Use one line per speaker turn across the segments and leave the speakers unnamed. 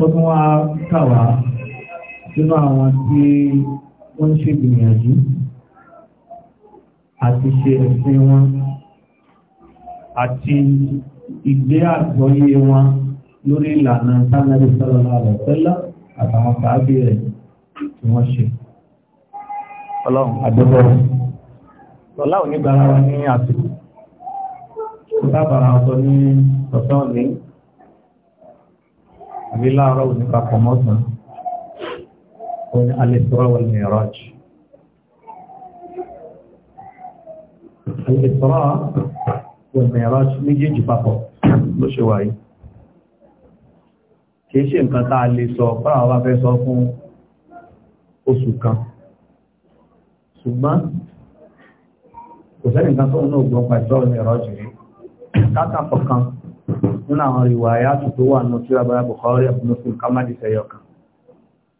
tó tún wá kàwá sínú àwọn tí wọ́n ń ṣe gbìyànjú àti ṣe ẹ̀sìn wọn àti ìgbé àgbọ́yé wọn lórí ìlànà tánàbí sọ́lọ́lá rẹ̀ tẹ́lá àtàwọn tàbí rẹ̀ tí wọ́n ṣe. ọlọ́run àdébọ̀rọ̀ lọ́lá ò ní gbára wa ní àsìkò bá bàrà ọ̀tọ̀ ní ọ̀tọ̀ ní àbí láàárọ̀ òní papọ̀ mọ́sán òun ni al-Isra wal-Mi'raj. al-Isra wal-Mi'raj méjèèjì papọ̀ ló ṣe wáyé kìí ṣe nǹkan tá a lè sọ fáwọn wa fẹ́ sọ fún oṣù kan ṣùgbọ́n kò sẹ́nìkan tó ń náà gbọ́n pàṣẹ ọ̀rọ̀ rí kátàkọ̀ kan nínú àwọn ìwàyà tó wà ní tí rabara Bukhari abúlọ́fún kámádì sẹ́yọ kan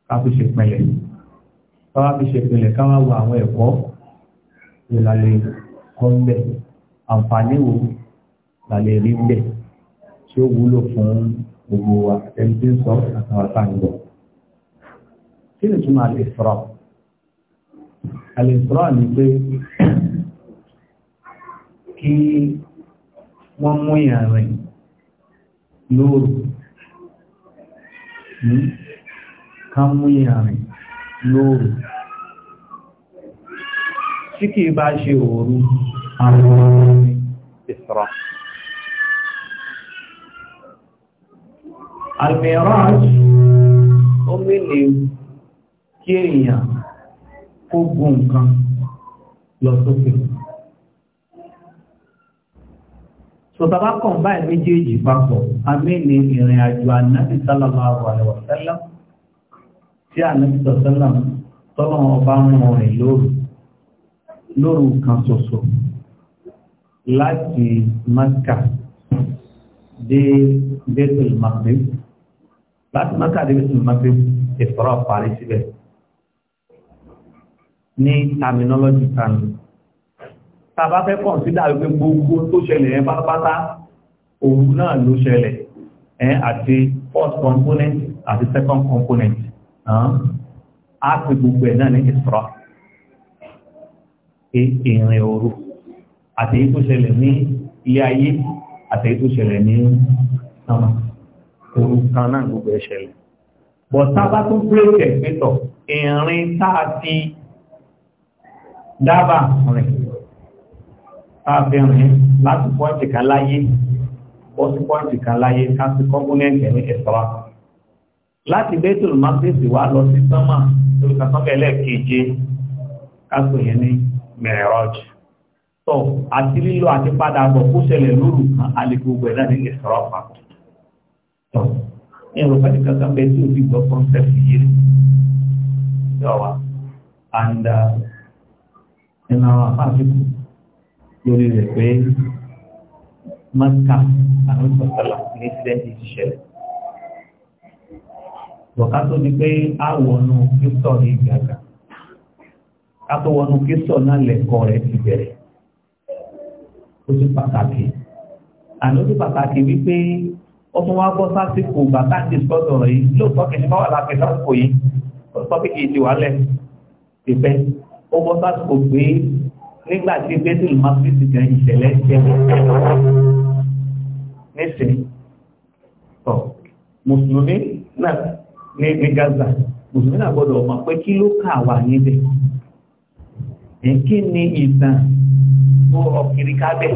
káfí ṣe pẹ̀lẹ̀ káfí ṣe pẹ̀lẹ̀ káwá wo àwọn ẹ̀kọ́ ìlàlẹ̀ kọ́ ń bẹ̀ àǹfààní wo làlẹ̀ rí ń bẹ̀ tí ó wúlò fún gbogbo àtẹni tí ń sọ kí ni túmọ̀ al-Isra? ni pé kí wọ́n mú ìyàn rìn lóòrù ká mú ìrìn lóòrù tí kì bá ṣe òòrù àwọn ìsra almiraj ó mẹ́lẹ̀ kí èèyàn kó gùn nǹkan lọ sókè. sọ̀tàbá kan báyìí méjèèjì papọ̀ àmì ní ìrìn àjò ànábì sallallahu alaihi wa sallam tí ànábì sallam tọ́lọ̀ ọba ń rìn lóru lóru kan ṣoṣo láti Mákà dé Baitul Maqdis láti Mákà dé Baitul Maqdis ìfọ̀rọ̀ parí síbẹ̀ ní terminology kan tàbá fẹ́ kọ̀nsídà wípé gbogbo tó ṣẹlẹ̀ yẹn pátápátá òun náà ló ṣẹlẹ̀ ẹ̀ àti first component àti second component á pè gbogbo ẹ̀ náà ní ìsọ̀rọ̀ ìrìn òru àti èyí tó ṣẹlẹ̀ ní ilé ayé àti èyí tó ṣẹlẹ̀ ní sánmà òru kan náà gbogbo ẹ̀ ṣẹlẹ̀ bọ̀ tábà tó bírèkì ẹ̀ pẹ́tọ̀ ìrìn tá a ti dábàá rìn káfíìnrin láti pọ́ǹtì kan láyé bọ́ sí pọ́ǹtì kan láyé ká sí kọ́mpónẹ́ǹtì ní ẹ̀sọ́ra láti bẹ́tùl mákìsì wá lọ sí sánmà lórí sánmà ẹlẹ́ẹ̀keje kásò yẹn ní mẹ́rọ́j tó àti lílo àti padà bọ̀ kó ṣẹlẹ̀ lóru kan alẹ́gbogbo ẹ̀ náà ní ẹ̀sọ́ra papọ̀ tó ní ẹ̀rọ pẹ́ẹ́tì kankan bẹ́ẹ̀ tí òbí gbọ́ kọ́ńsẹ́pì yìí yọ̀ wá and uh, in our lórí rẹ̀ pé mọ́ta àwọn ìgbàsọ́lá ní sílẹ̀ǹtì ti ṣẹlẹ̀. Bọ̀ká tó di pé a wọnú kírísítọ̀ ní ìgbàgbà. Ká tó wọnú kírísítọ̀ náà lẹ̀kọ́ rẹ̀ ti bẹ̀rẹ̀. Ó ti pàtàkì. Àná ó ti pàtàkì wípé ó tún wá bọ́ sásìkò bàtà ti sọ́dọ̀ rẹ̀ yìí lóòótọ́ kìí ṣe máa wà láti sásìkò yìí. Ó sọ pé kìí ti wà lẹ̀ ti pẹ́. Ó bọ́ sásìkò pé nígbà tí bẹ́tùl maqdis gan ìṣẹ̀lẹ̀ ṣẹlẹ̀ nísìnyí tọ̀ mùsùlùmí náà ní ní gaza mùsùlùmí náà gbọ́dọ̀ ọmọ pé kí ló kà wá níbẹ̀ kí ni ìtàn tó ọ̀kiri kábẹ̀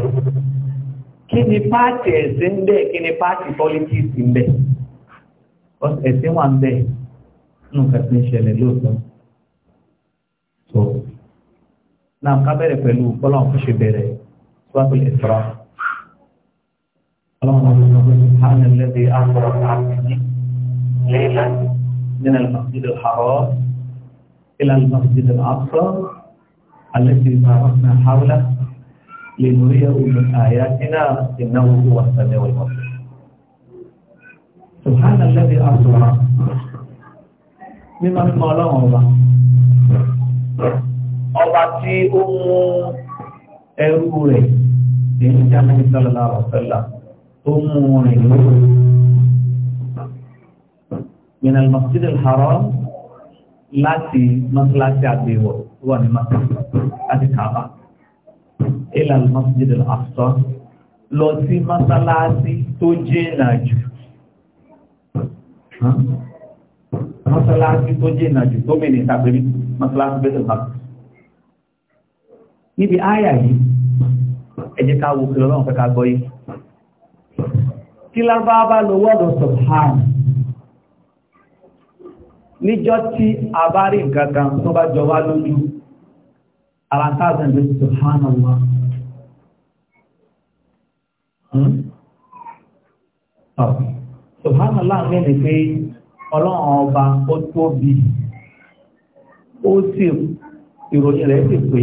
kí ni páàtì ẹ̀sìn ń bẹ kí ni páàtì pọ́lítíìsì ń bẹ ẹ̀sìn wà ń bẹ nǹkan tí ń ṣẹlẹ̀ lóòótọ́ náà ká bẹ̀rẹ̀ pẹ̀lú bọ́lọ́n fún ṣe bẹ̀rẹ̀ suratul Isra ọlọ́run ọdún ọdún sùpánì lẹ́bi àkọ́rọ̀ àbíní lẹ́yìnlá nínú al-masjid al-haram ila al-masjid al-aqsa alẹ́bi bàbá hawla lè lórí ẹ̀rù àyàtínà ìnáwó wà sàmì wọ̀lọ́ sùpánì lẹ́bi àkọ́rọ̀ mímọ́ mímọ́ ọlọ́run ọba. ọba tí ó mú ẹrú rẹ̀ èyí tí a mú sọ́lọ́lá ọ̀sọ́lá tó mú rìn lórí min al-masjid al-haram láti mọ́sálásí àgbèwọ̀ tó wà ní mọ́sálásí láti kàbá ila al-masjid al-aqsa lọ sí mọ́sálásí tó jìnnà jẹ́ mọ́sálásí tó jẹ́ jù tó mìíràn tàbí mọ́sálásí bẹ́ẹ̀ tó níbi áyà yìí ẹ jẹ́ ká wo kìlọ̀ náà fẹ́ ká gbọ́ yìí tí lábábá lo wọ́ọ̀dù subhan níjọ́ tí a bá rí nǹkan kan tó bá jọ wá lójú ara ń tàbí ẹgbẹ́ subhanallah hmm? subhanallah ń pé ọlọ́run ọba ó tóbi ó sì ìròyìn rẹ̀ sì pé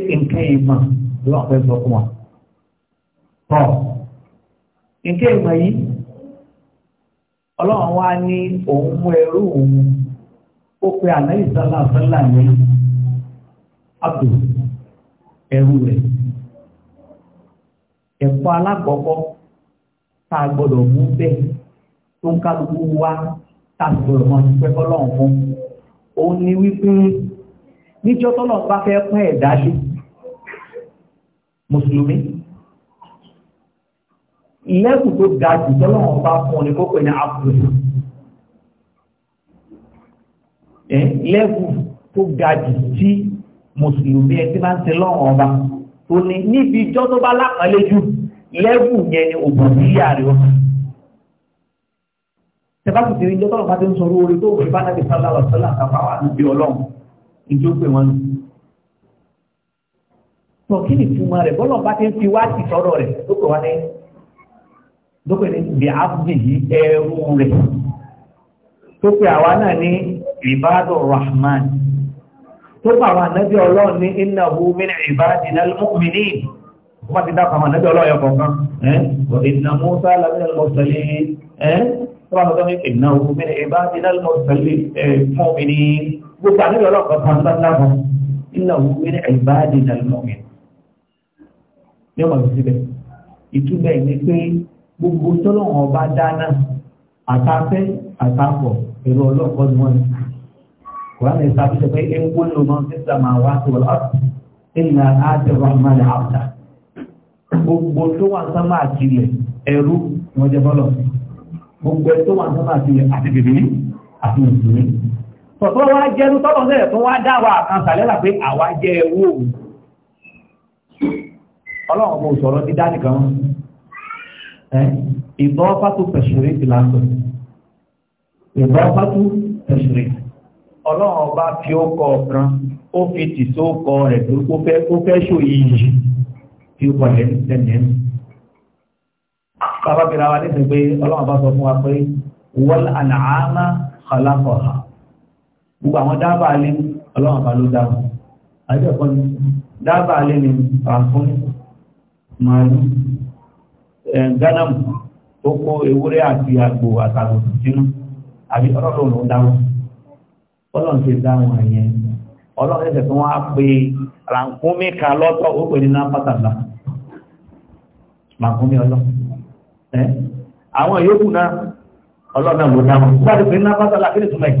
pé nke ịma ló wà fẹ́ sọ fún wa. Tọ́ nǹkan ìmọ̀ yìí òun mú ẹrú òun ó pe ànáyì sálà sálà abdul ẹrú rẹ̀. Ẹ̀kọ́ alákọ̀ọ́kọ́ tá a gbọ́dọ̀ mú bẹ́ẹ̀ tó ń kálukú wá tá ni wípé bá mùsùlùmí lẹ́kùn tó ga jù tọ́lọ́wọ́n bá fún ọ ní kókò ní àpòlù lẹ́kùn tó ga jù tí mùsùlùmí ẹ ti máa ń ṣe lọ́wọ́n ọba tó ní níbi ìjọ tó bá lápàlẹ́ jù lẹ́kùn yẹn ni ògùn sí yàrá ọ̀sán tẹ́bàtì tí ìjọ tọ́lọ́wọ́n bá ti ń sọ orí tó òfin bá náà ti sálà wà sálà kápá wà níbi ọlọ́run ìjọ pé wọn nù tọ̀ kí ni túmọ̀ rẹ̀ bọ́lọ̀ bá ti ń fi wá sí sọ́rọ̀ rẹ̀ lókè wá ní lókè ní bí abdi yìí ẹrú rẹ̀ tó pe àwa náà ní ibadur rahman tó pa àwọn ànábì ọlọ́run ní innahu min ibadina al-mu'minin ó bá ti dá àwọn ànábì ọlọ́run yẹn kọ̀ọ̀kan ẹ́ Musa lamina al-mursalin ẹ́ tó bá sọ pé innahu min ibadina al-mursalin gbogbo ànábì ọlọ́run kọ̀ọ̀kan ń bá ń dábọ̀ innahu min ibadina ní ọmọ tó síbẹ̀ ìtumọ̀ ẹ̀ ni pé gbogbo tọ́lọ́wọ́n ọba dáná àtàfẹ́ àtàfọ̀ ẹ̀rọ ọlọ́pọ̀ ni wọ́n ti kùránì ìsàbíṣẹ́ pé ẹ ń kó lò náà sí sàmà wá sí wọ́n ọ̀tún ìlà àti rahman abda gbogbo tó wà sánmà àtìlẹ̀ ẹ̀rú ni wọ́n jẹ́ bọ́lọ̀ gbogbo ẹ̀ tó wà sánmà àtìlẹ̀ àti bìbìrì àti mùsùlùmí tọ̀tọ̀ wá jẹ́rú tọ́lọ́ náà tó dá wa àkànṣàlẹ́ ọlọ́run kò sọ̀rọ̀ dídá nìkan ìbọn pátó pẹ̀sùrì ti lásán ìbọn pátó pẹ̀sùrì ọlọ́run ọba fi ó kọ ọ̀kan ó fi tìṣó kọ rẹ̀ tó kó fẹ́ kó fẹ́ ṣò yíyí tí ó kọ lẹ́nu lẹ́nu ẹ̀. bàbá mi ra wa nítorí pé ọlọ́run ọba sọ fún wa pé wọ́n àlàámá kọlákọ̀ọ́ha gbogbo àwọn dábàá lé ọlọ́run ọba ló dábàá àjọ kan dábàá lé ní ràǹfọ́nì. màálù gánàmù tó kó ewúrẹ́ àti àgbò àtàlùkù sínú àbí ọlọ́run ló dáhùn ọlọ́run ti dáhùn ẹ̀yẹn ọlọ́run ẹ̀sẹ̀ tí wọ́n á pe ràǹkúnmí kan lọ́tọ̀ ó pè ní nápàtàlà ràǹkúnmí ọlọ́ àwọn yòókù náà ọlọ́run náà ló dáhùn wọ́n ti pè ní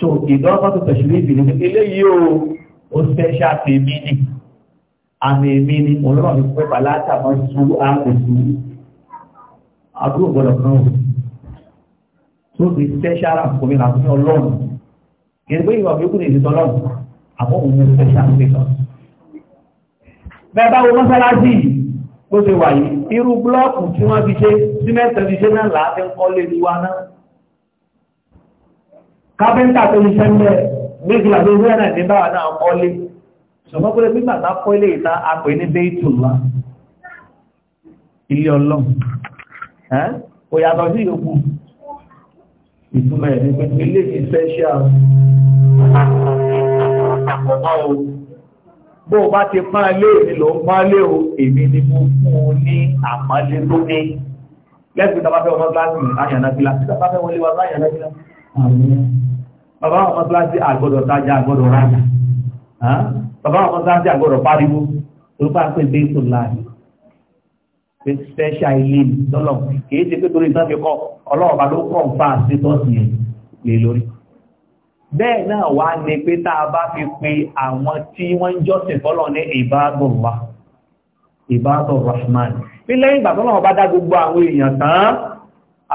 kí ni tẹ̀sílẹ̀ ìbìlẹ̀ eléyìí o ó sẹ́ṣà tèmi ni àmì èmi ni mo lọ́rọ̀ mi pẹ́pà látàmọ́ sú àmì sú àbúrò gbọ́dọ̀ kan ò tó fi sẹ́ṣà rà fún mi làwọn ọlọ́run kì í pé ìwà mi kú ní ìdí tọ́lọ́run àmọ́ òun ní sẹ́ṣà ń pèsè. bẹ́ẹ̀ bá wo mọ́sálásí bó ṣe wà yìí irú búlọ́ọ̀kù tí wọ́n fi ṣe símẹ́ǹtì fi ṣe náà làá fi ń kọ́ lé wa náà kápẹ́ńtà tó ń ṣẹ́ńdẹ̀ẹ́ gbégbé àti ewé náà ní báwa náà kọ́lé ṣùgbọ́n pé bí bàbá kọ́ ilé ìta apè ní Baytullah ilé ọlọ́run kò yàtọ̀ sí yòókù special bó o bá ti pán ilé èmi ló ń pán ilé o èmi ni mo fún un ní àpọ́nlé tó ní lẹ́gbẹ̀ẹ́ tá a bá fẹ́ wọn láti àyànnáfíà tá fẹ́ wọlé wa láyànnáfíà bàbá àwọn mọ́sálásí àgbọ̀dọ̀ tajà àgbọ̀dọ̀ rájà bàbá àwọn mọ́sálásí àgbọ̀dọ̀ pariwo olùkọ́ àpè bẹ́ẹ̀ tó láàyè pé special ilé mi lọ́lọ́ kìí ṣe pé torí nǹkan fi kọ́ ọlọ́run bá ló kọ̀ ń fa àṣetọ́sì yẹn lè lórí. bẹ́ẹ̀ náà wá ní pé tá a bá fi pe àwọn tí wọ́n ń jọ́sìn fọ́lọ́ ní ìbádọ̀lá ìbádọ̀ rahman pé lẹ́yìn ìgbà tó náà bá dá gbogbo àwọn èèyàn tán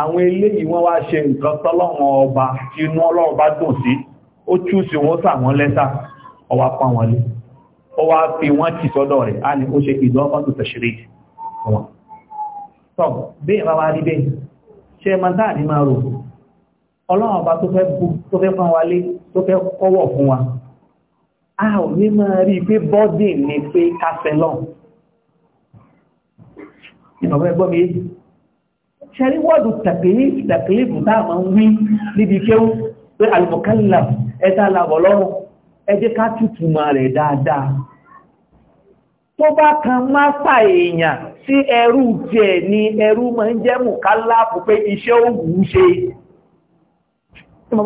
àwọn eléyìí wọ́n wá ṣe nǹkan tọ́lọ́wọ́n ọba tí inú ọlọ́run bá dùn sí ó tú sí wọ́n sà wọ́n lẹ́sà ọwá pa wọn lé ó wá fi wọ́n tì sọ́dọ̀ rẹ̀ á ní ó ṣe ìdánwò tó tẹ̀ṣẹ̀rẹ̀ wọn tọ́ bẹ́ẹ̀ bá wá rí bẹ́ẹ̀ ṣe máa dáà ní a ò ní máa rí pé bọ́dìn ni pé kásẹ̀ lọ́n ìnàwó ẹgbọ́n ṣẹ́rí wọ́dù tàkìlìfù náà ma ń wí níbi kéwú pé alìmọ̀kálà ẹta làbọ̀ lọ́rùn ẹjẹ́ ká tútù ma rẹ̀ dáadáa tó bá kan máa sà èèyàn sí ẹrú jẹ́ ni ẹrú ma ń jẹ́ mùkálàfù pé iṣẹ́ òwú ṣe kò ni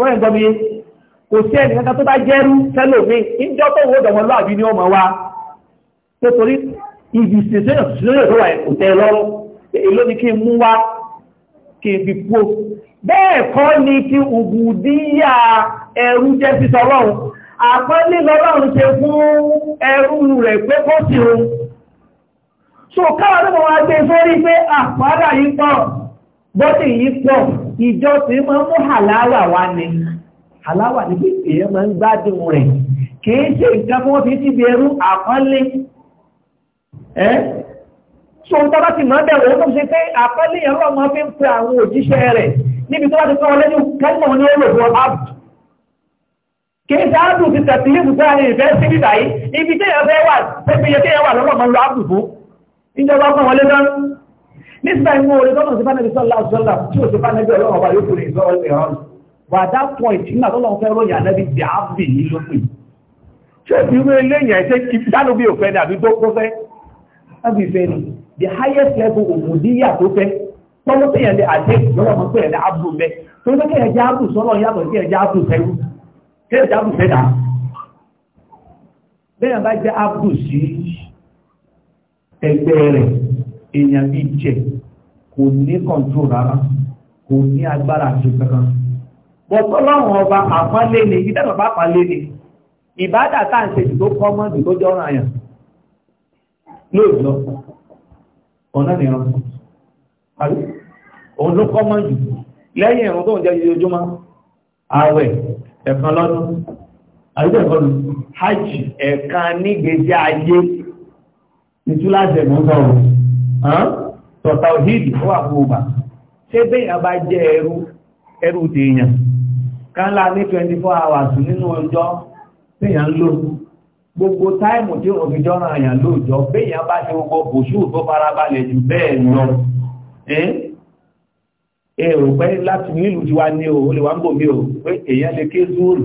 ó mọ̀ wá tó torí ibi ìsìnkú tó wà ẹ̀kùtẹ́ lọ́rọ́ èló ni kí n mú wá kèbì kúò bẹ́ẹ̀ kọ́ ni kí ògùdíyà ẹrú jẹ́ sí sọ́lọ́run àpọ́nlé lọ́lọ́run ṣe fún ẹrú rẹ̀ pé kó sí ohun so káwọn tó wọ́n gbé sórí pé àpárá yìí pọ̀ bọ́tì yìí pọ̀ ìjọ tí máa mú hàláwà wá ni hàláwà ní pé èèyàn máa ń gbádùn rẹ̀ kìí ṣe nǹkan fún wọn fi síbi ẹrú àpọ́nlé so n tọ́lá ti máa bẹ̀rẹ̀ ó ṣe pé àpẹẹlẹ yẹn lọ́mọ fi ń pe àwọn òjíṣẹ́ rẹ̀ níbi tó bá ti kọ́ lẹ́yìn kẹ́lìmọ̀ ní ó lò abd kìí ṣe abd ti tẹ̀sí ní ìbùkún àárín ìfẹ́ sí bíbá yìí ibi tí èèyàn fẹ́ wà pẹ́pẹ́ yẹ kí èèyàn wà lọ́wọ́ máa lo abd fún ìjọba fún wọlé tán nígbà ìmú orí point nígbà tó lọ́wọ́ fẹ́ ròyìn ànẹ́bí ti àbì ní lópin ṣé ìwé eléyìn ẹ̀ṣẹ́ kí dánú bí òfẹ́ ni àbí the highest level òmùdíyà tó fẹ́ tọ́lọ́ pé yẹn lè àdé lọ́wọ́ mọ́ pé yẹn lè ábùrù mẹ́ tó ló kéèyàn jẹ́ ábùrù sọ́lọ́ yàtọ̀ kéèyàn jẹ́ ábùrù fẹ́rú kéèyàn jẹ́ ábùrù fẹ́dà bẹ́yàn bá jẹ́ ábùrù sí ẹgbẹ́ rẹ̀ èèyàn bí jẹ kò ní kọ̀ǹtró rárá kò ní agbára àti kankan bọ̀tọ́ láwọn ọba àpálẹ́ ni ìdájọ́ bá pálẹ́ ni ìbádà táà ń ṣe ìdókọ́mọ́ ìdójọ́ ọ̀ràn àyàn lóòjọ́ ọ̀nà nìran òun ló kọ́ mọ́jù lẹ́yìn ẹ̀rùn tó ń jẹ́ ojoojúmọ́ ààwẹ̀ ẹ̀kan lọ́dún àdúgbò ẹ̀kọ́ lù hajj ẹ̀kan nígbèsí ayé ìtúláṣẹ̀ mọ́ sọ̀rọ̀ tọ̀tà òhìdì fún àpòbà ṣé bẹ́yà bá jẹ́ ẹrú ẹrú tèèyàn kan lá ní 24 hours nínú ọjọ́ tèèyàn ń gbogbo táìmù tí òun fi jọ́nà àyàn lóòjọ́ béèyàn bá ṣe gbogbo bòṣù tó farabalẹ̀ jù bẹ́ẹ̀ lọ ẹ ò pẹ́ láti nílùú ti wá ní o ó lè wá ń bò mí o pé èèyàn lè ké zúùrù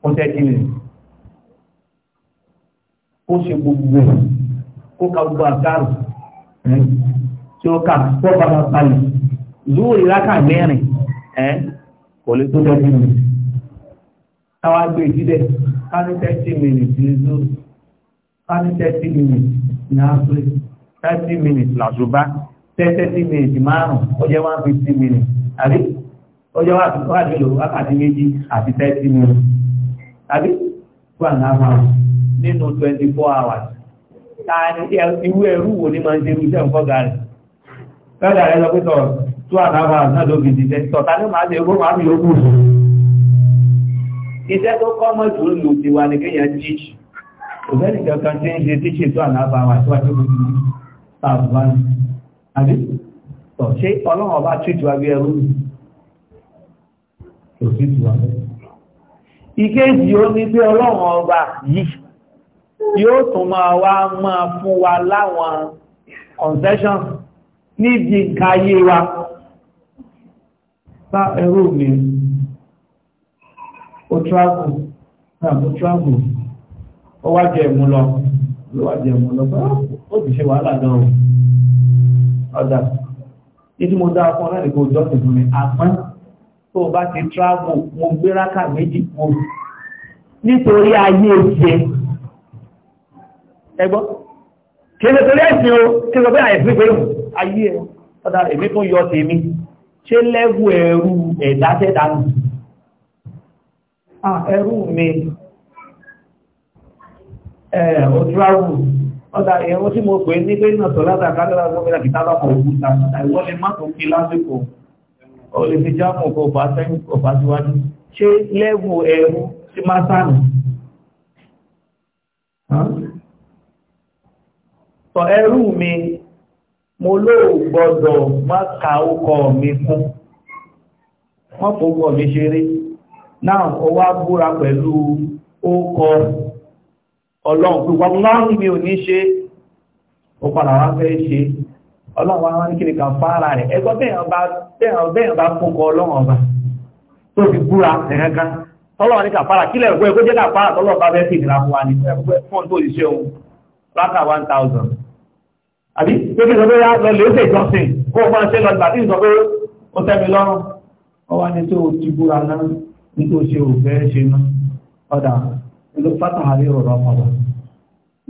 fún tẹ́tí mi ó ṣe gbogbo kó ka gbogbo àkàrò tí ó kà fọ́ bàbá balẹ̀ zúùrù ìrákà mẹ́rin kò lè tó tẹ́tí káwá gbé ìdílẹ̀ ká ní thirty minutes ní zoo ká ní thirty minutes ní afre thirty minutes làṣùbá minutes márùn-ún ó jẹ́ one fifty minutes àbí ó jẹ́ wákàtí lò wákàtí méjì àti thirty minutes àbí two and a hours nínú twenty four hours ta ni ẹrú wo ni máa ń iṣẹ́ nǹkan lọ pé two and a half hours náà ló fi ni màá ṣe màá yóò iṣẹ́ tó kọ́ mọ́ jù lù ti wà ní kéèyàn jíjì òfẹ́lì kankan tí ń ṣe tí ṣètò àlàbà wà tí wà tí wọ́n ti tààbù wá ní àbí tọ̀ ṣé ọlọ́run ọba tìtù abẹ́ ẹrú kò tìtù abẹ́ ìkéjì ó ní pé ọlọ́run ọba yìí yóò tún máa wá máa fún wa láwọn concession níbi nǹkan wa bá ẹrú mi ó travel náà mo travel ó wá jẹ ìmú lọ ló wá jẹ ìmú lọ ó sì ṣe wàhálà gan ọ̀dà títí mo dá ọkọ náà nìkan ojú ọ̀sẹ̀ fún mi àmọ́ tó o bá ti travel mo gbé rákà méjì kúrò nítorí ayé ṣe ẹgbọ́ kéde torí ẹ̀sìn o kéde pé àyẹ̀sí pẹ̀lú ayé ọ̀dà èmi tó yọ tèmi ṣé lẹ́gùn ẹ̀rú ẹ̀dá tẹ́ta nù ẹrù mi ọ̀tíráwù ọ̀dá ẹ̀rọ tí mo pè ní pé náà tọ̀ látàkà lọ́la gómìnà kìtà bá kọ̀ òkú ta ìwọ́lé má tó kí lásìkò ó lè fi jáàmù kò bá sẹ́yìn kò bá síwájú ṣé lẹ́wù ẹ̀rù sí má sánù tọ̀ ẹrù mi mo ló gbọ́dọ̀ má ka ọkọ̀ mi fún wọ́n fòókọ̀ mi ṣeré náà ó wá búra pẹ̀lú ókọ ọlọ́run pé wà láàrín mi ò ní ṣe ó padà wá fẹ́ ṣe ọlọ́run wá ní kí ni kà fara rẹ̀ ẹgbọ́ bẹ́ẹ̀ bá fún kọ ọlọ́run ọba tó fi búra ẹ̀kankan tọ́lọ́run ní kà fara kílẹ̀ ẹ̀kọ́ ẹ̀kọ́ jẹ́ kà fara tọ́lọ́run bá bẹ́ẹ̀ sì nira fún wa ní fún tó ṣiṣẹ́ òun láta one thousand àbí pé kí n sọ pé lọ lè ó ṣe ìjọsìn kó o máa ṣe lọ gbà tí n sọ pé ó tẹ́ mi lọ́rùn ọwọ́ ni tó ti búra náà nítorí ṣe òfẹ́ ṣe mọ́ ọ̀dà ló fátàhàrí ọ̀rọ̀ ọmọdà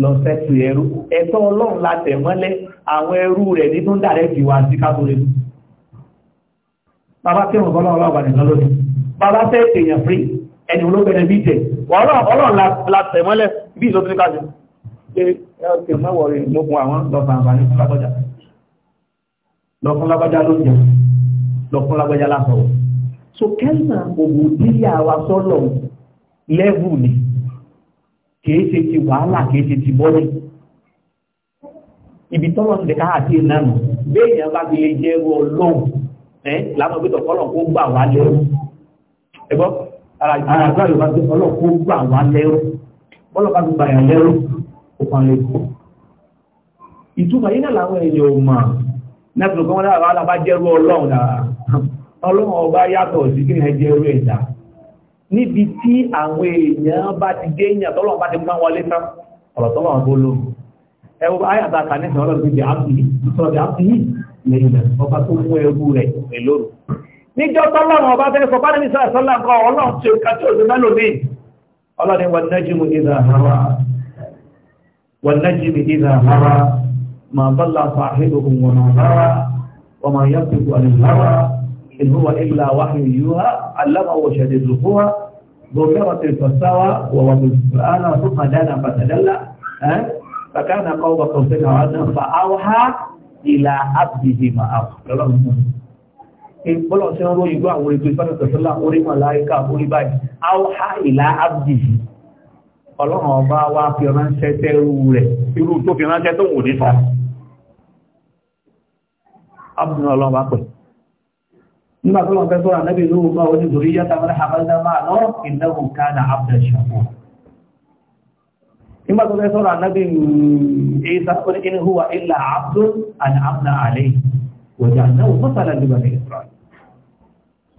lọ sẹ́tù ẹrú ẹ̀tọ́ ọlọ́run la tẹ̀ mọ́lẹ̀ àwọn ẹrú rẹ̀ nínú dàrẹ́kì wa sí kábólé mu bàbá tẹ̀wọ̀n bọ́lá ọlọ́ọ̀bà nìkan lónìí bàbá tẹ̀ èèyàn frí ẹni olóbẹ̀rẹ̀ bí jẹ ọlọ́run la tẹ̀ mọ́lẹ̀ bí ìlú tó kájọ pé ẹ̀kẹ́ mọ́wọ́ rẹ̀ lókun àwọn lọ́fà àǹfààní fún lágbájá lọ́fún lágbájá lóúnjẹ lọ́fún lágbájá lásọ̀wọ̀ so kẹ́lìmà òbòdíyà wa sọ́lọ̀ lẹ́wù ni kìí ṣe ti wàhálà kìí ṣe ti bọ́lì ibi tọ́lọ̀ ti ká àti ìnáàmù béèyàn bá fi lè jẹ́ ẹrú ọlọ́run ẹ́ lábọ̀ pé tọ̀kọ́lọ̀ kó gbà wá lẹ́rú ẹgbọ́ ara àgbà yorùbá pé ọlọ́ kó gbà wá lẹ́rú bọ́lọ̀ bá fi gbà yàn lẹ́rú ó kàn lè ìtumọ̀ yìí náà làwọn èèyàn ò mọ̀ náà tó kọ́ wọn lára wàhálà bá jẹ́rú ọlọ́run dára ọlọ́run ọba yàtọ̀ sí kí ẹ jẹ́ orí ẹ̀dá níbi tí àwọn èèyàn bá ti dé èèyàn tọ́lọ́run bá ti gbá wọlé tán ọ̀rọ̀ tọ́lọ́run bó lóhùn ẹwọ ayàtà kàníṣẹ́ ọlọ́run ti jẹ́ àbí ìtọ́jú àbí lẹ́yìn ọba tó mú ẹrú rẹ̀ pẹ̀lóru níjọ́ tọ́lọ́run ọba fẹ́ sọ bánàbí sọ́lá sọ́lá kan ọlọ́run tí ó kàtí òṣè mẹ́lòmí ọlọ́run wọn nájìmù ìdá hawa wọn wọn hawa wọn ma yàtùkù إن هو إلا وحي يوها علمه شديد القوى ذو مرة فاستوى ووضع القرآن ثم دنا فتدلى فكان قوم قوسين وعدنا فأوحى إلى عبده ما أوحى bọ́lọ̀ tí wọ́n ròyìn gbọ́ àwọn orí tó ìfẹ́ tẹ̀sílá orí màláíkà orí báyìí áwọ́há ìlà ábdìsì ọlọ́run ọba wá fi ránṣẹ́ tẹ́rù rẹ̀ irú tó fi ránṣẹ́ tó wò ní fà ábdìsì ọlọ́run bá pẹ̀lú nígbà tó lọ́n fẹ́ sọ́rọ̀ ànábì ló wọ́n máa wọ́n nítorí yá tàbí àbájá máa lọ́ ìnáwó kánà abdá ṣàkó nígbà tó fẹ́ sọ́rọ̀ ànábì ìsá orí inú huwa ilà abdó àti abdá àlẹ́ wọ̀jà náà mọ́sálà nígbà ní israel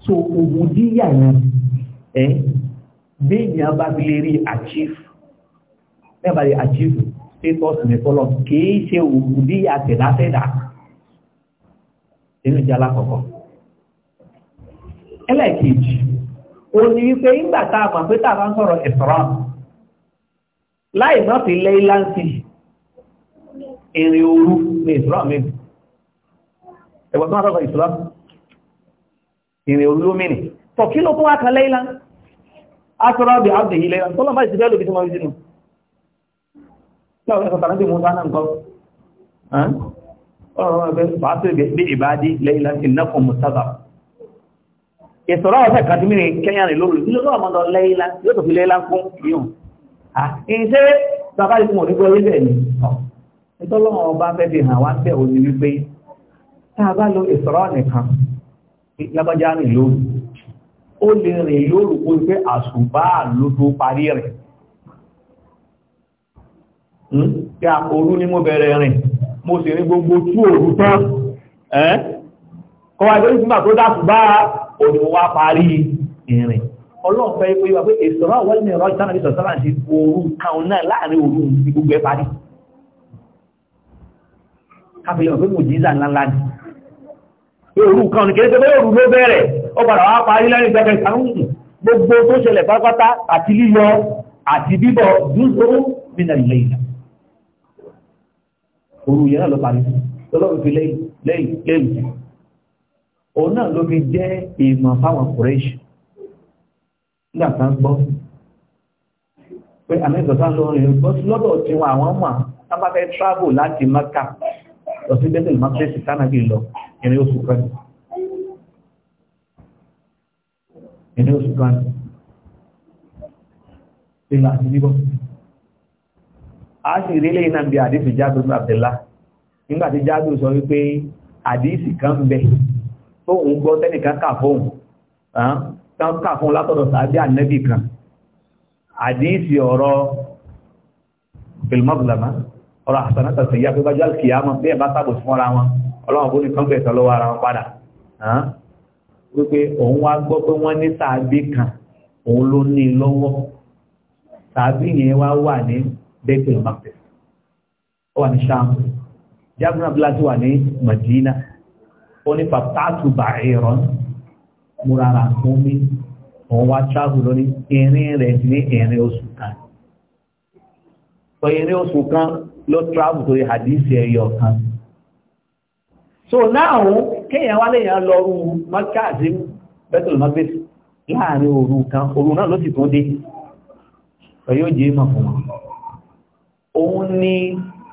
so òun díyà yẹn ẹ béèyàn bá fi lè rí achieve bẹ́ẹ̀ bá rí achieve status nìkọ́lọ̀ kì í ṣe òun díyà tẹ̀dá tẹ̀dá inú ìjà alákọ̀ọ́kọ́ ẹlẹ́ẹ̀kejì ó ní wípé ìgbà tá a mọ̀ pé tá a bá ń sọ̀rọ̀ láì fi lé láǹsì ìrìn olu ní ìsọ̀ràn mi ẹ̀gbọ́n tó wá sọ̀rọ̀ ìsọ̀ràn ìrìn òru lómìnì tọ̀ kí ló tó wá kan lẹ́yìnlá asọ́rọ̀ bí ábdè ilẹ̀ tọ́lọ́ bá ìsìnkú ẹlòmí tí wọ́n sínú mùsàdà ìsọ̀rọ̀ ọ̀sẹ̀ kan tí mìíràn kẹ́yàn rẹ̀ lórí lórí ọmọdọ̀ lẹ́yìnlá yóò tó fi lẹ́yìnlá fún yíò àìṣẹ́ bàbá ìfún ònígbọ́ orí bẹ̀ẹ̀ ni ìtọ́lọ́wọ́ ọba fẹ́ fi hàn wá ń bẹ̀ ò ní wípé tá a bá lo ìsọ̀rọ̀ nìkan lábájá rìn lóru ó lè rìn lóru kó pé àṣùbá ló tó parí rẹ̀ hmm? pé òru ni mo bẹ̀rẹ̀ rìn mo sì rí gbogbo tú òru tán kọ́wàá ìgbẹ́ òun wá parí ìrìn ọlọ́run fẹ́ pé wípé Isra wal Mi'raj ìtàn àti sọ̀tàn àti òun kan náà láàrin òun ti gbogbo ẹ̀ parí káfíyàn pé mùjíza ńláńlá ni pé òun kan ní kéde pé òun ló bẹ̀rẹ̀ ó padà wá parí lẹ́yìn gbẹ̀gbẹ̀ ìsàrùn gbogbo tó ṣẹlẹ̀ pátápátá àti lílọ àti bíbọ̀ dúró nínú ilé ìlà òru yẹn náà ló parí lọ́lọ́run fi lẹ́yìn lẹ́yìn lẹ́yìn òun náà ló fi jẹ́ ìmọ̀ fáwọn kùrẹ́ṣì nígbà tá ń gbọ́ pé àmì ìgbọ̀nsá ló rìn gbọ́ sí lọ́dọ̀ tí wọn àwọn mọ̀ tá bá fẹ́ travel láti Mẹ́kà lọ sí bẹ́tẹ̀lì mákírẹ́sì tánàbí lọ ìrìn oṣù kan ìrìn oṣù kan ìlà àti bíbọ́ a sì rí lẹ́yìn náà bí àdìsí jáde Abdullah nígbà tí jáde sọ wípé àdìsí kan bẹ̀ fóun gbọ́ tẹ́nìkan kà fóun tán kà fóun látọ̀dọ̀ sàábí ànẹ́bì kan àdíìsì ọ̀rọ̀ bilmọ́bùlàmá ọ̀rọ̀ àsànátàsì yá pípa jọ́ kìyàmọ́ bí ẹ̀bá sábò fún ọra wọn ọlọ́wọ́n bó ní kọ́ńgbẹ̀ẹ́sọ lọ́wọ́ ara wọn padà wípé òun wá gbọ́ pé wọ́n ní sàábí kan òun ló ní lọ́wọ́ sàábí yẹn wá wà ní bẹ́tẹ̀lmọ́pẹ̀ ó wà ní sàmù jábùnà bíláṣí wà ní Mádínà onípa tààtù bàírọ̀ múrara fún mi òun wá travel lórí ìrìn rẹ̀ ní ìrìn oṣù kan ìrìn oṣù kan ló travel torí hadith ẹ̀yọ̀ kan so now kéèyàn wá léèyàn lọ rú mọ́kà sí bẹ́tùlù mọ́gbẹ́t láàrin òru kan òru náà ló sì tún dé ọ̀yọ́ jẹ́ mọ̀ fún wọn òun ni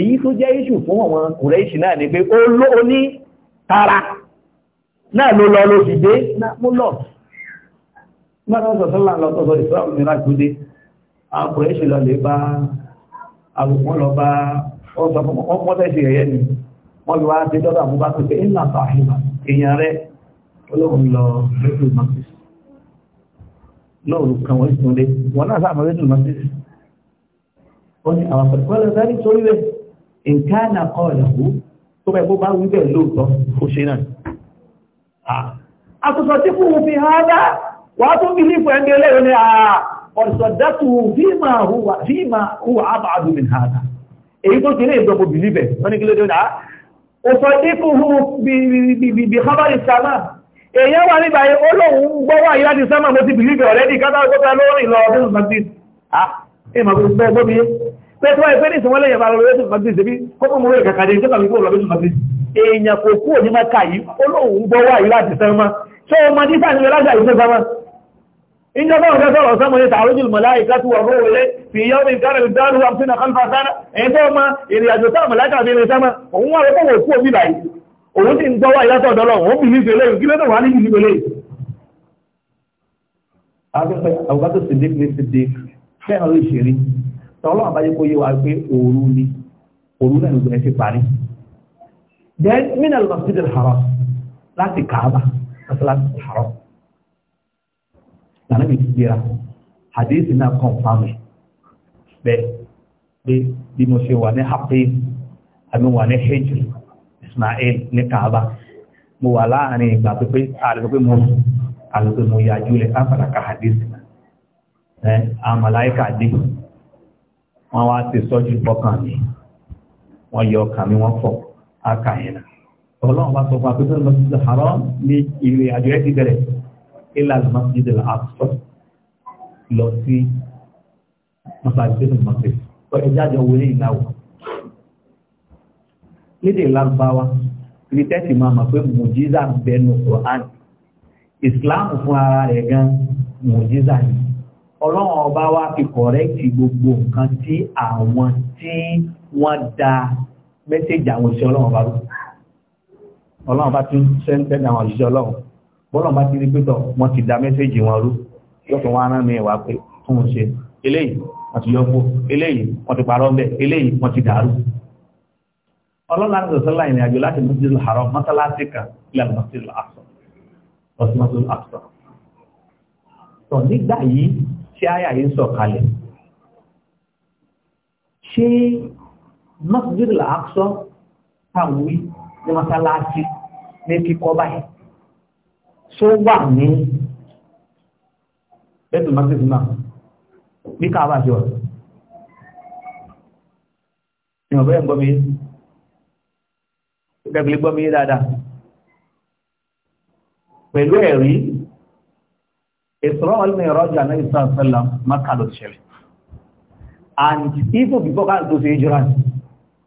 èyí tó jẹ́ iṣù fún àwọn kùrẹ́ṣì náà ni pé ó ló ní tara náà ló lọ ló fi dé mú lọ mọ́tò sọ̀sọ́lá lọ tọ́sọ̀ ìsọ́lá mìíràn gbúdé àwọn kùrẹ́ṣì lọ lè bá àwòkún lọ bá ọkọ̀ tẹ́sì ẹ̀yẹ ni wọ́n lọ wá sí dọ́dọ̀ àmúbá tó pé ńlá sàáhìmà èèyàn rẹ̀ olóhùn lọ rẹ́tùl mọ́tò lọ́rùn nǹkan àkọ́ ìyàwó tó bẹ́ẹ̀ bó bá wí bẹ́ẹ̀ lóòótọ́ ó ṣe náà. àtúntò tí fún òfin hádá wàá tún bí lífò ẹni ẹlẹ́yìn ni ọ̀sọ̀dátù fíìmà hùwà àbàdù min hádá. èyí tó ti ní ìjọba òbílí bẹ̀ wọ́n ní kí ló dé náà. òsọ̀ dínkù bí kábàlì sàmà èèyàn wà nígbà yẹn ó lóun gbọ́wọ́ àyè láti sàmà mo ti bìlí bẹ̀ ọ̀rẹ́dì kátà pé tí wọ́n ẹgbẹ́ ní ìsìnwọ́n lẹ́yìn bára lọ́wọ́ ẹ̀sùn kọ́tí ìsẹ̀bí kọ́kọ́ mú rẹ̀ kàkàdé tí kàmí kúrò lọ́wọ́ kọ́tí èèyàn kò kú òní máa kà yìí olóhùn gbọ́ wà yìí láti sẹ́wọ́n máa ṣé ọmọ ní sáà nílẹ̀ láti àìsẹ́ sẹ́wọ́n tó ma ìrìn àjò sáà mọ̀lá kàfí ní sáà òun wà lọ́pọ̀ òkú òbí báyìí òun sì ń gbọ́ wá ìyàtọ̀ ọ̀dọ́lọ́ òun bì ní ìfẹ́lẹ́ kí lọ́dọ̀ wà tọ́lọ́ àbájẹ́ kó yé wa pé òru ni òru náà ló bẹ̀rẹ̀ sí parí then minal masjid al-haram láti kaaba masalasi al-haram nana mi ti gbéra hadith náà confam ẹ bẹ́ẹ̀ pé bí mo ṣe wà ní hapi àmì wà ní hijri ismail ní kaaba mo wà láàrin ìgbà pípé àlùpẹ́ mo àlùpẹ́ mo yájú lẹ̀ káfàlà ka hadith náà ẹ àmàlà dé wọ́n wá ti sọ́jú fọ́kàn mi wọ́n yọ ọkàn mi wọ́n fọ́ aka yẹn na ọlọ́run bá sọ fún akpẹ́sẹ̀ masjid haram ní ìrìn àjò ẹ̀ ti bẹ̀rẹ̀ ilà masjid al-aqsa lọ sí masajid al-masjid ẹja jọ wọlé ìnáwó lédè lágbáwá ibi tẹ́sí máa mọ̀ pé mùjíza bẹnu Quran Islam fún ara rẹ̀ gan mùjíza yìí ọlọ́run ọba wa fi kọ̀rẹ́kì gbogbo nǹkan tí àwọn tí wọ́n da mẹ́sẹ̀jì àwọn òṣìṣẹ́ ọlọ́run ọba rú ọlọ́run bá tún sẹ́ńtẹ́ àwọn òṣìṣẹ́ ọlọ́run bọ́lọ̀ bá ti rí pé tọ̀ wọ́n ti da mẹ́sẹ̀jì wọn rú lọ́sùn wọn aná mi wà pé tún un ṣe eléyìí wọ́n ti yọpọ̀ eléyìí wọ́n ti parọ́ ńbẹ eléyìí wọ́n ti dàrú ọlọ́run láti sọ̀tọ́ láì rìn àjò láti mọ́tí lọ́hàrọ̀ mọ́tálásì kan ilẹ̀ mọ́tí lọ́hàrọ̀ tí àyà yìí ń sọ̀kalẹ̀ ṣé masjid al-aqsa tàwí ní masalasi ní kíkọ́ báyìí tó wà ní bẹ́ẹ̀tù masjid náà ní káàbà jọ ìwọ̀n bẹ́ẹ̀ gbọ́ mi gẹ́gẹ́ gbọ́ mi dáadáa pẹ̀lú ẹ̀rí Isra al-Mi'raj Nabi sallallahu alaihi wasallam Makkah ló ti ṣẹlẹ̀ and even before ká ló ti hijra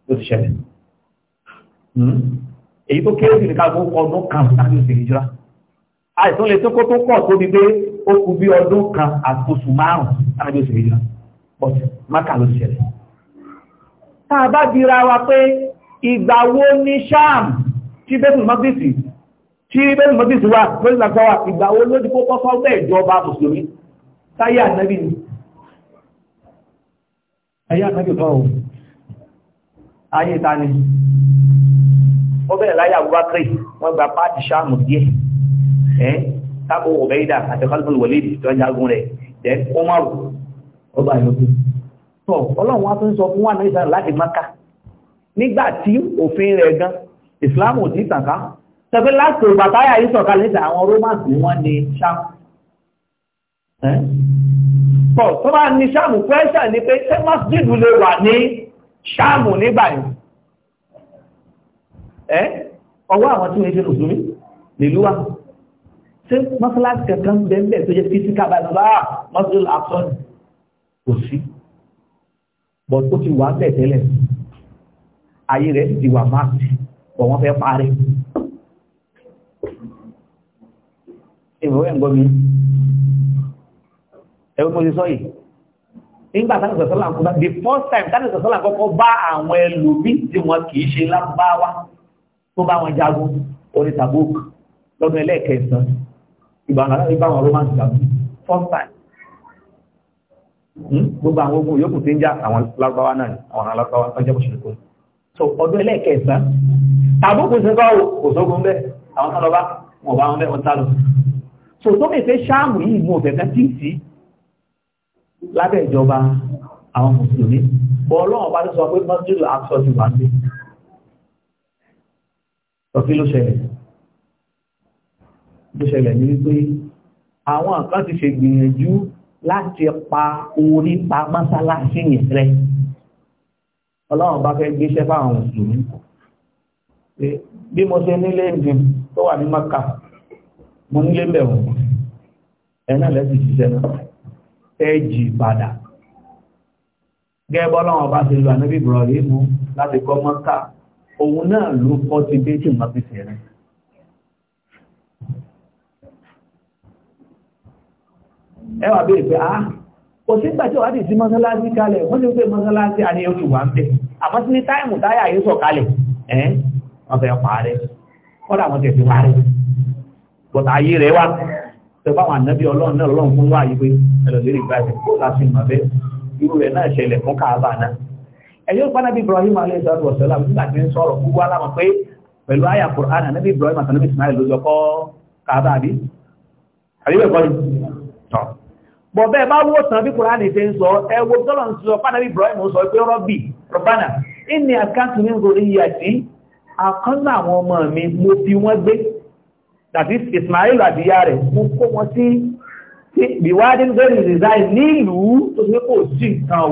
ló ti ṣẹlẹ̀ hmm? èyí tó kéré nìkan kó ọdún kan láti ló ti hijra àìsàn lè tó kó tó pọ̀ tóbi pé ó kú bí ọdún kan àti oṣù márùn-ún láti ló ti tí bẹ́ẹ̀ mọ́tí sí wa bẹ́ẹ̀ làkọ́ wa ìgbà wo ló ti kó kọ́ fọ́gbẹ́ ìjọba mùsùlùmí táyé ànábì ni ayé ànábì kan o ayé ta ni ó bẹ̀rẹ̀ láyé Abubakar wọ́n gba páàtì sáàmù díẹ̀ ẹ́ sábò ọ̀bẹ́yìdà àti kọ́lùmọ́lù wọlé tó ń jagun rẹ̀ dẹ́ ó má rò ọba ìlọ́gbẹ́ tọ́ ọlọ́run wa tó ń sọ fún wa náà láti Mákà nígbà tí òfin rẹ̀ gan Islam ò ní tẹ́fẹ́ láti ìgbà táyà yìí sọ̀kalẹ̀ sí àwọn romans ni wọ́n ní sáàmù pọ̀ tó bá ní sáàmù pẹ́ṣà ní pé ṣé masjidu lè wà ní sáàmù nígbà yìí ẹ́ ọwọ́ àwọn tí wọ́n ṣe mùsùlùmí nílùú wa ṣé mọ́sálásí kankan bẹ́ẹ̀ tó jẹ́ físíkà báyìí bá ah, masjidul aqsa kò sí bọ́t ó ti wà bẹ́ẹ̀ tẹ́lẹ̀ ayé rẹ̀ ti wà máàkì bọ̀ wọ́n fẹ́ parí ìwọ̀wé ń gbọ́mí ẹwọ́n mo ti sọ yìí nígbà tánà sọ̀sọ́là ń kọ́bá the first time tánà sọ̀sọ́là kọ́kọ́ bá àwọn ẹlòmí tí wọ́n kìí ṣe lábáwá tó bá wọn jagun orí Tabuk lọ́dún ẹlẹ́ẹ̀kẹsàn ìbànú aláwọ̀ ìbá wọn Roman jagun first time hmm? gbogbo àwọn ogun yòókù tí ń já àwọn lágbáwá náà àwọn alágbáwá tó jẹ́ bó ṣe kó so ọdún ẹlẹ́ẹ̀kẹsàn Tabuk kò sí àwọn tọ́lọ bá wọ̀n bá wọn bẹ́ ọ̀tá so tó mẹ́fẹ́ ṣáàmù yìí mú ọ̀fẹ́fẹ́ tí sí lábẹ́ ìjọba àwọn mùsùlùmí bọ́ ọlọ́run bá tó sọ pé mọ́júlù àtọ́jú wà ní ọ̀kí ló ṣẹlẹ̀ ló ṣẹlẹ̀ ní wípé àwọn kan ti ṣe gbìyànjú láti pa orí pa mọ́sálásí yẹn rẹ̀ ọlọ́run bá fẹ́ gbéṣẹ́ fáwọn mùsùlùmí bí mo ṣe nílé ìdìbò tó wà ní maka mo nílé mẹ́wọ̀n ẹ̀nà lẹ́sìn ṣiṣẹ́ náà ẹ jì padà gẹ́gẹ́ bọ́lá wọn bá ṣe lu ànábì Ibrahim mú láti kọ́ maka òun náà ló kọ́ ti dé tí nǹkan fi ṣẹlẹ̀. ẹ wà bẹ́ẹ̀ pé ah kò sí ìgbà tí wàá dì sí mọ́sálásí kalẹ̀ wọ́n ti ń pè mọ́sálásí àníyàn ti wà ń bẹ̀ àmọ́ sí ní táìmù táyà yìí sọ̀ kalẹ̀ ẹ̀ wọ́n fẹ́ pààrẹ̀ kọ́dà wọn tẹ̀sí wá rí but ayé rẹ̀ wá tẹ fáwọn ànábì ọlọ́run náà ọlọ́run fún wáyé pé ẹlòmíràn ìgbà rẹ̀ kó láti mọ̀ bẹ́ẹ̀ irú rẹ̀ náà ṣẹlẹ̀ fún káàbà náà ẹ̀yọ́ pánábí Ibrahim alayhi salatu wa salam nígbà tí ń sọ̀rọ̀ gbogbo aláwọ̀ pé pẹ̀lú àyà Qur'an ànábì Ibrahim àtànábì Ismail lójọ kọ́ káàbà bí àríwẹ̀ kọ́ tọ́ Qur'an ṣe ń sọ ẹwọ́ tọ́lọ̀ ń Ibrahim sọ pé rọ́bì rọ́bánà inni àkáǹtì ní àkán láwọn ọmọ mi mo fi wọ́n gbé dàbí Ismail àdíyá rẹ̀ mo kó wọn sí ìwádìí lórí resign nílùú tó ní kò sí nǹkan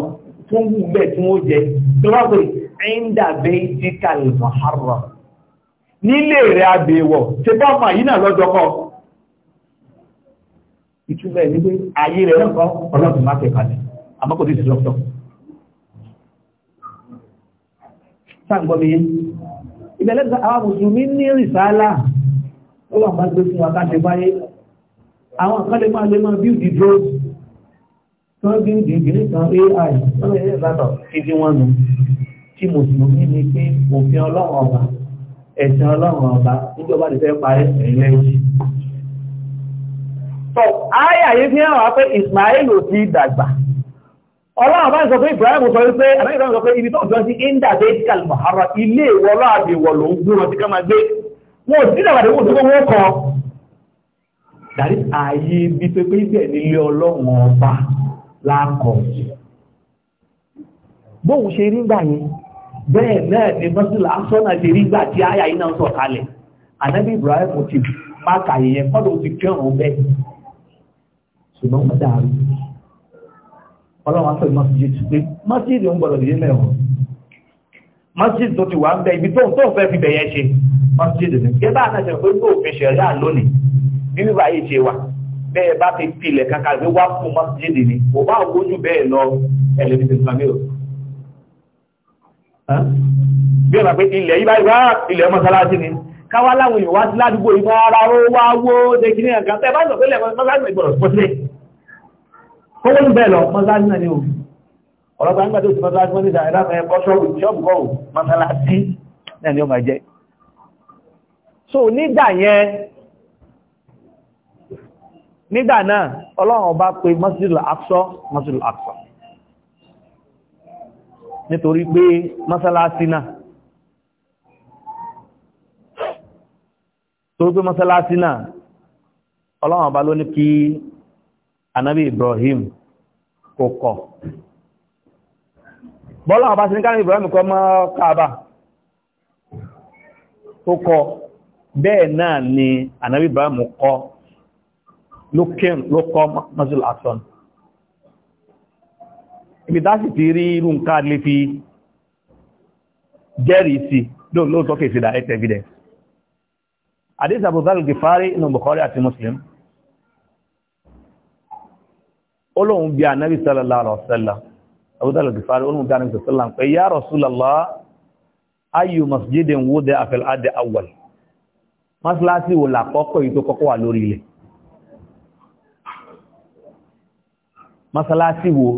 tó ń wù bẹ́ẹ̀ tí wọ́n jẹ tó bá pè ẹ̀ńdà bẹ́ẹ̀ tí kàlẹ̀ mọ̀hárọ̀ nílé rẹ̀ abèèwọ̀ ṣe bá ọmọ yìí náà lọ́jọ́kọ́ ìtumọ̀ ẹ̀ mi yẹn ìbẹ̀lẹ́gbà àwọn mùsùlùmí ní rìsáálà ó wà bá gbé fún wákàtí báyé àwọn àkọ́lẹ̀ máa lè máa bí ìdíjọ́ tó bí ìdíjìrí kan ai wọ́n lè lọ́tọ̀ títí wọ́n nù tí mùsùlùmí ní pé òfin ọlọ́run ọba ẹ̀sìn ọlọ́run ọba níjọba lè fẹ́ parí ìrìnlẹ̀ Ismail ò ti ọlọ́run bá ń sọ pé Ibrahim sọ wípé àbẹ́gbẹ̀rún sọ pé ibi tó jọ sí inda deical mahara ilé ìwọ láàbì wọ̀ ló ń gbé wọn sí ká máa gbé wọn ò sí dàbàdé wọn tó wọn kọ dàrí ààyè ibi tó pé ibẹ̀ nílé ọlọ́run ọba lákọ̀ bóun ṣe rí gbà yẹn bẹ́ẹ̀ náà ni mọ́sílá sọ́nà ṣe rí gbà tí àyà iná sọ̀ kalẹ̀ ànábì Ibrahim ti máa kàyẹ̀yẹ fọ́dọ̀ ti kẹ́rùn-ún bẹ́ẹ̀ ṣùgbọ́n wọ́n dàrú ọlọ́run aṣọ masjid pé masjid ń gbọ́dọ̀ dìde mẹ́wọ̀ masjid tó ti wà ń bẹ ibi tó ń tó ń fẹ́ fi bẹ̀yẹ ṣe masjid ni gẹ́gẹ́ bá àtàṣe pé ní òfin ṣẹ̀ríà lónìí bí bíbá yìí ṣe wà bẹ́ẹ̀ bá ti pilẹ̀ kankan ní wá fún masjid ni kò bá wójú bẹ́ẹ̀ lọ ẹlẹ́dìdì sàmì o. bí ọ̀nà pé ilẹ̀ yìí báyìí wá ilẹ̀ mọ́sálásí ni káwá láwọn èèyàn wá sí ládùúgbò yìí rárá ó wá wó kówó ń bẹ̀ lọ mọ́sálásí náà ní òbí ọ̀rọ̀gbà ń gbàdó sí mọ́sálásí wọn ní ìdá ẹ̀dá ẹ̀kọ́ ṣọ́ọ̀bù ṣọ́ọ̀bù kọ́ mọ́sálásí náà ni ó máa jẹ́ so nígbà yẹn nígbà náà ọlọ́run ọba pé mọ́sílù àkṣọ́ mọ́sílù àkṣọ́ nítorí pé mọ́sálásí náà torí pé mọ́sálásí náà ọlọ́run ọba ló ní kí anábì Ibrahim kò kọ̀ bọ́lá ọba sí ní káàkiri Ibrahim kọ́ mọ́ káàbà tó kọ bẹ́ẹ̀ náà ni anábì Ibrahim kọ́ ló kọ́ Masjid al-Aqsa ibi dá sì ti rí irú nǹkan lè fi jẹ́rìí sí lóòótọ́ kèsì direct evidence àdísàbòsálù gifari inú Bukhari àti Muslim olóhun bí anábì sallallahu alaihi wasallam abúdàlù gifari olóhun bí anábì sallallahu pé ya rasulallah ayu masjidin wúdẹ afẹ́l adẹ awal masalasi wo làkọ́kọ́ yìí tó kọ́kọ́ wà lórí ilẹ̀ masalasi wo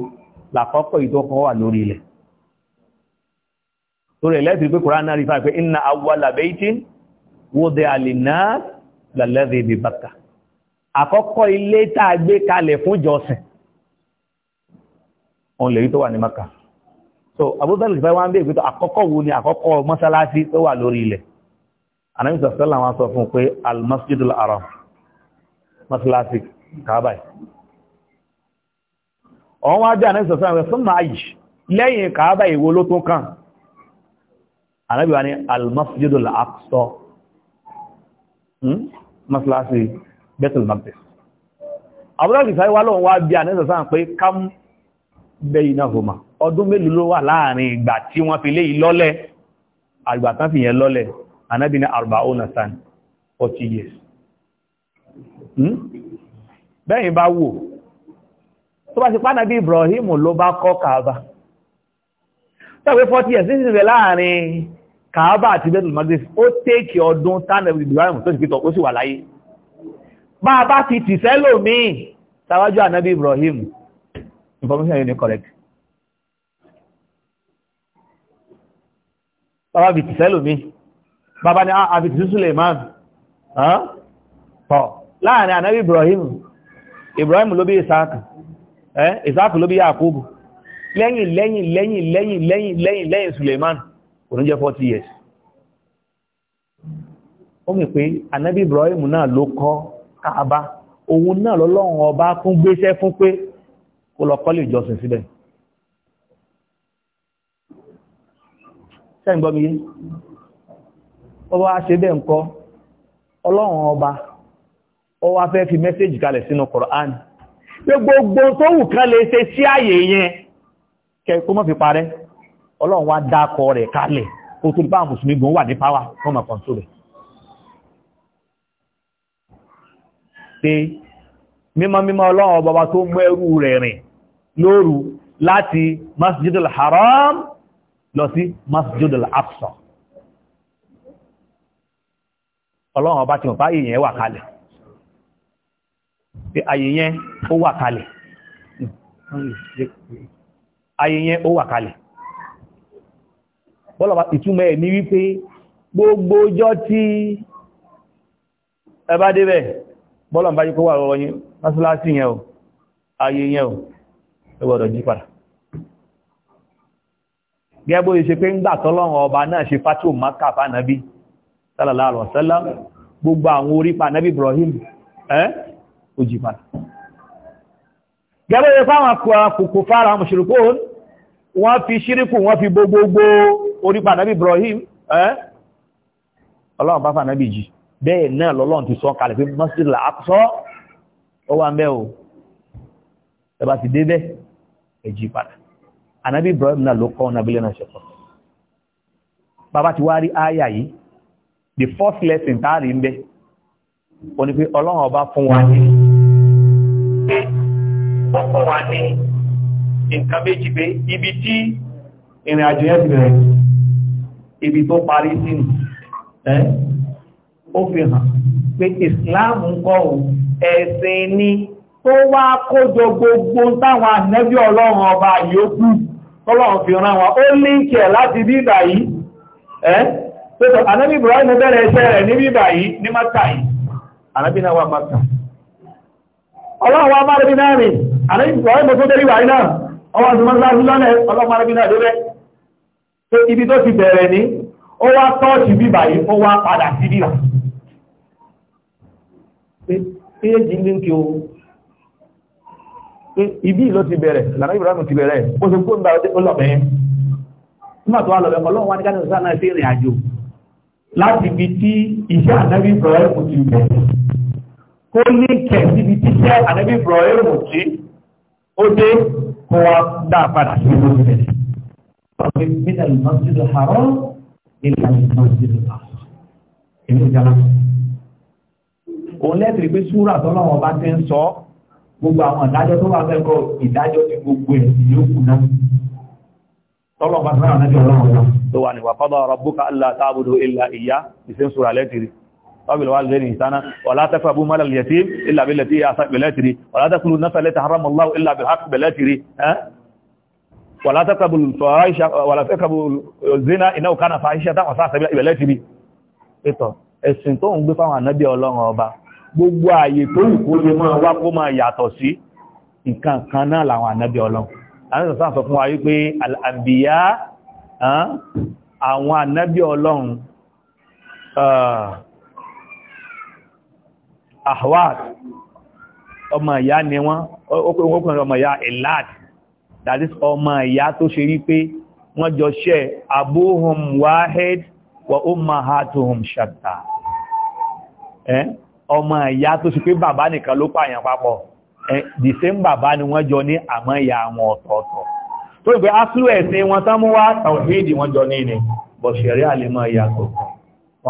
làkọ́kọ́ yìí tó kọ́kọ́ wà lórí ilẹ̀ torí ẹ̀lẹ́sì pé kòrán náà rí fáà pé inna awwala baytin wúdẹ linnas lalladhi bi Bakka àkọ́kọ́ ilé tá gbé kalẹ̀ fún jọsìn òun lè rí tó wà ní maka so abúdàlù ìfẹ́ wá ń bèèrè pé àkọ́kọ́ wo ni àkọ́kọ́ mọ́sálásí tó wà lórí ilẹ̀ anábì sọ̀sẹ́là wọn sọ fún pé almasjidul haram mọ́sálásí kàábà ọ̀hún wá dé anábì sọ̀sẹ́là wọn fún máa yìí lẹ́yìn kàábà ìwo ló tún kàn anábì wá ní almasjidul aqsa hmm? mọ́sálásí betul maqdis ìfẹ́ wá lóun wá bí anábì sọ̀sẹ́là pé kam baynahuma ọdún mélòó ló wà láàrin ìgbà tí wọ́n fi lé ìlọ́lẹ̀ àgbàtán fi yẹn lọ́lẹ̀ anábi ní arba'una san 40 years hmm? bẹ́yìn bá wò tó bá ti pánà bí Ibrahim ló bá kọ́ Kaaba tẹ́wẹ́ 40 years nísìn rẹ̀ láàrin Kaaba àti Bethel Magdis ó tẹ́kì ọdún sáwájú anábi Ibrahim information yóò ní correct. bàbá bìtì sẹ́lòmí bàbá ni ah, àbìtì sí Suleiman pọ̀ láàrin ànábì Ibrahim Ibrahim ló bí Isaac Isaac ló bí Yakub lẹ́yìn lẹ́yìn lẹ́yìn lẹ́yìn lẹ́yìn lẹ́yìn lẹ́yìn Suleiman kò ní jẹ́ 40 years ó mì pé ànábì Ibrahim náà ló kọ́ Káàbá òun náà lọ́lọ́run ọba tún gbéṣẹ́ fún pé kó lọ kọ́lé ìjọsìn síbẹ̀ sẹ́yìn gbọ́mi yé ó wá ṣe bẹ́ẹ̀ ńkọ́ ọlọ́run ọba ó wá fẹ́ fi mẹ́sẹ́jì kalẹ̀ sínú Kùránì pé gbogbo tó wù kán lè ṣe sí àyè yẹn kẹ́ kó má fi parẹ́ ọlọ́run wá dákọ rẹ̀ kalẹ̀ kó tó nípa mùsùlùmí gan wà ní power wọ́n mọ̀ kọ́ńtò rẹ̀ pé mímọ́ mímọ́ ọlọ́run ọba tó mú ẹrú rẹ̀ rìn lóru láti masjid al-haram lọ sí masjid al-aqsa ọlọ́run ọba ti mọ̀ báyìí yẹn wà kalẹ̀ pé ayé yẹn ó wà kalẹ̀ ayé yẹn ó wà kalẹ̀ bọ́lọ̀bá ìtumọ̀ ẹ̀ ní wípé gbogbo ọjọ́ tí ẹ débẹ̀ bọ́lọ̀mbá yí wà lọ́wọ́ yín mọ́sálásí yẹn o ayé o ẹgbọ́dọ̀ jí padà gẹ́gbó ìṣe pé ń gbà tọ́lọ́run ọba náà ṣe fátò maka fánàbí sallallahu alaihi gbogbo àwọn orí fánàbí Ibrahim ẹ́ gẹ́gbó Ibrahim ẹ́ ọlọ́run bá fánàbí jì bẹ́ẹ̀ náà lọ́lọ́run ti sọ kalẹ̀ pé o ẹ ẹ̀jì padà ànábì Ibrahim náà ló kọ́ ọ̀nà abílẹ̀ náà ṣẹ̀kọ́ bàbá ti wá rí áyà yìí the first lesson tá a rí ń bẹ́ o ní pé ọlọ́run ọba fún wa ní ó fún wa ní nǹkan méjì pé ibi tí ìrìn àjò yẹn ti bẹ̀rẹ̀ ibi tó parí sí ni ó fi hàn pé Islam ń kọ́ ẹ̀sìn ní tó wá kójọ gbogbo táwọn ànẹ́bí ọlọ́run ọba yòókù tọ́lọ́run fi rán wọn ó líǹkì ẹ̀ láti bíbà yìí ẹ́ pẹ́tọ̀ ànẹ́bí Ibrahim bẹ̀rẹ̀ iṣẹ́ rẹ̀ ní bíbà yìí ní maka yìí ànẹ́bí náà wà maka ọlọ́run wá márẹ́bí dị rìn ànẹ́bí Ibrahim tó ibi ìlò ti bẹ̀rẹ̀ lànà Ibrahim ti bẹ̀rẹ̀ ó ti kó ń bá ọlọ́pẹ́ nígbà tó wà lọ́pẹ́ ọlọ́run wá ní káàkiri sáà náà sí ìrìn àjò láti ibi tí iṣẹ́ ànábì Ibrahim ti bẹ̀rẹ̀ kó ní kẹ̀ síbi tí iṣẹ́ ànábì Ibrahim ti ó dé kó wá dá padà sí ìlú bẹ̀rẹ̀. ọ̀pẹ̀ mílẹ̀ lọ́sídọ̀ àárọ̀ ilẹ̀ lọ́sídọ̀ àárọ̀ èmi ò jára. òun lẹ́tìrì pé súrà tọ́lọ́wọ́n bá ti ń sọ gbogbo àwọn ìdájọ́ tó wà mẹ́kọ̀ọ́ ìdájọ́ ní gbogbo ẹ̀ yókù náà tọ́lọ̀ bá sára náà jọ lọ́wọ́ náà tó wà ní wàfọ́dọ̀ rabbuka allá ta'budu illa ìyá ìsẹ́ sùrà lẹ́tìrì ọbìlwà lẹ́ni ìsáná wàlá taqrabu yatim illa billati hiya ahsan lẹ́tìrì wàlá taqtulu nafsa allati harrama illa bil-haqqi lẹ́tìrì wàlá taqrabu al-fahisha zina innahu kana fahishatan wa sa'a sabila lẹ́tìrì ẹ̀tọ́ ẹ̀sìn tó ń gbé fáwọn ànábì gbogbo ààyè tó wù kó lè máa wá kó máa yàtọ̀ sí nǹkan kan náà làwọn ànábì ọlọ́run àwọn ìsọ̀sán sọ fún wa wípé àbíyá ah, àwọn ànábì ọlọ́run ah, ahwat ọmọ ìyá ni wọ́n ọkùnrin ọmọ ìyá elad that is ọmọ ìyá tó ṣe wípé wọ́n jọ ṣẹ́ abúhùn wahid wa ummahatuhum shatta eh ọmọ ìyá tó sì pé bàbá nìkan ló pààyàn papọ̀ the same bàbá ni wọ́n jọ ní àmọ́ ìyá wọn ọ̀tọ̀ọ̀tọ̀ tó ìgbé áflú ẹ̀sìn wọn tán mú wá tàwíìdì wọn jọ ní ni but ṣẹ̀rí àlèmọ́ ìyàtọ̀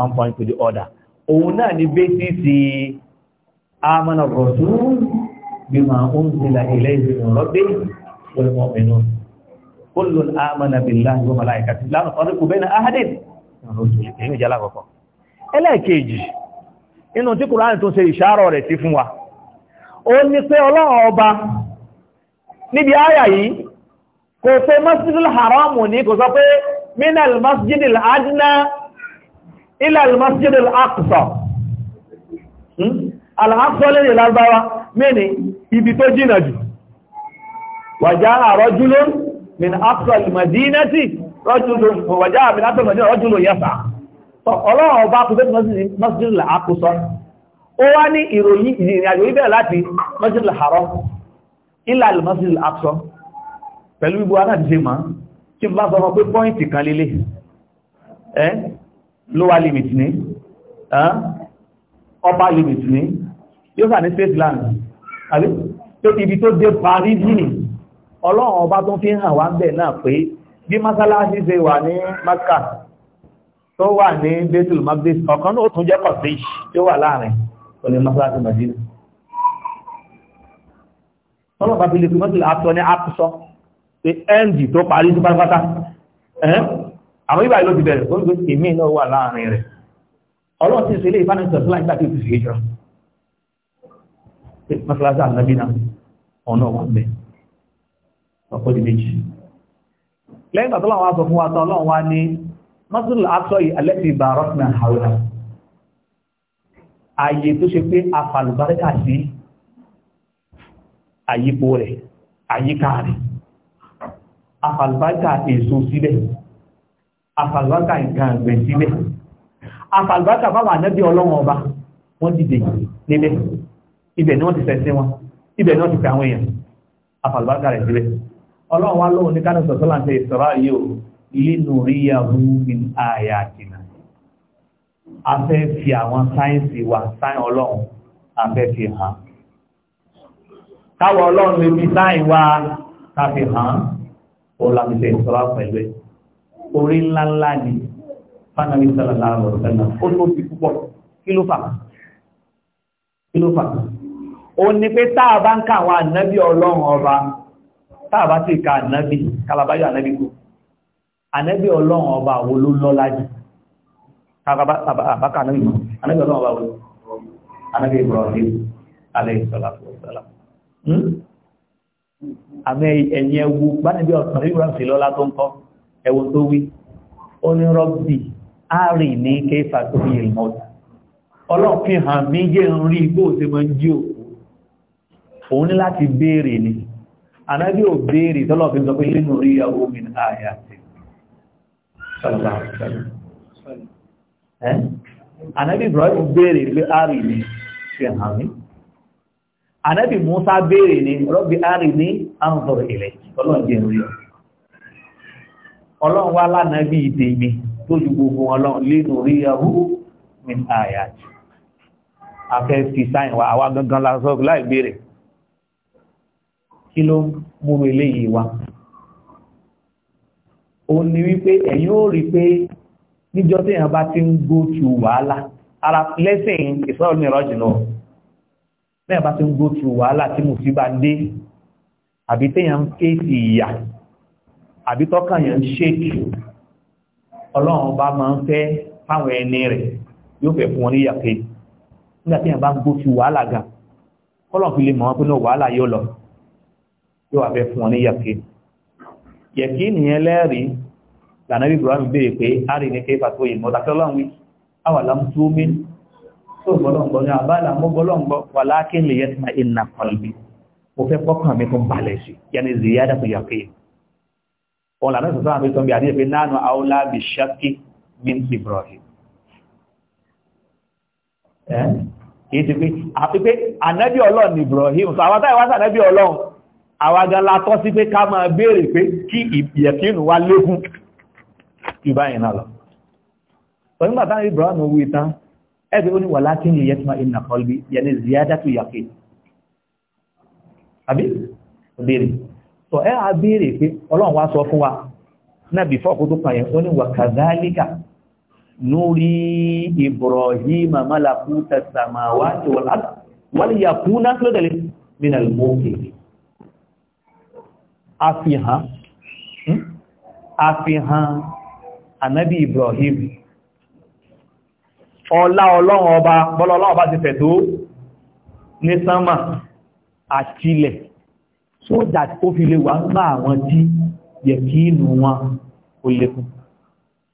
one point to the other òun náà ni bẹ́sìsì amọ́nà rọ̀tún bí ma ń zìlà ilẹ̀ ìrìn rọ́bí olùmọ̀ mẹ́nu kullun amọ́nà bílá ìwọ̀n mọ̀láìkàtí lánàá inú tí kùránì tó ṣe ìṣàrọ̀ rẹ̀ sí fún wa ó ní pé ọlọ́run ọba níbi àyà yìí kò pé masjidil haramu ní kò sọ pé minal masjidil adna ilal masjidil aqsa hmm? al-aqsa lẹ́yìn lágbára mẹ́ni ibi tó jìnà jù waja'a rajulun min min aqsa al-madinati rajulun yas'a ọlọ́run ọba kùsẹ́tù masjid al-Aqsa ó wá ní ìròyìn ìrìnàjò ibẹ̀ láti masjid al-Haram ilá al-masjid al-Aqsa pẹ̀lú ibu aláàdìsẹ́ ma kí bá sọ pé pọ́ìntì kan lélẹ̀ space land àbí tó ibi tó dé parí dínì ọlọ́run ọba tó fi hàn wá bẹ̀ náà pé bí másálásí ṣe wà ní Makkah tó wà ní Baitul Maqdis ọ̀kan náà tún jẹ́ Qadish tí ó wà láàrin pẹ̀lú mọ́sálásí Madina tọ́lọ̀ bá fi lè fi mọ́sílẹ̀ àtọ́ ní àpùsọ́ pé ẹ́ndì tó parí tó pátápátá ẹ̀hẹ́n àwọn ìbáyìí ló ti bẹ̀rẹ̀ ó ń gbé èmi náà wà láàrin rẹ̀ ọlọ́run ti ń ṣe ilé ìbánisọ̀rọ̀ sílá nígbà tí ó ti masjidul aqsa yìí alẹ́tì barakna hawla ààyè tó ṣe pé afàlùbáríkà sí àyípo rẹ̀ àyíká rẹ̀ afàlùbáríkà èso síbẹ̀ afàlùbáríkà nǹkan àgbẹ̀ síbẹ̀ afàlùbáríkà báwọn ànábì ọlọ́wọ́n ọba wọ́n dìde níbẹ̀ ibẹ̀ ni wọ́n ti fẹ̀sẹ̀ wọn ibẹ̀ ni wọ́n ti fẹ̀ àwọn èèyàn afàlùbáríkà linuriyahu min ayatina a fẹ́ fi àwọn sáyẹ́ǹsì wa sáyẹ́ǹ ọlọ́run a fẹ́ fi hàn táwọn ọlọ́run lè fi sáyẹ́ǹ wa ká fi hàn ó láti ṣe ìṣọ́ra pẹ̀lú ẹ̀ orí ńláńlá ni fanabi sọlọ́lá ọ̀rọ̀ sẹ́nà ó tó fi púpọ̀ kí ló fà kí ló fà ó ní pé tá a bá ń kà àwọn ànábì ọlọ́run ọba tá a bá sì ka ànábì kálábáyọ̀ ànábì kù ànẹ́bí ọlọ́run ọba wo ló lọ́lá jù àbákà ànẹ́bí mọ́ ànẹ́bí ọlọ́run ọba wo ànẹ́bí Ibrahim alayhi salatu wassalam hmm? àmì ẹ̀yìn ẹwu bánibí ọ̀sán Ibrahim sí lọ́lá tó ń kọ́ ẹwọ tó wí ó ní ní kéfà tó fi yẹ ìmọ̀ta ọlọ́ọ̀fin hàn mí jẹ́ ń rí igbó tí mo ń jí òkú òun ní láti béèrè ni ànábí ò béèrè tọ́lọ́ọ̀fin sọ pé lẹ́nu rí ìyàwó mi ní Anabi eh? Ibrahim béèrè pé àrì ni fi hàn Musa béèrè ni rọ́bì àrì ni anzur ilẹ̀ ọlọ́run jẹ́ nri. ọlọ́run wá lánàábì ìdè mi tó ju gbogbo ọlọ́run lẹ́nu rí yahú min ayati afẹ́ fi sáyìn wa àwa gangan láì béèrè kí ló eléyìí wa òun ni wípé ẹ̀yin ó rí pé níjọ́ tí èèyàn bá ti ń go through wàhálà ara lẹ́sìn ìsọ́rọ̀ ní ìrọ́jì náà bẹ́ẹ̀ bá ti ń go through wàhálà tí mo fi bá dé àbí téèyàn ń kéèsì ìyà àbí tọ́kànyàn ṣèkì ọlọ́run bá máa ń fẹ́ fáwọn ẹni rẹ̀ yóò fẹ́ fún wọn ní nígbà tí èèyàn bá ń go through wàhálà gan kọ́lọ̀ fi lè mọ̀ wọn pé náà wàhálà yóò lọ yóò wà fẹ́ fún wọn ní yẹ̀kí nìyẹn lẹ́rìí lànàbí ibrahim béèrè pé a rí ní kí pàtó yìí mọ́ta kí ọlọ́run wí awàlá ń tú mí tó gbọ́lọ́ngbọ́ ní àbálà mọ́ wà láàkí ziyada tó yàkí òun lànà sọ̀tọ́ àmì sọ́mbì àdíyẹ pé nánú aula bi shakki min ibrahim kìí ti pé àti pé ànábì ọlọ́run ibrahim sọ àwọn àwágálá tọ́ sí pé ká máa béèrè pé kí ìyẹ̀kínù wá lékún ìbáyìí náà lọ. Onígbàtá Ibrahim owó ìtàn, ẹgbẹ́ ó ní wà láti ní ìnà kọlbí, yẹni ziyada tó yàkí. Àbí? Béèrè. Sọ ẹ á béèrè pé Ọlọ́run wá wa náà bí fọ́ọ̀kú tó kàn yẹn, ó ní wà kàzálíkà lórí Ibrahim malakuta samawati wal ard wal yakuna àfihàn hmm? àfihàn ànábì Ibrahim ọlá ọlọ́run ọba bọ́lá ọlọ́run ọba ti fẹ̀ tó ní sánmà àtílẹ̀ so that ó fi lè wà ńlá àwọn tí yẹ kí inú wọn ó lékún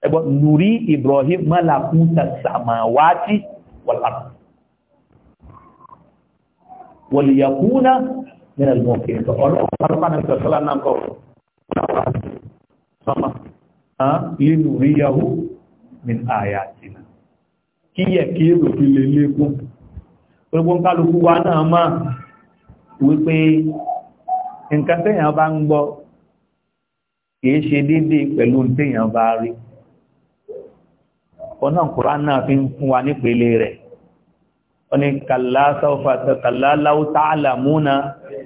ẹgbọ́n nùrí Ibrahim mọ́làkún tàṣàmàwátí wọ̀làkún wọ̀lìyàkúnná nínú ẹ̀gbọ́n kiri kọ ọlọ́run alọ́pàá náà sọ̀tọ́lá náà kọ sọ́mà nínú ríyàwó ní àyà àtìlá kí yẹ kí èrò fi lè lékún gbogbo ń kálukú wa náà máa wípé nǹkan téèyàn bá ń gbọ́ kìí ṣe déédéé pẹ̀lú téèyàn bá rí ọ̀nà Kùránì náà fi ń fún wa nípele rẹ̀ ó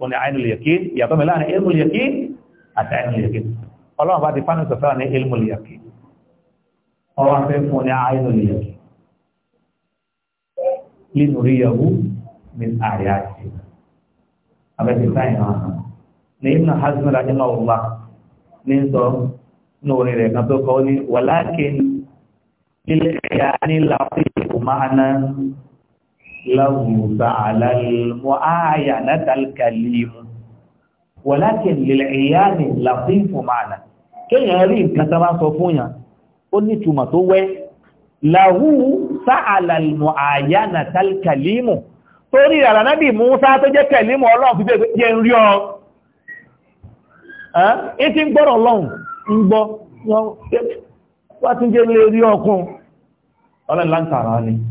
wọn ni yakin ya mi láàrin ilmu yakin àti àìnul yakin Allah bá ti fánù sọ̀tọ̀ ní ilmul yakin ọwọ́ afẹ́ fún ní yakin nínú rí yahu ní àrí àti abẹ́sẹ̀ sáyẹn hàn ní ibùdó hasmira ní ọ̀wá ní sọ ní orin rẹ̀ kan tó kọ́ ní wàlákin له فعلى المعاينة الكليم ولكن للعيان لطيف معنى kéèyàn rí nǹkan tó bá sọ fún yàn ó ní ìtumọ̀ tó wẹ́ làwù sáàlàlùmọ̀ àyànà tálkàlímù tó rí ìrànà nábì Mùsá tó jẹ́ kẹ̀límù ọlọ́run fi jẹ́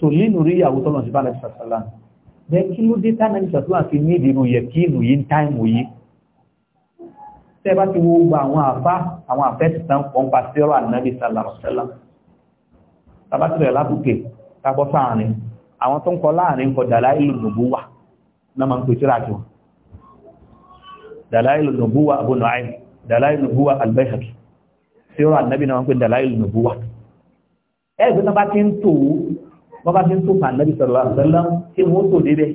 so nínú rí ìyàwó tọ́lọ̀ sí bára ìsàsàlá bẹ́ kí ló dé tánà ìsàsàlá fi ní ìdìrò yẹ kí ìlú yìí ń táìmù yìí tẹ́ bá ti wo gba àwọn àfá àwọn àfẹ́sì tán kan pa sí ọ̀rọ̀ ànábì sàlàrọ̀sẹ́lá tàbá ti rẹ̀ lábùkè tábọ́ sáàrin àwọn tó ń kọ láàrin kọ dàláìlù nùbúwà náà máa ń pèsè Al-Bayhaqi sí ọ̀rọ̀ ànábì náà máa ń pè dàláìlù nùbúwà ẹgbẹ́ náà bá ti ń tòwó wọ́n bá ti ń tòkà nàbì sọ̀rọ̀ àṣẹlá tí wọ́n tò débẹ̀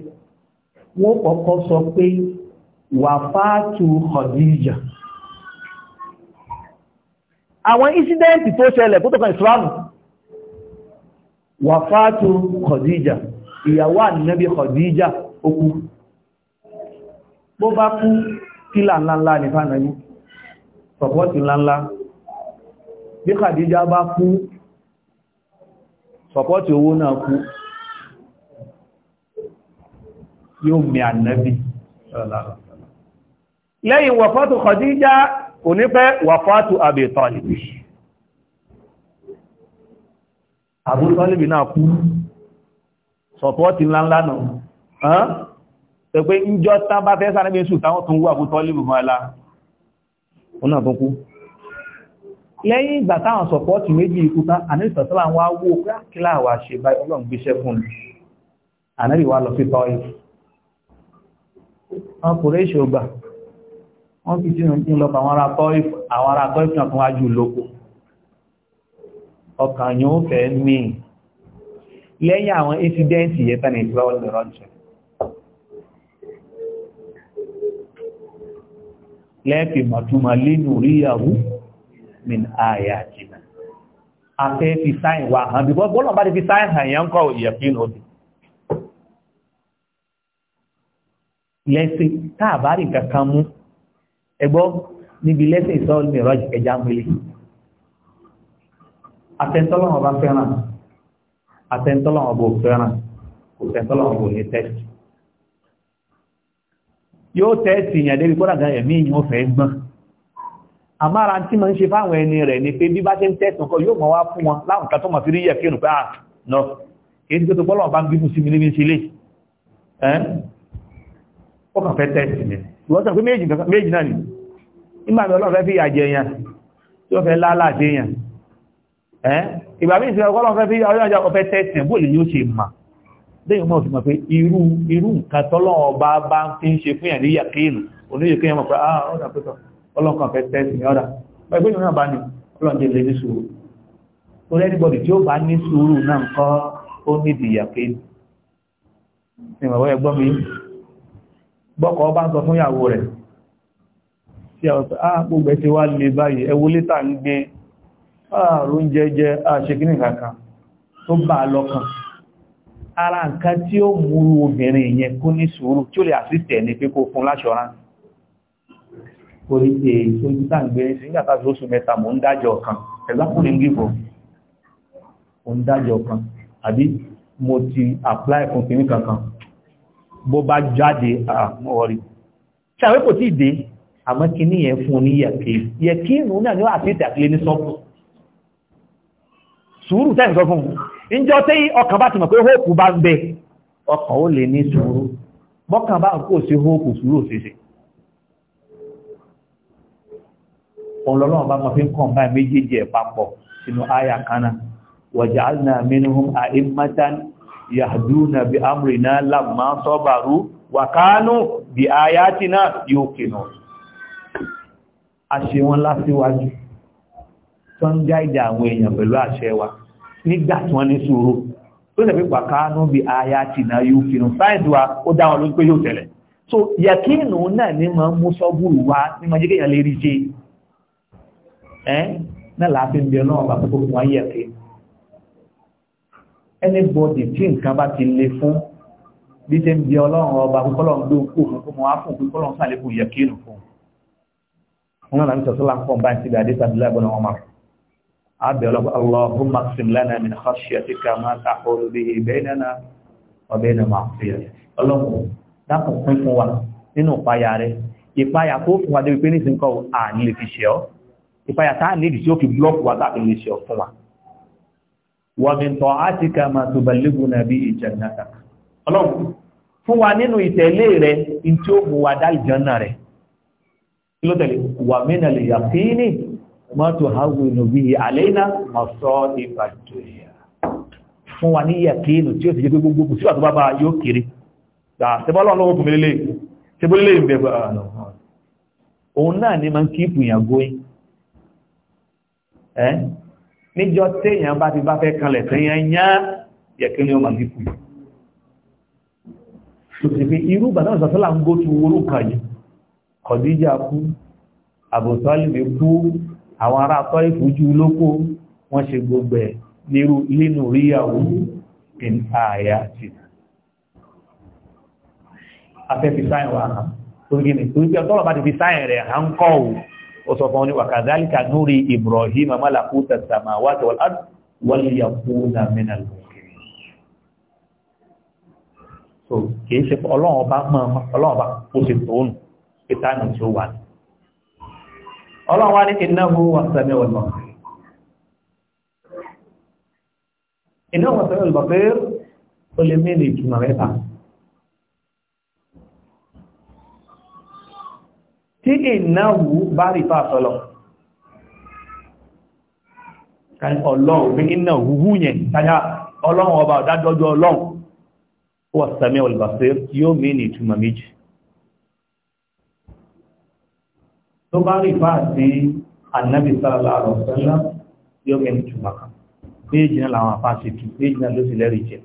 wọ́n kọ́kọ́ sọ pé wàfáàtù Khadija àwọn ìsídẹ́ǹtì tó ṣẹlẹ̀ tó tọ̀kan ìsìlámù wàfáàtù Khadija ìyàwó ànìyànbí Khadija okú bó bá kú pílà ńláńlá ní fánàyí sọ̀pọ̀tì ńláńlá bí Khadija bá kú sọpọ́tì owó náà kú yóò mi ànẹ́bì lẹ́yìn wàfátù Khadija kò ní pẹ́ wàfátù Abi Talib Abu Talib náà kú sọpọ́tì ńláńlá náà tẹ́pẹ́ ń jọ tán bá fẹ́ sáré bí sùn táwọn tún wú Abu Talib mọ́ ẹlá lẹ́yìn ìgbà táwọn sọ̀pọ̀tì méjì ikúta àníṣọ̀sọ́lá wá wó ah, kílà wà ṣe bá ọlọ́run gbéṣẹ́ fún un ànábì wá lọ sí tọ́yì wọn kò rẹ́ ìṣògbà wọ́n fi sínú kí n lọ fàwọn ará tọ́yì àwọn ará tọ́yì náà tún wájú lóko ọkàn yóò fẹ́ mí lẹ́yìn àwọn incidenti yẹn tán ní ìfúláwọ́ ní rọ́jẹ̀ lẹ́ẹ̀fì min ayatina afẹ́ fi sáyìn wa hàn bí bọ́lọ̀ bá ti fi sáyìn hàn yẹn ń kọ́ ìyẹ̀kín òdì taa táàbárì kankan mú ẹgbọ́ níbi lẹ́sìn ìsọ́ọ̀lù mìíràn ẹja múlẹ̀ àtẹ̀ntọ́lọ́wọ́ bá fẹ́ràn àtẹ̀ntọ́lọ́wọ́ bò fẹ́ràn kò tẹ̀ntọ́lọ́wọ́ bò ní tẹ́sì yóò tẹ́sì débi kó dàgbà ẹ̀mí fẹ́ àmára tí ma ń ṣe fáwọn ẹni rẹ̀ ni pé bí bá ṣe ń tẹ́sùn kọ yóò mọ̀ wá fún wọn láwọn kan tó mọ̀ fi rí yẹ̀ kírùn pé à nọ èyí tó gbọ́lọ̀ bá ń bíbù sí mi níbi ṣe lè ẹ́n ó ni wọ́n sọ ni nígbà mi ọlọ́run fẹ́ fi àjẹ èèyàn tí ó fẹ́ lálàjẹ èèyàn ẹ́n ìgbà mi ìsinmi ọlọ́run fẹ́ fi ọjọ́ mọ́ fi mọ̀ pé irú irú nǹkan tọ́lọ́run ọba bá ń fi ń ṣe fún yàn ní yàkínù oníyèkéyàn mọ̀ pé ah ó dà ọlọ́kan fẹ́ tẹ́sì ní ọ̀dà ẹgbẹ́ ìrìn náà bá ní ọlọ́njẹ́ lè ní sùúrù torí anybody tí ó bá ní sùúrù náà ń kọ́ ó ní ìdìyàké ní ìwọ̀wọ́ ẹgbọ́n mi gbọ́kọ̀ bá ń sọ fún ìyàwó rẹ̀ tí a ọ̀sán ah gbogbo ẹ̀ ti wá lè báyìí ẹwú létà ń gbé ààrùn ah, jẹjẹ àṣekínì ah, kankan tó bá lọ́kàn ara nǹkan tí ó mú obìnrin yẹn kó ní sùúrù tí ó lè àsìtẹ̀ ní pé fún láṣọ́ránsì orí ṣe ìṣojú tá à ń gbé ní nígbà tá a lóṣù mẹ́ta mò ń dájọ́ kan ẹ̀gbá kò ní gbìbọ̀ mò ń dájọ́ kan àbí mo ti apply fún kinní kankan bó bá jáde àmọ́rí ṣe àwọn kò tí ì dé àmọ́ kinní yẹn fún un ní yẹ̀kí yẹ̀kí ìrùn náà ni wọ́n àti ìtàkìlẹ̀ ní sọ́kù sùúrù tẹ́ ìsọ fún ìjọ tí ọkàn bá ti mọ̀ pé hóòpù ọlọ́lọ́wọ́n bá máa fi ń kàn báyìí méjèèjì ẹ̀ papọ̀ sínú àyà kaná waja'alna minhum a'immatan yahduna bi amrina lamma sabaru wa na bi ayatina yuqinun àṣẹ wọn lásíwájú tó ń gáìdì àwọn èèyàn pẹ̀lú àṣẹ wa nígbà tí wọ́n ní sùúrù tó lè bí wa ó dá yóò tẹ̀lẹ̀ so náà ní ma mú sọ́gbùrù wa ní lè ẹ́ náà láti ń bí ọ náà bàbá tó fún wa yẹ̀ pé anybody tí nǹkan bá ti le fún bí ṣe ń bí ọlọ́run ọba kọ́lọ̀ ń gbé òkú òfin kó mọ á fún òkú fún allahumma qsim min khashyatika ma tahulu bihi baynana wa bayna ma'siyatik ọlọ́run dákùn pín fún wa nínú ìpayà rẹ̀ ìpayà kó fún wa débi pé nísìnyí kọ́ àní lè fi ṣe ọ́ ìpayà tá à níbi tí ó fi búlọ́ọ̀kù wa láti lè ṣe ọ̀fun wa. wa min ta'atika ma tuballighuna bihi jannataka ọlọ́run fún wa nínú ìtẹ̀lé rẹ ní tí ó mú wa dá ìjànnà rẹ kí ló tẹ̀lé wa min al-yaqini ma tuhawwinu bihi alayna masa'iba ad-dunya fún wa ní yàkínù tí ó ti jẹ́ gbogbo síwà tó bá bá yóò kiri ṣebọ́lọ́ lọ́wọ́ fún mi lélẹ̀ ṣebọ́lẹ́ ìbẹ̀bẹ̀ ni ma ń kíìpù ẹ́ níjọ́ téèyàn bá ti bá fẹ́ kanlẹ̀ téèyàn yá yẹ̀kí ni ó máa dínkù tòsìfì irú bàtà ìsọ̀sọ́là ń gó tu orúkà yìí kọ̀díjà kú àbòsọ́lìmí kú àwọn ará tọ́ ìfújú lókó wọ́n ṣe gbogbo ẹ̀ nírú nínú ríyàwó in ààyà ti afẹ́fi sáyẹn wà hàn tó gíní torí pé ọ̀tọ́rọ̀ bá ti fi sáyẹn rẹ̀ hàn kọ́ òun ó sọ fún wa kadhalika nuri Ibrahim malakuta samawati wal ard wal yakuna minal mukirin so kìí ṣe ọlọ́run ọba mọ́ ọlọ́run ọba kó ṣe tóónù ìtànà tí ó wà ní ọlọ́run wá ní innahu was-sami'ul basir innahu was-sami'ul basir ó lè mí ní ìtumọ̀ mẹ́ta tí ìnáwó bá rí fà sọ́lọ̀ ọlọ́run bí iná wúwú yẹn tàyà ọlọ́run ọba ọ̀dájọ́jọ́ ọlọ́run wọ́n sẹ́mí olùbàṣẹ́ yóò mí ní ìtumọ̀ méjì tó bá rí fà sí annabi sallallahu alaihi wasallam yóò mí ní ìtumọ̀ kan méjì náà làwọn afáṣe tù méjì náà ló sì lẹ́rìí jẹ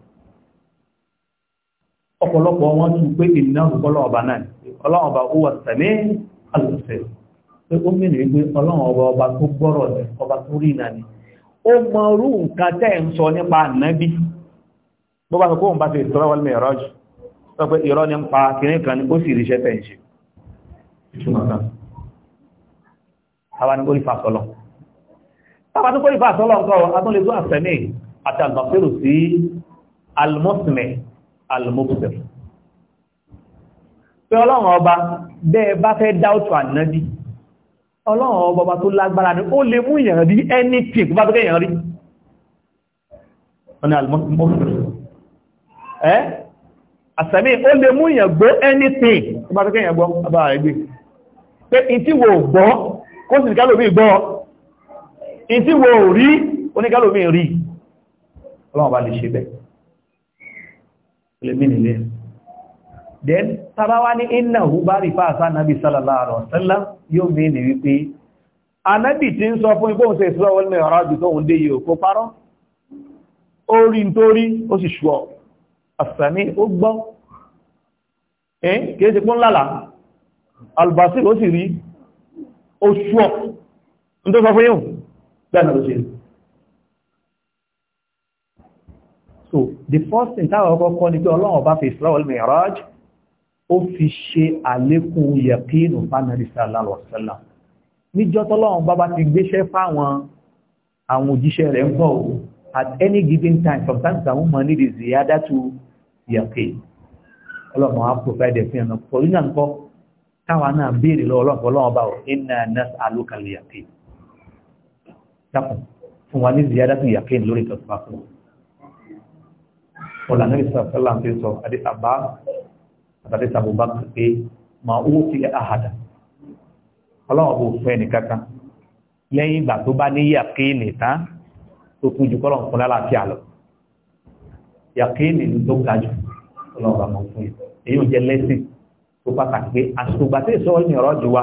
ọ̀pọ̀lọpọ̀ wọn tún pé ìnáwó ọlọ́run náà ọlọ́run ọba ó wà alùpùpù pé ó mìíràn wípé ọlọ́run ọba ọba tó gbọ́rọ̀ ní ọba tó rí ìlànà ó mọ orú nǹkan tẹ́ ń sọ nípa ànábì bó bá sọ pé òun bá fi ìtura wọlé ẹ̀rọ jù sọ pé irọ́ ní ń pa kìnìún kan ní ó sì ríṣẹ́ tẹ̀ ń ṣe ìtumọ̀ kan ni ó rí fa sọlọ táwa tó kó rí bẹ́ẹ̀ bá fẹ́ dáútù ànábí ọlọ́run ọba tó lágbára ní ó lè mú ìyàn rí ẹni tí kò bá tó kẹ́yàn rí ọ̀nà alìmọ́sílẹ̀ ẹ́ àsẹ̀mí ó lè mú ìyàn gbọ́ ẹni tí kò bá tó kẹ́yàn gbọ́ abára rẹ̀ gbé pé ìtí wo gbọ́ kó sì kálòmí gbọ́ ìtí wo rí oníkálòmí rí ọlọ́run ọba lè ṣe bẹ́ẹ̀ then tàbáwá ní iná hù bá rí sallallahu alaihi wasallam yóò mí ní wípé anábì tí ń sọ fún ipò òun ṣe ìṣúra wọlé mẹ́ ọ̀rọ̀ àjùtọ́ òun dé yóò kó parọ́ ó rí nítorí ó sì ṣùọ́ àsàmì ó gbọ́ ẹ́n kìí ṣe pún lálà albasir ó sì rí ó ṣùọ́ ní tó sọ fún yóò gbẹ́nà ló so the first thing táwọn ọkọ̀ kọ́ ni pé ọlọ́run ọba fi ìṣúra ó fi ṣe àlékún yẹ̀kínù fánàrísà aláwọ̀sẹ́lá níjọ́ tọ́lọ́run bàbá ti gbéṣẹ́ fáwọn àwọn òjíṣẹ́ rẹ̀ ń bọ̀ at any given time sometimes àwọn mọ̀ nídìí ziyada to yẹ̀kín ọlọ́run á provide ẹ̀fín ẹ̀nà pọ̀lú náà ń kọ́ táwa náà béèrè lọ ọlọ́run bá wọ̀ iná nas alókàlẹ̀ yẹ̀kín dákun fún wa ní ziyada to yẹ̀kín lórí ìtọ́síwá fún wa ọ̀làǹdẹ̀rẹ̀ sọ̀rọ̀ sọ̀rọ̀ àti sọ̀rọ̀ àdìsàbá àtàdé sàbùbá pé màá owó tilẹ̀ Kalau Abu bò fún ẹnì kankan lẹ́yìn Bani tó bá ní yàkéènì tán tó kún jù kọ́lọ̀ fún lálàáfíà lọ yàkéènì tó ga jù ọlọ́run bá mọ̀ fún yìí èyí ò jẹ́ lẹ́sìn tó pàtàkì pé àsùgbà tí ìṣòro ní ọ̀rọ̀ jù wa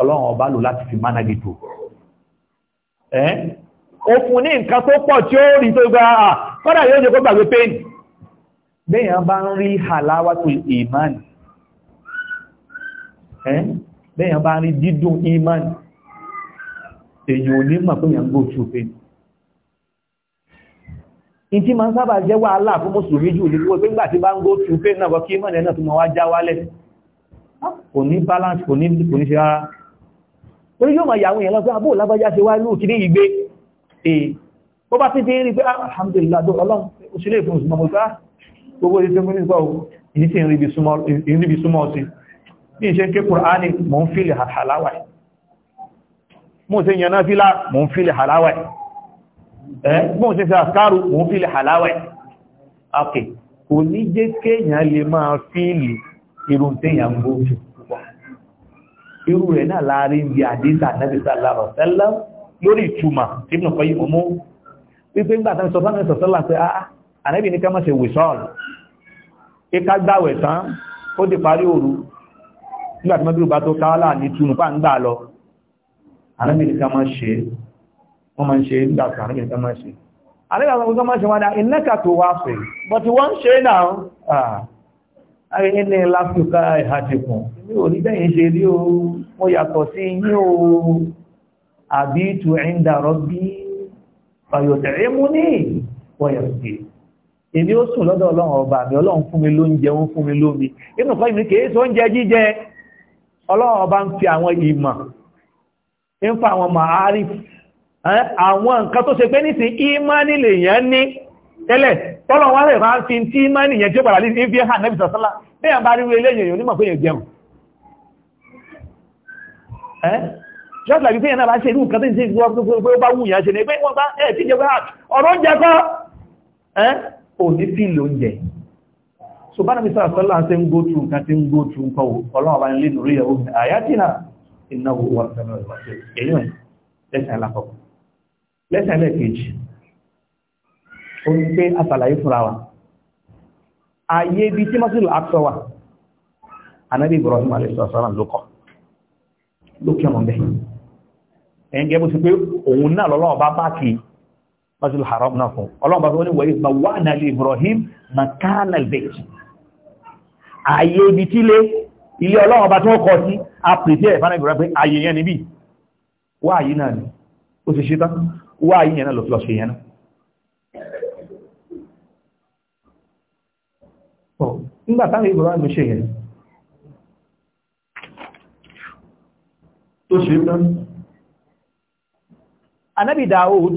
ọlọ́run ọba lò láti fi máa nàgìtò ó fún bẹ́yàn bá ń rí halawatul iman bẹ́yàn bá ń rí dídùn iman èyàn ní mọ̀ pé yàn gbóòtù pé in tí ma ń sábà jẹ́ wàhálà fún mùsùlùmí jù ní wọ́n pé nígbà tí bá ń gbóòtù pé náà bọ́ kí mọ̀ náà tó mọ̀ wá já wálẹ̀ ah, kò ní balance kò ní ṣe rárá orí yóò mọ̀ ìyàwó yẹn lọ pé abó ah, lábájá ṣe wá ní òkìdí ìgbé èè alhamdulillah ọlọ́run òṣèlè ìfún òṣùmọ̀ mọ̀ gbogbo ìṣẹ́ mú nígbà ohun ìdí tí ìrìnbí súnmọ́ sí ní ìṣẹ́ ké kùránì mọ́ ń fílẹ̀ àláwàí mọ́ sí yẹn náà fílá mọ́ ń fílẹ̀ àláwàí mọ́ sí sí àkárù mọ́ ń fílẹ̀ àláwàí ok kò ní jẹ́ kéèyàn lè máa fílì irun téèyàn ń gbóòjù púpọ̀ irú rẹ̀ náà láàrin bí àdísà nẹ́bí sálárọ̀ tẹ́lẹ̀ lórí ìtumà tí ànábì ní kẹ́mọ́ ṣe wìsọ́ọ̀lù ìka gbàwẹ̀ tán ó ti parí òru nígbàtí mọ́bílù bá tó káwàlá ní túnú pà ń gbà lọ ànábì ní kẹ́mọ́ ṣe wọ́n máa ń ṣe gbàtà ànábì ní kẹ́mọ́ ṣe ànábì ní kẹ́mọ́ ṣe wọ́n dá ìnẹ́kà tó wá fẹ́ bọ́tí wọ́n ṣe náà ààrẹ ilẹ̀ èmi ó sùn lọ́dọ̀ ọlọ́run ọba mi ọlọ́run fún mi lóúnjẹ ó fún mi lómi inú kọ́ ìmìnì kìí tó ń jẹ jíjẹ ọlọ́run ọba ń fi àwọn ìmọ̀ ń fa àwọn màárì àwọn nǹkan tó ṣe pé nísìn ìmánì lè yẹn ní tẹ́lẹ̀ tọ́lọ̀ wọn rẹ̀ máa fi tí ìmánì yẹn tí ó padà ní fi hàn nẹ́bì sọ́sọ́lá bẹ́ẹ̀ bá rí eléyìn yóò nímọ̀ pé yẹn jẹun just like pé yẹn náà bá ṣe irú nǹkan tó ń ṣe ìgbọ́ pé ó bá wù yẹn ṣe ní pé wọ́n òní fíìlì oúnjẹ so bá nàbí sára sọ́lá ṣe ń go through nǹkan tí ń go through nǹkan wò ọlọ́run àbá nílé nìrí ẹ̀wọ́ mi àyájìnà iná wo wà sẹ́nu ìwà sí èyí ẹ̀ lẹ́sìn alákọ̀ọ́kọ́ lẹ́sìn ẹlẹ́ẹ̀kejì ó ní pé àṣàlàyé fúnra wa ayé ibi tí mọ́sílù àtọ́ wà anábì Ibrahim alẹ́sọ̀ sọ́lá ló kọ́ ló kí ọmọ bẹ́ẹ̀ ẹ̀yìn gẹ́gẹ́ bó ti pé òun náà lọ́lọ́run bá bá kì í masjidil haram náà fún ọlọ́pàá tó ní wọ́n ìgbà wà náà lè Ibrahim makana al-bayt ààyè ibi tí lé ilé ọlọ́wọ́ bá tí wọ́n kọ́ sí àpètí ẹ̀ fánà Ibrahim pé ààyè yẹn níbi wà ààyè náà ni ó ti ṣe tán wà ààyè yẹn náà lọ ṣe yẹn náà nígbà táwọn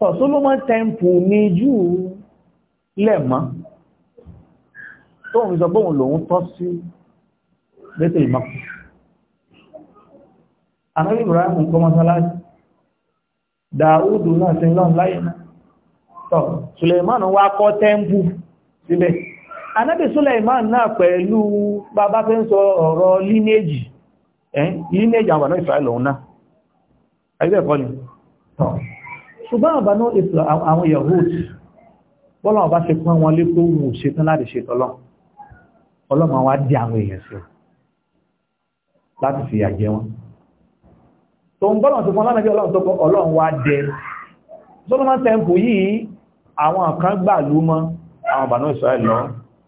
So Solomon Temple ni Júù lẹ́mọ́ tó ń sọ bóun lòun tọ́ sí lẹ́tẹ̀ ìmọ̀kù. Ànábì Ibrahim kọ́ mọ́sálásí, Dàúdù náà sin lọ́n láyé náà. Tọ́ Suleiman wá kọ́ Temple síbẹ̀. Ànábì Suleiman náà pẹ̀lú bàbá fẹ́ ń sọ lineage, eh? lineage àwọn Israel òun náà. Ẹgbẹ́ ẹ̀kọ́ ni. Tọ́ ṣùgbọ́n àbánú ìtò àwọn yahood bọ́lá ọba ṣe pọ́n wọn lékó wù ṣetán láti ṣetán lọ ọlọ́mọ wa di àwọn èèyàn sí láti fìyà jẹ wọn tó ń bọ́lá tó fún ọlọ́run bí ọlọ́run tó kọ ọlọ́run wa dẹ Solomon temple yìí àwọn kan gbà lú mọ́ àwọn àbánú Israel lọ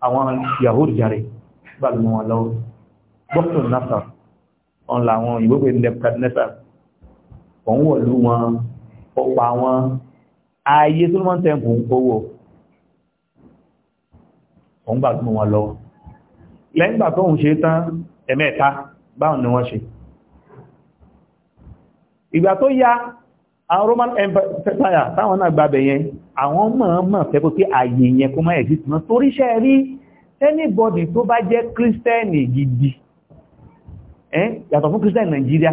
àwọn yahood jàre gbà lú wọn lọ boston nasa ọ̀n làwọn ìgbógun Nebuchadnezzar òun wọ̀ lú wọn ọ̀pọ̀ àwọn ààyè Solomon temple ń kówó òun gbà tó wọn lọ́wọ́ lẹ́yìn gbà tó ń ṣe tán ẹ̀mẹ́ta báwọn ni wọ́n ṣe ìgbà tó yá àwọn Roman empire táwọn náà gbàbẹ̀ yẹn àwọn mọ̀ọ́mọ̀ fẹ́ pé ààyè yẹn kó má exist mọ́ toríṣẹ́ rí anybody tó bá jẹ́ kírísítẹ́nì gidi yàtọ̀ fún kírísítẹ́nì Nàìjíríà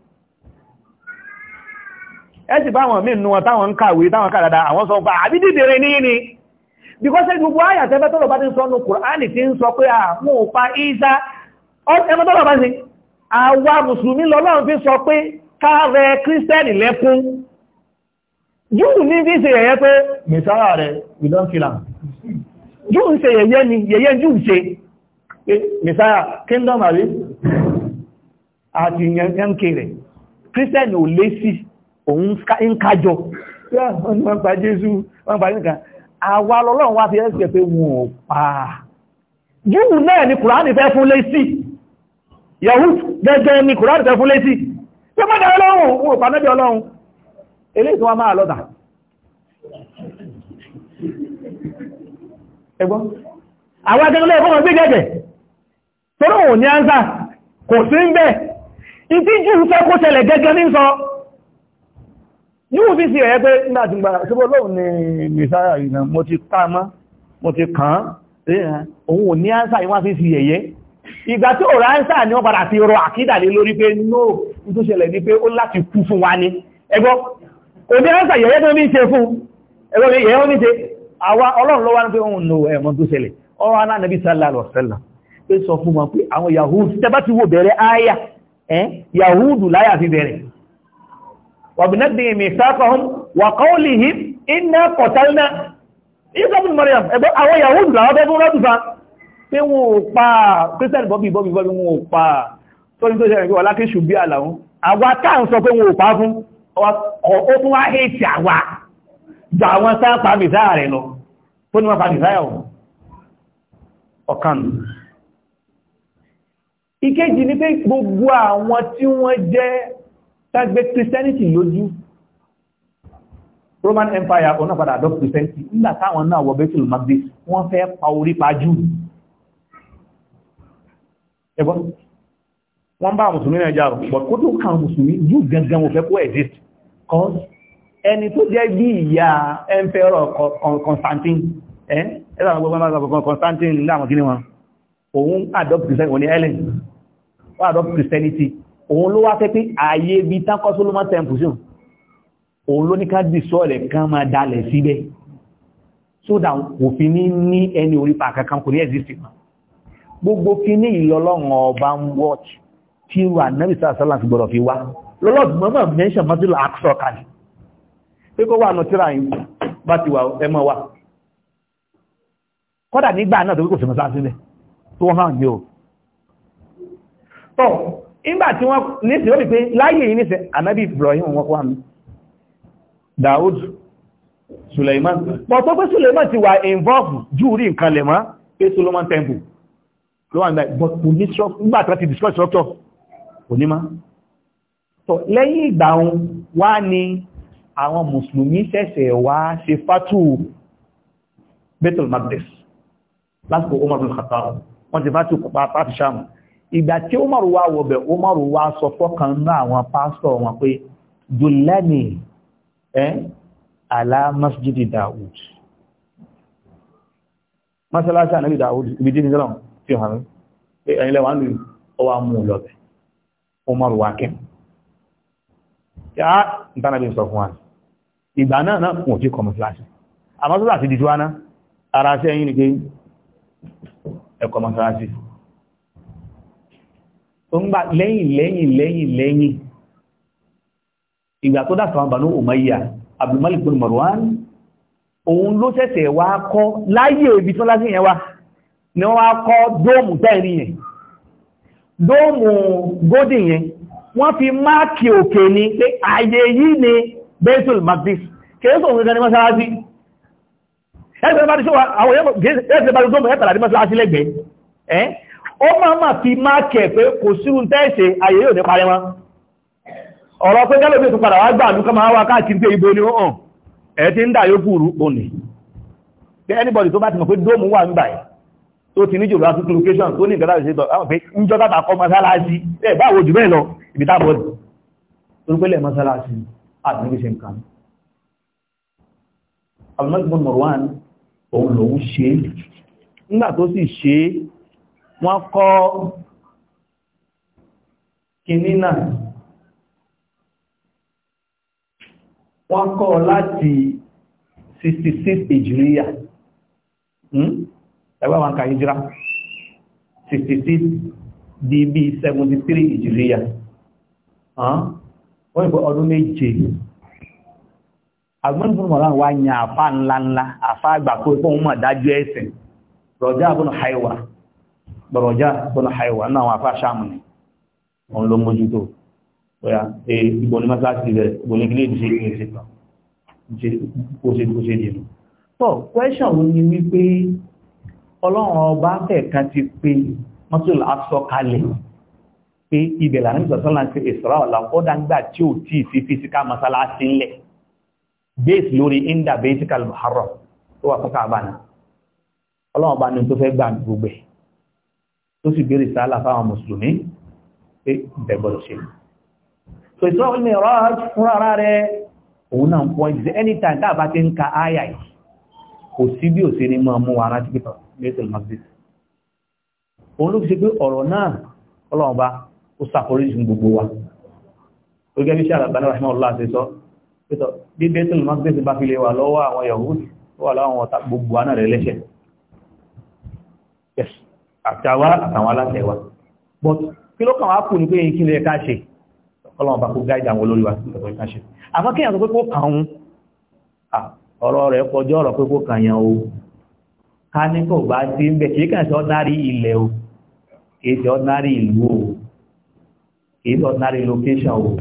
ẹ̀sì bá wọn mí nù wọn táwọn ń kàwé táwọn kàdàdà àwọn sọ pa àbí dìdèrè ní ní because gbogbo àyà tẹ́fẹ́ tọ́lọ̀ bá ti sọ nù Kùránì ti ń sọ pé àwọn òpa ìsá ẹmọ tọ́lọ̀ bá sí àwa mùsùlùmí lọ́lọ́run fi sọ pé káàrẹ kírísítẹ́nì lẹ́kún júù ní fi ṣe yẹ̀yẹ́ pé mẹ́sára rẹ̀ ìlọ́n kìlà júù ń ṣe yẹ̀yẹ́ ni yẹ̀yẹ́ júù ṣe mẹ́sára kingdom àrí àti yẹnkẹ rẹ̀ kírísítẹ́nì ò lé sí òun ń kájọ wọ́n pa jésù wọ́n pa nìkan àwa lọ́lọ́run wá fi ẹ́sẹ̀ pé wọn ò pa júù náà ni kùránì fẹ́ fún lésì yahud gẹ́gẹ́ ni kùránì fẹ́ fún lésì tí mọ́ dára lọ́run wọn ò pa nẹ́bí ọlọ́run eléyìí tí wọ́n máa lọ́dà ẹgbọ́n àwọn akẹ́kọ̀ọ́ ẹ̀kọ́ wọn gbé gẹ́gẹ́ tọ́rọ̀ òní ánsà kò sí ń bẹ́ẹ̀ ìtí níwò fi sí ẹ̀yẹ́ pé nígbà tí gbàrà ṣe bọ́ lóòun ni mẹ́sára ìrìnà mo ti ká mọ́ mo ti kàn án òun ò ní ánsà ìwọ́n fi sí ẹ̀yẹ́ ìgbà tí ò ránsà ni wọ́n padà fi rọ àkídà lé lórí pé no tó ṣẹlẹ̀ ní pé ó láti kú fún wa ni ẹgbọ́ kò ní ánsà yẹ̀yẹ́ tó ní ṣe fún ẹgbọ́ mi yẹ̀yẹ́ ó ní ṣe àwa ọlọ́run ló wá ní pé òun no ẹ̀mọ́ tó ṣẹlẹ̀ ọ̀rọ̀ anábì sallallahu alaihi wasallam pé sọ fún wọn pé àwọn yahudu وبنبئ ميثاقهم وقولهم إنا قتلنا عيسى بن مريم àwọn Yahudi làwọn bẹ́ fún rọ́dùfà pé wọn ò pa Christian bọ́bí bọ́bí bọ́bí wọn ò pa tóní tó ṣẹlẹ̀ pé wọ́n lákíṣù bí àlàun àwa táà ń sọ pé wọn ò pa fún ó fún wá hẹ́ẹ̀tì àwa jọ àwọn sáà pa mìsáà rẹ̀ lọ tó ní wọ́n pa mìsáà ọ̀hún ọ̀kan ìkejì ni pé gbogbo àwọn tí wọ́n jẹ́ tàgbé christianity lójú roman empire ọ̀nà padà adopt christianity nígbà táwọn náà wọ bẹ́tùl magdis wọ́n fẹ́ pa orí pa jù ẹgbọ́n wọ́n bá mùsùlùmí náà jà but kó tó kàn mùsùlùmí jù gangan wọ́n fẹ́ kó exist cause ẹni tó jẹ́ bí ìyá emperor constantine ẹ́ ẹ̀rọ àwọn gbogbo constantine láwọn kí ni wọn òun adopt christianity wọ́n ni ellen wọ́n adopt christianity òun ló wá fẹ́ pé ààyè ibi tán kọ́ Solomon temple sí òun ló ní ká dìsọ́ rẹ̀ kán máa dalẹ̀ síbẹ̀ so that òfin ní ní ẹni orí pa kankan kò ní exist mọ́ gbogbo kí ní ìlọlọ́run ọba ń watch tí wà náà sáà sálà ti gbọ́dọ̀ fi wá lọ́lọ́dún mọ́mọ́ mẹ́ṣàn mọ́tílọ̀ àkọsọ̀ kalẹ̀ pé kó wà nù tíra yìí bá ti wà ẹmọ́ wà kọ́dà nígbà náà tó kò ìgbà tí wọ́n nísìn ó rí pé láyé yìí nísìn ànábì Ibrahim wọn kọ́ àmì Daoud Suleiman pọ̀ tó pé Suleiman ti wà involve jù rí nǹkan lẹ̀ mọ́ pé Solomon Temple ló wà nígbà but kò ní nígbà tí wọ́n ti destroy structure kò ní mọ́ so lẹ́yìn ìgbà òun wá ní àwọn mùsùlùmí ṣẹ̀ṣẹ̀ wá ṣe fátù Bethel Magdes lásìkò Omar bin Khattab wọ́n ti fátù pàtàkì sáàmù ìgbà tí Umaru wá wọ̀bẹ̀ Umaru wá sọ fọ́kàn náà àwọn pásítọ̀ wọn pé dùlẹ́nì àlá masjidi masalasi anabi Dawud ibi jí ní fi hàn pé ẹ̀yìn lẹ́wọ̀n lè ọwá mú un lọ́bẹ̀ Umaru sọ fún wa ìgbà náà náà kùn òjì kọmọ àmọ́ sọ́dọ̀ àti ara sí ẹ̀yìn ni pé ẹ̀kọ́ tó ń gbà lẹ́yìn lẹ́yìn lẹ́yìn lẹ́yìn ìgbà tó dàtọ̀ àwọn Banu Umayya Abdul Malik bin Marwan òun ló ṣẹ̀ṣẹ̀ wá kọ́ láyé ibi tó lásì yẹn wá ni wọ́n wá kọ́ dóòmù tẹ́rin yẹn dóòmù gódì yẹn wọ́n fi máàkì òkè ni pé ààyè yìí ni Baitul Maqdis kèésò òun gẹ́gẹ́ ni mọ́sálásí ẹgbẹ̀rẹ̀ bá ti ṣọ́wọ́ àwọn ẹgbẹ̀rẹ̀ bá ti dóòmù ẹ̀tàlá ó máa máa fi máàkì ẹ̀ pé kò sírun tẹ́ẹ̀ṣe ayé yóò ní parẹ́ wọn ọ̀rọ̀ pé gẹ́lẹ̀ tó padà wá gbà lúkọ́ máa wá káàkiri pé ibo ni ó hàn ẹ̀ ti ń dà yóò fúrú òní pé anybody tó bá ti mọ̀ pé dóòmù wà ń báyìí tó ti ní jòrò asúkú location tó ní ìgbàláwì ṣe tọ́ pé ń jọ tàbà kọ́ mọ́sálásí ẹ̀ báwo jù bẹ́ẹ̀ lọ ibi tábọ̀dì tó pẹ́lẹ̀ mọ́sálásí àdúgbò ṣe nǹkan almọ́gbọ̀n Marwan òun lòun ṣe nígbà tó sì ṣe wọ́n kọ́ kìíní náà wọ́n kọ́ láti 66 ìjìríyà ẹgbẹ́ wọn kà ìjírá 66 db 73 ìjìríyà wọ́n ìpọ̀ ọdún méje agbọ́nbùn mọ̀lá wá ní àfá ńláńlá àfá àgbà kó ipò wọn mọ̀ dájú ẹ̀sìn rọ̀já àbúnà haiwa dọ̀rọ̀já bọ́nà àìwà náà àwọn afáà sáàmù ni òun ló mójútó bóyá ìbò e, ní mọ́sáàsì rẹ̀ ìbò ní kílé ìdíṣe ìrìn ìṣe kan kó ṣe kó ṣe dìbò. tó kwẹ́sàn ò ní wípé ọlọ́run ọba fẹ̀ka ti pé mọ́tòlá aṣọ kalẹ̀ pé ibẹ̀ lànà ìsọ̀sọ́nà ti ìsọ̀rọ̀ ọ̀la tí ò tí ì fi fisika mọ́sálásí ńlẹ̀ base lórí inda bẹ́ẹ̀sì kalùbárọ̀ tó wà fún káàbà náà ọlọ́run ọba ní tó fẹ́ gbà gbogbo tó sì béèrè sálà fáwọn mùsùlùmí pé ìbẹ̀gbọ́dọ̀ ṣe so ìsọ́rọ̀ ní ọ̀rọ̀ fúnra rẹ̀ òun náà pọ̀ ìdíṣẹ́ anytime tá a bá ti ń ka àyà yìí kò sí bí òsè ní máa mú ara jíkẹ́ lẹ́tọ̀ magdis òun ló fi ṣe pé ọ̀rọ̀ náà ọlọ́run bá ó ṣàforíjì gbogbo wa ó gẹ́gẹ́ bí sára bani rahman allah ṣe sọ pé tọ́ bí lẹ́tọ̀ magdis bá fi lè wà lọ́wọ́ àwọn yahoo wà láwọn ọ̀tá gbogbo wa náà rẹ̀ lẹ́sẹ̀ẹ́ àtàwà àtàwọn alátẹ̀wà but kí ló kàn wá kù ní pé kí lè ká ṣe ọlọ́run bá kó gáìdì àwọn olórí wa ọ̀tọ̀ ká ṣe àmọ́ kéèyàn sọ pé kó kàn ún ọ̀rọ̀ rẹ̀ kọjọ́ ọ̀rọ̀ pé kó kàn yàn o ká ní kò bá ti ń bẹ̀ kìí kàn sí ordinary ilẹ̀ o kìí sí ordinary ìlú o kìí sí ordinary location o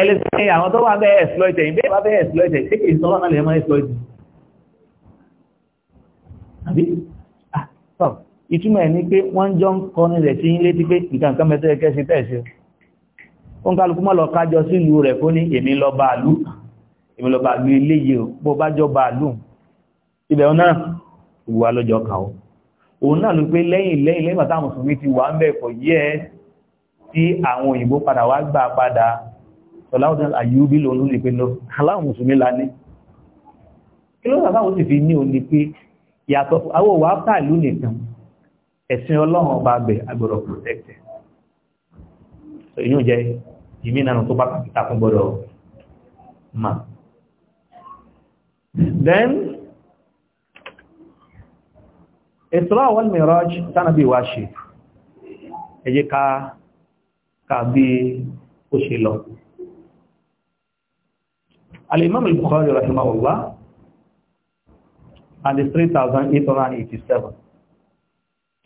ẹlẹ́sìn àwọn tó wà bẹ́ẹ̀ exploit ẹ̀yìn bẹ́ẹ̀ bá bẹ́ẹ̀ exploit ẹ̀yìn ṣé kìí sọ́wọ́n náà lè máa exploit ìtumọ̀ ẹ̀ ní pé wọ́n jọ ń kọni rẹ̀ sí ilé tí pé nǹkan mẹ́tẹ́ kẹ́sí tẹ́ẹ̀sí o ń kálukú mọ́ lọ kájọ sílùú rẹ̀ kó ní èmi lọ bàálù èmi lọ bàálù ilé yìí bó bá jọ bàálù ibẹ̀ náà ìwà lọ́jọ́ kan o òun náà ló pé lẹ́yìn lẹ́yìn la ní kí ló bàbá òun sì fi ní òun ni pé ìlú nìkan ẹ̀sìn ọlọ́run ọba bẹ̀ agbọ́dọ̀ protect ẹ̀ èyí ò jẹ́ ìmínàánú tó bá kàkítà fún gbọ́dọ̀ ma then Isra wal Miraj tánàbí wá ṣe ẹjẹ́ ká ká bí ó ṣe lọ Al-Imam al 3887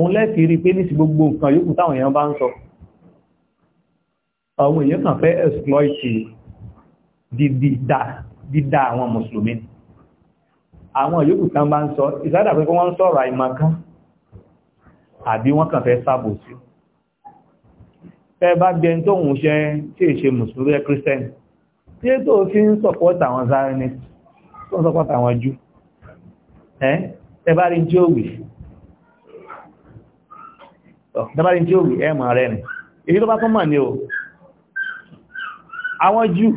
òun lẹ́sì rí pé nísì gbogbo nǹkan yóò táwọn èèyàn bá ń sọ àwọn èèyàn kàn fẹ́ exploit dídá àwọn mùsùlùmí àwọn yóò tán bá ń sọ ìsádà pé wọ́n ń sọ̀rọ̀ àìmọ̀kan àbí wọ́n kàn fẹ́ sábò sí ẹbá gbẹ́ tó ń ṣe tí è ṣe mùsùlùmí kírísítẹ́nì tí é tó fi ń sọpọ́tà àwọn zionist tó ń sọpọ́tà àwọn jù ẹ́ ẹbá rí jóòwì dábárí tí ó rí ẹ̀mọ̀ rẹ̀ nì èyí tó bá tún ní o àwọn jù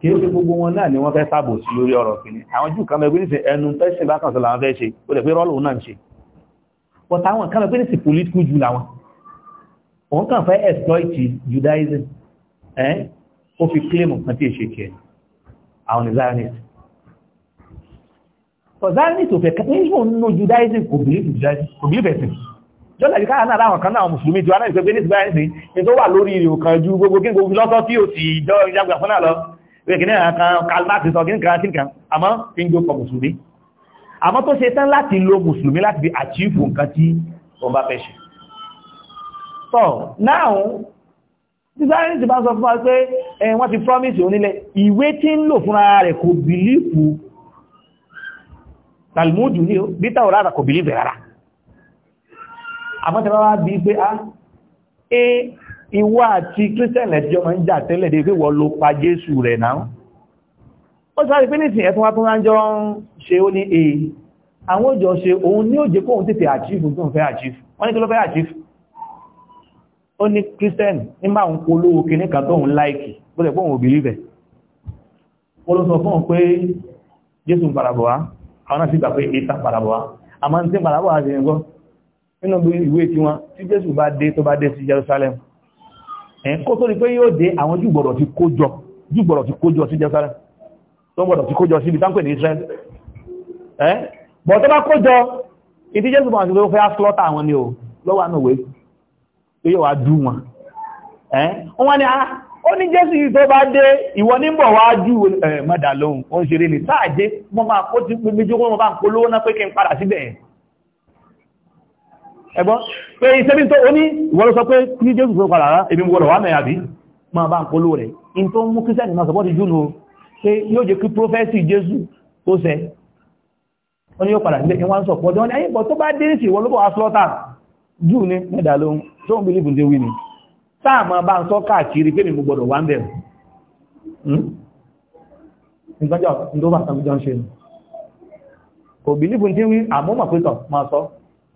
kí ó ṣe gbogbo wọn náà ni wọ́n fẹ́ sábò sí lórí ọ̀rọ̀ kìíní àwọn jù kan mẹ́gbé nìsẹ̀ ẹnu pẹ́sìn bá kàn sọ làwọn fẹ́ ṣe ó lè pé rọ́ọ̀lù náà ń ṣe but àwọn kan mẹ́gbé nìsẹ̀ political jù làwọn òun kàn fẹ́ exploit Judaism ẹ́ ó fi claim kan tí èṣe kìí àwọn ni Zionist but Zionist ò fẹ́ kẹ́ Judaism jọ́lá ìdíká àná àwọn kan náà mùsùlùmí tí wọ́n náà ìpẹ́gbẹ́ ní ìsìnbáyé ní ní tó wà lórí ìrìn òkan ju gbogbo kí gbogbo lọ́tọ́ tí ó sì jọ ìjàgbà fún náà lọ ìrìnkìní kan kalmati sọ kínkan kínkan àmọ́ fi ń gbó kọ mùsùlùmí àmọ́ tó ṣe tán láti lo mùsùlùmí láti fi àchífù nǹkan tí wọ́n bá fẹ́ ṣe so now ìsìnbáyé ti bá sọ fún wa pé wọ́n ti promise onílẹ̀ ìwé tí ń lò fúnra rẹ̀ kò bìlífù talmudu ní bí tàwọn rárá kò bìlífù rárá àmọ́tẹ̀wá wá bí pé a ah, é eh, ìwọ àti kírísẹ̀lẹ̀ tí ọmọ ń jà tẹ́lẹ̀ dé pé wọ́n ló pa jésù rẹ̀ náà ó sáré pé nìsìn ẹ̀fún wá tó ránjọ́ ń ṣe ó ní èyí eh, àwọn òjò ṣe òun ní òjò kóhun tètè àchífù tó ń fẹ́ àchífù wọ́n ní tó ló fẹ́ àchífù ó ní kírísẹ̀n nígbà òun polówó kìíní kan tó ń láìkì bó lè pọ́hun òbílí bẹ̀ ó ló sọ fún òun pé jésù ń gbọ́ nínú ìwé tí wọn tí Jésù bá dé tó bá dé sí Jerusalem ẹ̀ kó tó ní pé yóò dé àwọn jù gbọ́dọ̀ ti kójọ jù gbọ́dọ̀ ti kójọ sí Jerusalem tó gbọ́dọ̀ ti kójọ síbi tánkù ní Israel ẹ́ bọ̀ tó bá kójọ ìdí Jésù bá ti fẹ́ slọ́tà àwọn ni o lọ́wọ́ àánú ìwé pé yóò wá dú wọn ẹ́ wọ́n ni ah, ó ní Jésù yìí tó bá dé ìwọ ní bọ̀ wá jù mọ́dà lóhun ó ń ṣeré ní sáàjé mọ́ máa kó ti pé méjì ó ẹgbọ́ pé ìṣẹ́bí tó oní ìwọ́lọ́ pé ní jésù tó padà rá èmi wọ́lọ̀ wà mẹ́yàbí ma bá ń polówó rẹ̀ in tó mú kírísẹ́nì máa sọpọ́tì júnù pé yóò jẹ́ kí prófẹ́sì jésù tó sẹ yóò padà sílẹ̀ ìwọ́n sọ pọ́jọ́ ní ayébọ̀ tó bá dé sí jù ní mẹ́dà tó ń bílíbù ní wíni máa bá ń sọ káàkiri pé mi mo gbọdọ̀ wá ń bẹ̀rù hmm?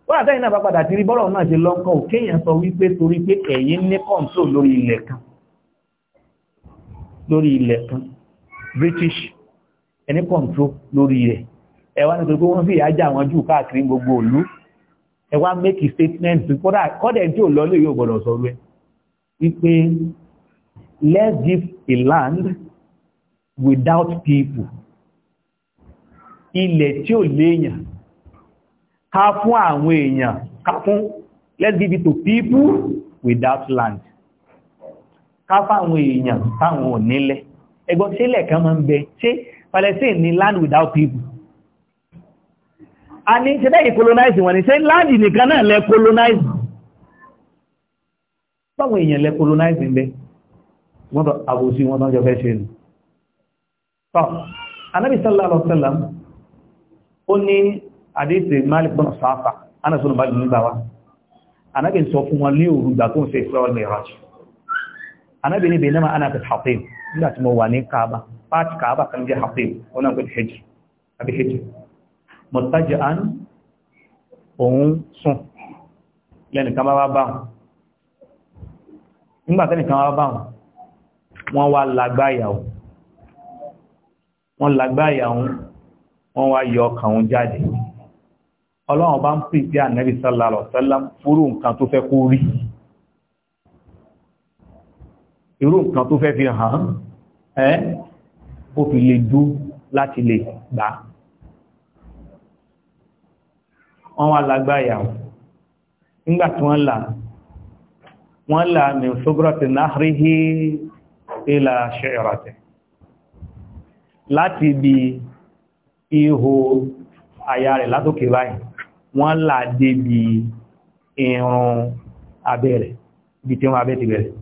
wọ́n àtẹ́yìn náà bá ti rí bọ́rọ̀ náà ṣe lọ́kọ̀ òkéyàn sọ wípé torí pé ẹ̀yin ní kọ́ńtò lórí ilẹ̀ kan lórí ilẹ̀ kan British ẹni kọ́ńtò lórí rẹ̀ ẹ nítorí pé wọ́n fi ìyá àwọn jù káàkiri gbogbo ìlú ẹ make statement kódà kọ́dẹ̀ ò yóò gbọ́dọ̀ sọ rẹ̀ let's give a land without people ilẹ̀ tí ò ká fún àwọn èèyàn ká fún let's give it to people without land ká fáwọn èèyàn táwọn ò nílẹ̀ ẹgbọ́n sílẹ̀ kan máa ń bẹ ṣé Palestine ni land without people a ní ṣe bẹ́ẹ̀ colonize wọn ni ṣe land nìkan náà lẹ colonize báwọn èèyàn lẹ colonize ń bẹ wọ́n tọ́ àbòsí wọn tán jọ fẹ́ ṣe nù tọ́ anábì sallallahu alaihi wasallam ó ní àdéhìsì malik bọ́nà sáfà anásọ́nà bá lùmí bàwá anábì ń sọ fún wọn ní òru gbà tó ń ṣe ìfẹ́wọ́n mìíràn anábì níbi náà ana fi hafim nígbà tí mo wà ní kaaba pàtí kaaba kan jẹ́ hafim wọn náà pẹ̀lú hejì àbí hejì mọ̀tájì án òun sùn lẹ́nu kan bá bá wọn nígbà tẹ́nì kan bá bá wọn wọ́n wá lágbáyàwó wọ́n lágbáyàwó wọ́n wá yọ ọkàn òun jáde ọlọ́run bá ń pè sí ànẹ́bí sálàlọ̀ sálà fúrú nǹkan tó fẹ́ kó rí irú nǹkan tó fẹ́ fi hàn ẹ́ ó fi lè dú láti lè gbà wọ́n wá lágbáyà nígbà tí wọ́n là wọ́n là ní ṣógúrọ̀tì náhríhí ilà ṣẹ̀rọ̀tẹ̀ láti bí ihò àyà rẹ̀ látòkè báyìí wọ́n là débi irun abẹ́rẹ̀ bí tí wọ́n abẹ́ ti bẹ̀rẹ̀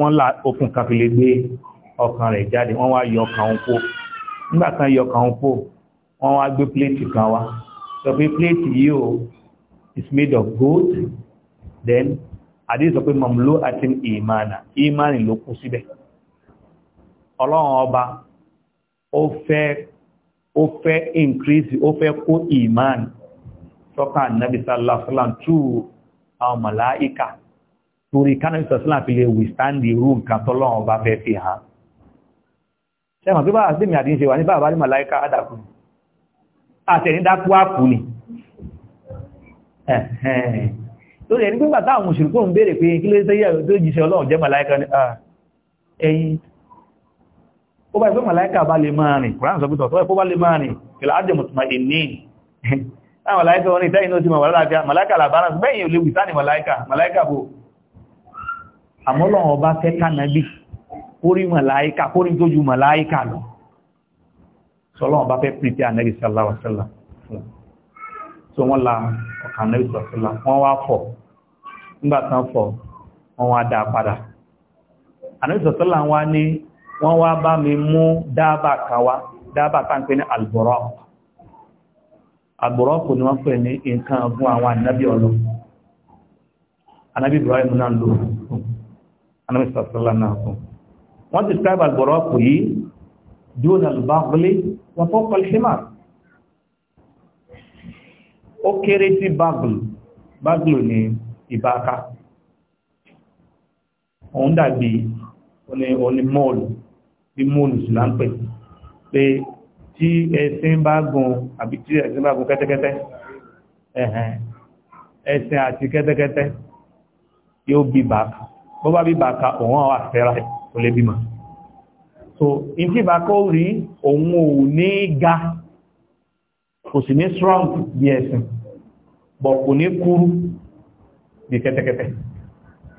wọ́n là okùn kan fi lè gbé ọkàn rẹ̀ jáde wọ́n wá yọ ọkàn òun pò nígbà kan yọ ọkàn òun pò wọ́n wá gbé pléètì kan wá sọ pé pléètì yìí o is made of gold then àdéhùn sọ pé mamlo àti ìmánà ìmánì ló kú síbẹ̀ ọlọ́run ọba ó fẹ́ ó fẹ́ increase ó fẹ́ kó iman sọ́kà nàbí sàlásàlám tú àwọn màláìka torí kánàbí sàlásàlám fi lè withstand irú nǹkan tọ́lọ́run bá fẹ́ fi hàn ṣẹ́mọ̀ tó bá àgbẹ̀mí àdín ṣe wà ní bàbá ní màláìka àdàkù àtẹ̀ní dákú àkù ni lórí ẹni pé bàtà àwọn òṣèlú kò ń béèrè pé kí ló ṣe yẹ tó jíṣẹ́ ọlọ́run jẹ́ màláìka ni ah, ó bá ìfẹ́ màláíkà bá lè máa rìn kùránì sọpítọ̀ tó ẹ̀kọ́ bá lè máa rìn kìlá ájẹ̀ mùtùmá ìní àwọn màláíkà wọn ní ìtẹ́ inú ti mọ̀ wàlálàáfíà màláíkà làbára bẹ́yìn olè wìtá ní màláíkà màláíkà bò àmọ́lọ́wọ́ bá fẹ́ kánàbí orí màláíkà orí tójú màláíkà lọ sọlọ́wọ́ bá fẹ́ pìtì ànẹ́bì sallàwàsallà tó wọ́n la ọkà ànẹ́bì sallàwàsallà wọ́n wá fọ̀ nígbà dáa padà ànẹ́bì sallàwà ní wọ́n wá bá mi mú dábà kawa dábà tá ń pè ní alburaq alburaq ni wọ́n pè ní nǹkan ọgbọ́n àwọn ànábì ọlọ́ ànábì Ibrahim náà lò ànábì sàtàlá náà fún wọ́n ti skype alburaq yìí dúró albáàbílé wọ́n tó kọ́ ṣímàrì ó kéré sí báàbùlù báàbùlù ní ìbáka òun dàbí oní mọ́ọ̀lù ìmúnùsù là ń pè pé tí ẹṣin bá gùn àbí tí ẹṣin bá gùn kẹ́tẹ́kẹ́tẹ́ ẹ̀hẹ̀n ẹṣin àti kẹ́tẹ́kẹ́tẹ́ yóò bí bàkà bó bá bí bàkà òun àwọn àfẹ́ra ẹ̀ kò bímọ so in tí bàkà ó rí òun ò ní ga kò sì ní strong bí ẹṣin bọ̀ kò ní kúrú bí kẹ́tẹ́kẹ́tẹ́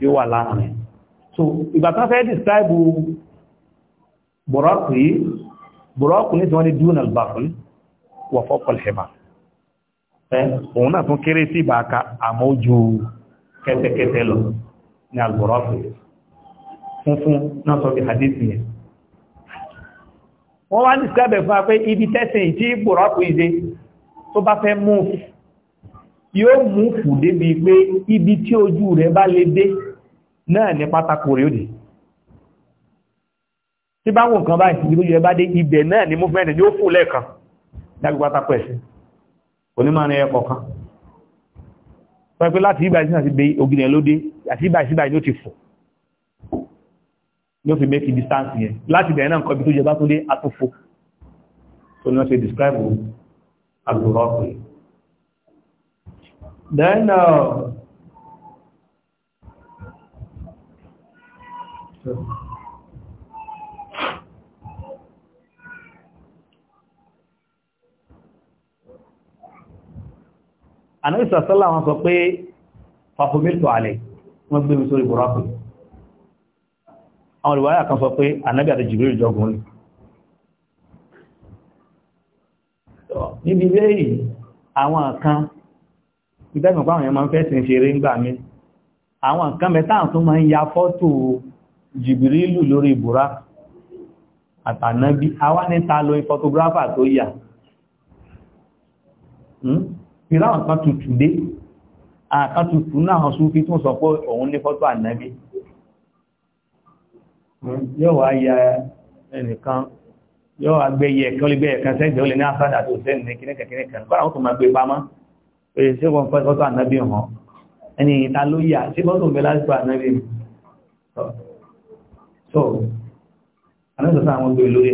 yóò wà láàrin so ìgbà tán fẹ́ describe buraku yìí buraku ní tí wọ́n ní dunal bahri wà fọ́pọ̀ lẹ́mà òun náà tún kéré sí ìbáka àmójú kẹ́tẹ́kẹ́tẹ́ lọ ní alburaku yìí funfun náà sọ bí hadith yẹn wọ́n wá describe fún wa pé ibi tẹ́sìn tí buraku yìí dé tó bá fẹ́ move yóò move débi pé ibi tí ojú rẹ̀ bá lè dé náà ní pátákó rẹ̀ ó dé tí bá wọn kan báyìí ìdíkò yẹ bá dé ibẹ̀ náà ni múfẹ́ẹ̀tì yóò fò lẹ́ẹ̀kan dágbé pátápọ̀ ẹ̀sìn onímọ̀rin ẹ̀kọ̀ kan pẹ́pẹ́ láti ibà sí àti ògìnà lóde àti ibà sí ibà yóò ti fò yóò fi mẹ́kì distance yẹn láti bẹ̀rẹ̀ náà describe àgbòrò ọkùnrin àníṣà sọ́lá wọn sọ pé fàfomíltò alẹ́ wọ́n gbé mi sórí burúkú àwọn olùwárí àkan sọ pé ànábì àti jìbìrì jọgùn ní níbi ilé yìí àwọn kan ìgbẹ́gbọ̀n pàwọn èèyàn máa ń fẹ́ sí ṣeré ńgbà mi àwọn kan mẹ́ta tún máa ń ya fọ́tò jìbìrì lù lórí burúkú àtànábì àwa níta lóyìn fọ́tògráfà tó yà ìráwọn kan tutù dé àkan tutù náà hàn súnfí tún sọ pé òun ní fọ́tò ànábí yóò wá ya ẹnìkan yóò wá gbé yẹ kí wọ́n lè gbé ẹ̀kan sẹ́jọ́ lè ní àfádà tó sẹ́ni ní kíníkà kíníkà kọ́ra wọ́n tó máa gbé pamọ́ èyí sí wọn fọ́tò ànábí hàn ẹni ìta ló yà sí so ànábì sọ́sọ́ àwọn gbé lórí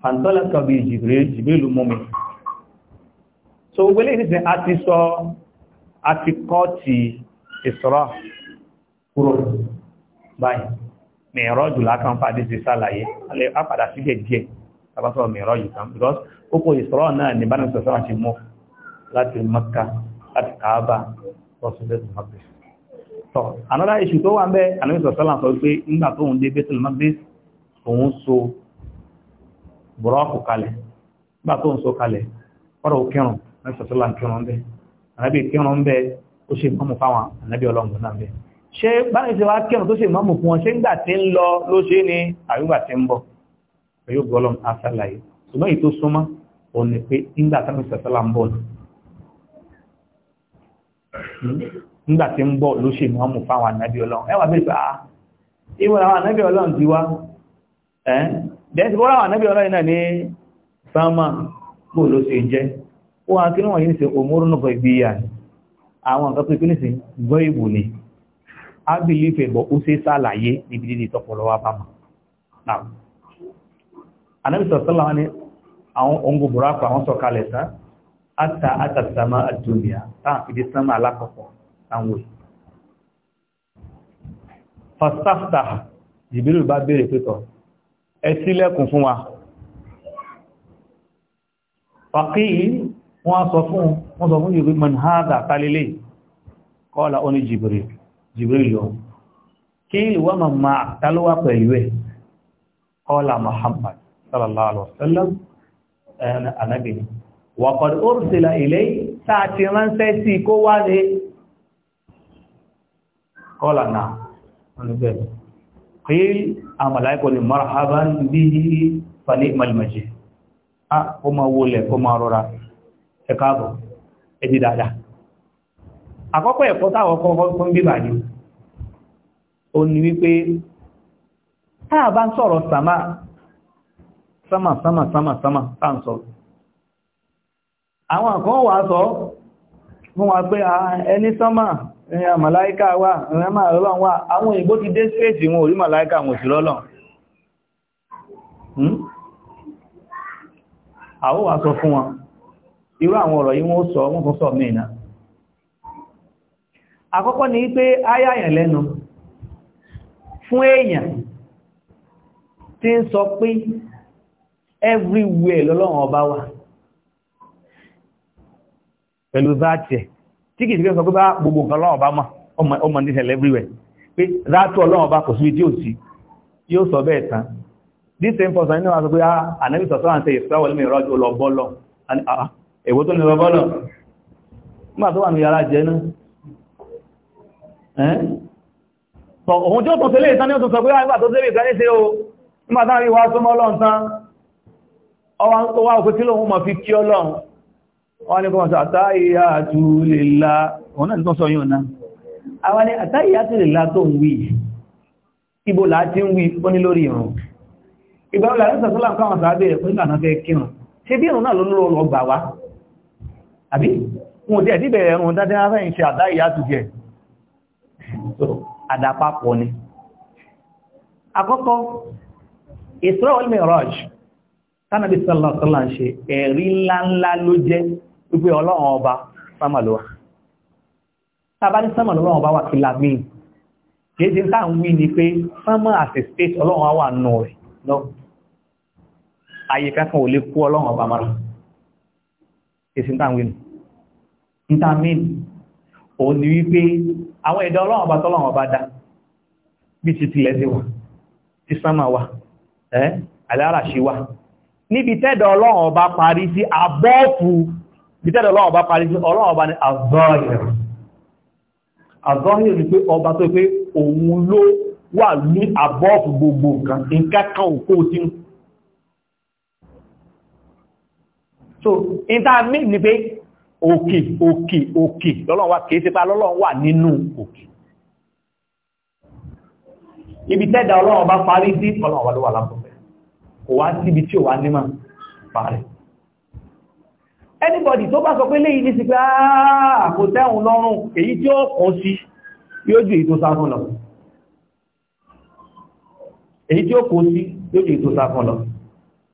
fàǹtọ́lá kàbí Jibril Jibril mú mi so gbogbo ilé ìsìn a ti sọ a ti kọ́ ti ìsọ́rọ̀ kúrò báyìí mẹ́rọ́jù lákan pàdé ti sálàyé apàdà sí jẹ́ díẹ̀ tàbátọ̀ mẹ́rọ́jù kan because kókò ìsọ́rọ̀ náà ní bánà sọ́sọ́rọ̀ ti mú láti Mẹ́kà láti Kaaba lọ́sọ̀lẹ́ Bọ̀rọ̀ ọkù kalẹ̀, gbà tó ń so kalẹ̀, ọ̀rọ̀ òkèrùn-ún wọn sọ sọlá nkírun bẹ ànábì kírun bẹ ó ṣe mọ́mù fáwọn ànábì ọlọ́run náà bẹ ṣé báyìí ṣe wá kírun tó ṣe mọ́mù fún wọn ṣé ńgbà tí ń lọ ló ṣe ni àyùgbà tí ń bọ̀ yóò gbọ́ lọ́n àṣàlàyé ṣùgbọ́n èyí tó súnmọ́ òun ni pé ńgbà táwọn sọ sọlá ń bọ̀ ńgbà hmm? tí ń bọ̀ ló ṣe ó wá kí ní wọ̀nyí sí omorun náà bí i àní àwọn nǹkan tó kíní sí gbọ́ ìbò ni a believe bọ̀ ó ṣe sàlàyé níbi dídí tọpọlọ wa bá mọ̀ náà anábì sọ̀tọ́lá wọn ni àwọn ongo buraka àwọn sọ̀kalẹ̀ sá àtà àtàtàmà àdúnyà táwọn fi dé sánmà alákọ̀ọ́kọ́ táwọn òye fastafta jìbìrì bá béèrè pẹ́tọ̀ ẹ sílẹ̀kùn wọ́n sọ fún wọ́n sọ fún yorùbá man haza talilé kọ́lá oní jibril jibril yọ kí ìwọ́n ma ma talówà pẹ̀lú ẹ̀ kọ́lá muhammad sallallahu alaihi wasallam anabi ni wàkọ̀dù orísìlá ilé sáàtì ránṣẹ́ ẹ̀kọ́ àbọ̀ ẹ̀dì dáadáa àkọ́kọ́ ẹ̀kọ́ táwọn kọ́kọ́ ń bíbà ní o ní wípé táà bá ń sọ̀rọ̀ sàmà sàmà sàmà sàmà sàmà táà ń sọ̀rọ̀ àwọn kan wà sọ fún wa pé ẹni sàmà ẹ̀yà màláíkà wà ẹ̀mà ọlọ́run wà àwọn òyìnbó ti dé sífèsì wọn orí màláíkà wọn sí lọ́lọ́ hmm? àwọn wà sọ fún wọn irú àwọn ọ̀rọ̀ yìí wọ́n sọ wọ́n tún sọ mẹ́ẹ̀nà àkọ́kọ́ ni pé ayáyàn lẹ́nu fún èèyàn tí ń sọ pé everywhere lọ́lọ́run ọba wà pẹ̀lú záàtì ẹ̀ tí kìí sọ pé bá gbogbo nǹkan lọ́wọ́ bá mọ̀ ọmọ ní ìṣẹ̀lẹ̀ everywhere pé záàtì ọlọ́wọ́ bá kò síbi tí ò sí yóò sọ bẹ́ẹ̀ tán this same person nínú wa sọ pé ah ànábì sọ̀tọ́ àti ìsọ́wọ́lẹ́mì ìrọ́jú lọ bọ́lọ̀ èwo tó ní lọ bọ́lọ̀ nígbà tó wà ní yàrá jẹ náà sọ òun tí ó tún sílé ìtàn ní ó tún sọ pé àìgbà ah, tó sílé ìtàn ní ṣe o nígbà tán rí wá súnmọ́ ọlọ́run tán ọwá tó wá òkú tí lóun mọ̀ fi kí ọlọ́run wọ́n ní kọ́mọ̀ ibo là á ti ń wí ó ní lórí ìrùn ìgbà wo làrẹ́sà tó láǹkọ́ àwọn sàábẹ̀rẹ̀ pé nígbà náà fẹ́ kírun ṣe bí ìrùn náà ló wá àbí wọn tí ẹ̀ díbẹ̀ ẹ̀rùn dáadáa rẹ̀ ń ṣe àdá ìyá tó jẹ́ àdápapọ̀ ni àkọ́kọ́ Isra wal Miraj tánàbí sallọ́sọ́lá ń ṣe ẹ̀rí ńláńlá ló jẹ́ wípé ọlọ́run ọba sámàlúwà tàbá ní sámàlúwà ọba wà kí lágbín kéèdè tá ń wí ni pé sámà àti state ọlọ́run wà nù rẹ̀ lọ àyíká kan ò lè kú ọlọ́run ọba mara èsì táwọn inú ìtàmín O ni wípé àwọn ẹ̀dá ọlọ́run ọba tọ́lọ́run ọba dá bí ti tilẹ̀ sí wa ti sánmà wa ẹ́ aláràṣí wa níbi tẹ́dọ̀ ọlọ́run ọba parí sí abọ́ọ̀fù bí tẹ́dọ̀ ọlọ́run ọba parí sí ọlọ́run ọba ní azọ́hìr azọ́hìr ni pé ọba tó pé òun ló so in ta mi ni pé òkè òkè òkè lọ́lọ́run wà kìí sípa lọ́lọ́run wà nínú òkè ibi tẹ́dà ọlọ́run bá parí sí ọlọ́run wà ló wà lápọ̀fẹ́ kò wá síbi tí ò wá nímọ̀ parí anybody tó bá sọ pé léyìí ní sí pé àkò tẹ́hùn lọ́rùn èyí tí ó kàn sí yóò ju èyí tó sáfún lọ ó kàn èyí tó sáfún lọ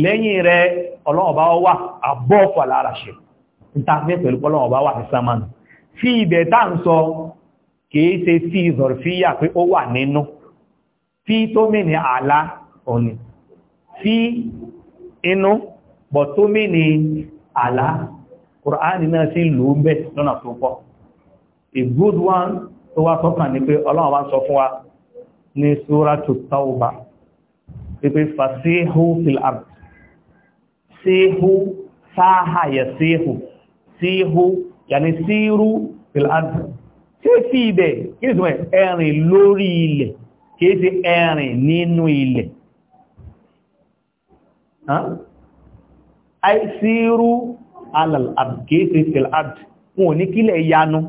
lẹ́yìn rẹ̀ ọlọ́ọ̀bá wà àbọ́ọ̀fà lára ṣe ìtàfẹ́ pẹ̀lú ọlọ́ọ̀bá wà ní sámánù fi ibẹ̀ tá ń sọ kìí ṣe fi ìzọ̀rọ̀fíyà pé ó wà nínú fi tó mìíní àlá òní fi inú bọ̀ tó mìíní àlá kùránì náà sí lò lọ́nà tó pọ̀ a good one tó wá sọ́kàn ní pé ọlọ́ọ̀bá sọ fún wa ní súrátù Tawbah pípé fasihu fil ard sihu saha ya sihu sihu yani siru fil ard ṣe fi ibẹ̀ kí ni túnmọ̀ ẹ̀rìn lórí ilẹ̀ kìí ṣe ẹ̀rìn nínú ilẹ̀ ai siru alal ard kìí ṣe fil ard wọn ò ní kílẹ̀ yanu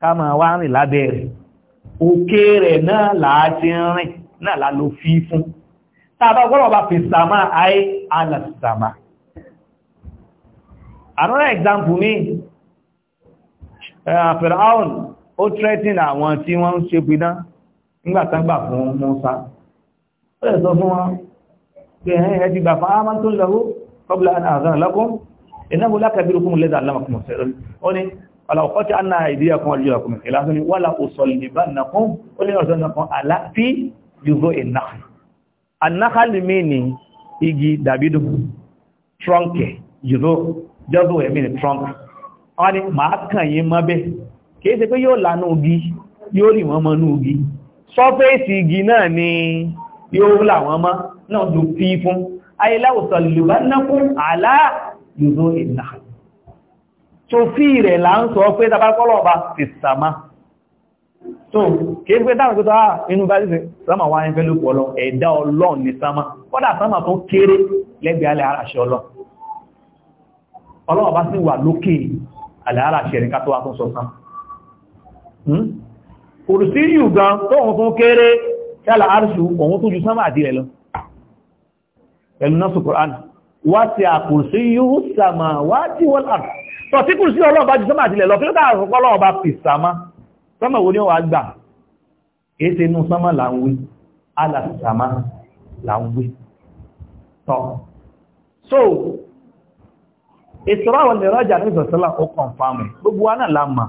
ká máa wá rìn lábẹ́ rẹ̀ òkè rẹ̀ náà làá ti rìn náà lá lo fífún fi sàmà ai alàsàmà another example mi eh, Firaun ó threaten àwọn tí wọ́n ń ṣe pidán nígbàtàgbà fún Musa ó lè sọ fún wọn pé ẹ̀yìn ẹ̀dì gbà fún àmà tó lọ́wọ́ qabla an a'zana lakum innahu lakabirukum alladhi allamakum as-sihr ó ní wala uqati'anna aydiyakum wa arjulakum min khilaf wala usallibannakum ó lè ọ̀sán nàkan àlá fi juz'in nakhl an-nakhl mi ni igi dàbídù trunke jùzó jọ́bù ẹ̀mí ni trump wọ́n ni máa kàn yí mọ́ bẹ́ kìí ṣe pé yóò lánú ogi yóò rí wọ́n mọ́ ní ogi sọ́fẹ́ẹ̀sì igi náà ni yóò là wọ́n mọ́ náà ló fi fún ayéláwòsọ lùbá nákún àlá yóò ìlà tó fi rẹ̀ ń sọ so kìí pé dáwọn ìgbẹ́ta ah, inú bá ṣíṣe sáma wáyé fẹ́ lópọ̀ ọlọ́ ẹ̀dá ọlọ́ ní sáma kọ́dà sáma tó kéré lẹ́gbẹ̀ẹ́ alẹ́ ara ọlọ́ ọlọ́wọ́ bá sì wà lókè àlàárà ṣẹ̀rìn kátó wá tún sọ sán òrùsí hmm? yù gan tóhun tún kéré ṣálà arṣù òun tó ju sánmà àti rẹ̀ lọ pẹ̀lú náà sùkúrò ánà wá ti àkùrùsí yù sàmà wá tí wọ́n àrù tọ́ tí kùrùsí ọlọ́wọ́ bá ju sánmà àti rẹ̀ lọ kí ló dáa àkọ́kọ́ ọlọ́wọ́ bá fi sàmà sánmà wo ni ó wà gbà èsè inú sánmà là ń wí alàsàmà là ń wí tọ́ so Isra wal Miraj ní ìsọ̀sọ́lá ó kọ̀nfàmù gbogbo wa náà lámà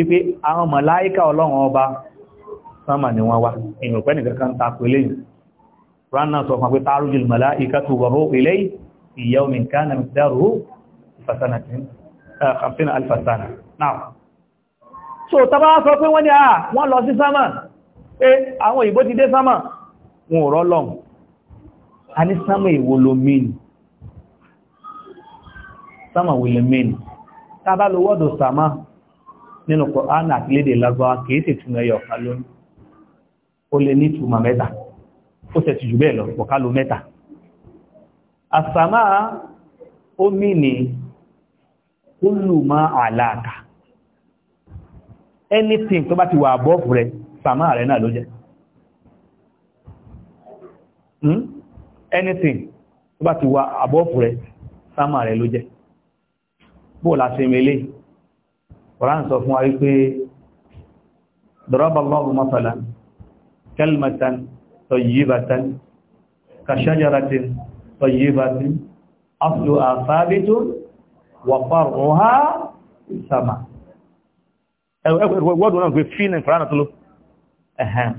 ipé àwọn màláíkà ọlọ́run ọba sánmà ni wọ́n wá ìrùpẹ́ nìkankan takò eléyìn ránà sọ fún pé tarujul malaikatu wa ruhu ilayhi fi yawmin kana miqdaruhu khamsina alfa so tàbá sọ pé wọ́n ni à ah, wọ́n lọ sí sánmà pé àwọn òyìnbó ti dé sánmà sama will remain. tá bá lo wọ́dù sama nínú Kùránì àti lédè lágbàá kìí sì túnmọ̀ ẹyọ ọ̀ká lónìí ó lè ní túnmọ̀ mẹ́ta ó sì ti jù bẹ́ẹ̀ lọ ọ̀ká lo mẹ́ta àsàmà ó mì ní kúlù má anything tó bá ti wà above rẹ̀ sàmà rẹ̀ náà ló jẹ́ hmm? anything tó bá ti wà above rẹ̀ Sama rẹ̀ ló jẹ́ bó la ṣe mele Quran sọ fún wa wípé daraballahu masalan kalimatan tayyibatan ka shajaratin tayyibatin asluha thabitun wa far'uha sama ẹgbẹ̀rún náà gbé fíìnì ìfàrànà tó ló ẹ̀hẹ̀n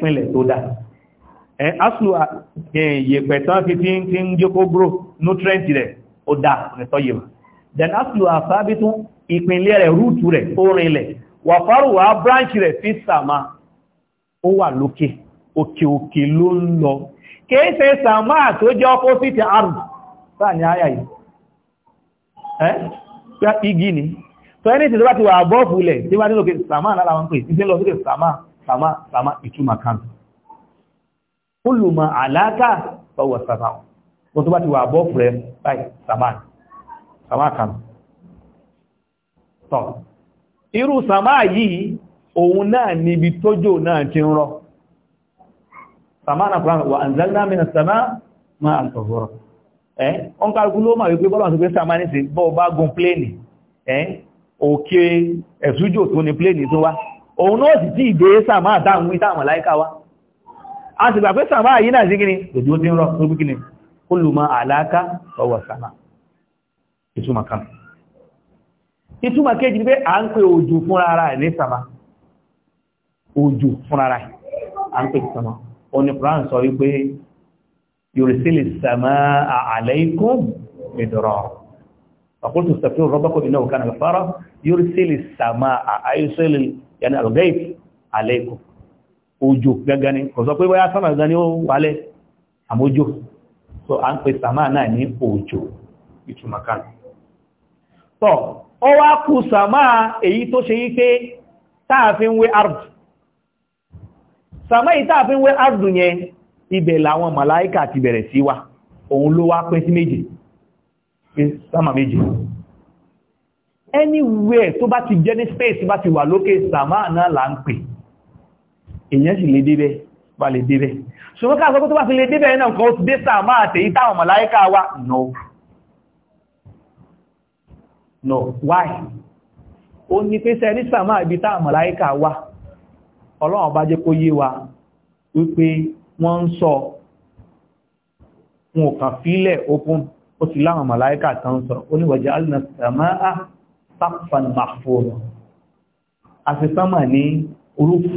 pé aslu yẹ̀pẹ̀ tán fi tí ń jókó bro nutrient rẹ̀ ó dá nìtọ́ yìí then aslu àfábítú ìpínlẹ̀ rẹ̀ rúùtù rẹ̀ ó rinlẹ̀ wà fárùwà branch rẹ̀ fi sàmà ó wà lókè òkè òkè ló ń lọ kéèsè sàmà tó jẹ́ opposite arm sáà ní àyà yìí ẹ́ igi ni so anything tó bá ti wà above ilẹ̀ tí wá nílò kí sàmà lára wọn pè ìsìn kanto kúlù ma àlákà fọwọ́ sàmáà wọ́n tó bá ti wà bọ́ fúrẹ́ báyìí sàmáà kan tọ́ irú sàmáà yìí òun náà níbi tójò náà ti ń rọ sàmáà náà kúrò wà anzalna mina sàmáà máa àtọ̀gọ́rọ̀ ẹ́ ọ́n kálukú ló máa wípé bọ́lá wọ́n pé sàmáà ní sí bọ́ bá gun pléènì ẹ́ òkè ẹ̀sújò tó ní pléènì tó wá òun náà sì ti ìdè sàmáà dáhùn ìtàwọn láìka wá a sì gbà pé sàmà yìí náà sí gíní òjò tí ń rọ ní gíní ó lù mọ àlàáká ọwọ́ sàmà ìtumọ̀ kan ìtumọ̀ kejì ni pé à ń pè òjò fúnra ara ẹ̀ ní sàmà òjò fúnra ara ń pè sàmà òní Quran sọ wípé yorùsílì sàmà àlẹ́kùn mìdọ̀rọ̀ ọkùnrin tó rọ́bọ́kọ̀ iná òkà nàgbàfàrọ̀ yorùsílì sàmà àyùsílì yàní àlùgẹ́ òjò gẹ́gẹ́ ni kò sọ pé bóyá sọ́nà gan ni ó wálẹ̀ àmójò so a ń pè sàmà náà ní òjò ìtumọ̀kan tọ́ ó wá kú sàmà èyí tó ṣe yíké táàfin wé ardù sàmà yìí táàfin wé ardù yẹn ibẹ̀ làwọn màláíkà ti bẹ̀rẹ̀ sí wá òun ló wá pín sí méjì sàmà méjì anywhere tó bá ti jẹ́ ní space bá ti wà lókè sàmà náà là ń pè èyàn sì lè débẹ̀ bá lè débẹ̀ ṣùgbọ́n ká àkọ́kọ́ tó bá fi lè débẹ̀ náà kan ó ti dé sàmà àtẹ̀yí táwọn màláíkà wá no no why ó ní pé sẹ́ ní sàmà ibi táwọn màláíkà wá ọlọ́run bá jẹ́ kó yé wa wípé wọ́n ń sọ wọn ò kàn fílẹ̀ open ó ti láwọn màláíkà tán sọ ó ní wọ̀jẹ́ alìnà sàmà á sáfàn màfòrò àti sánmà ní orúfù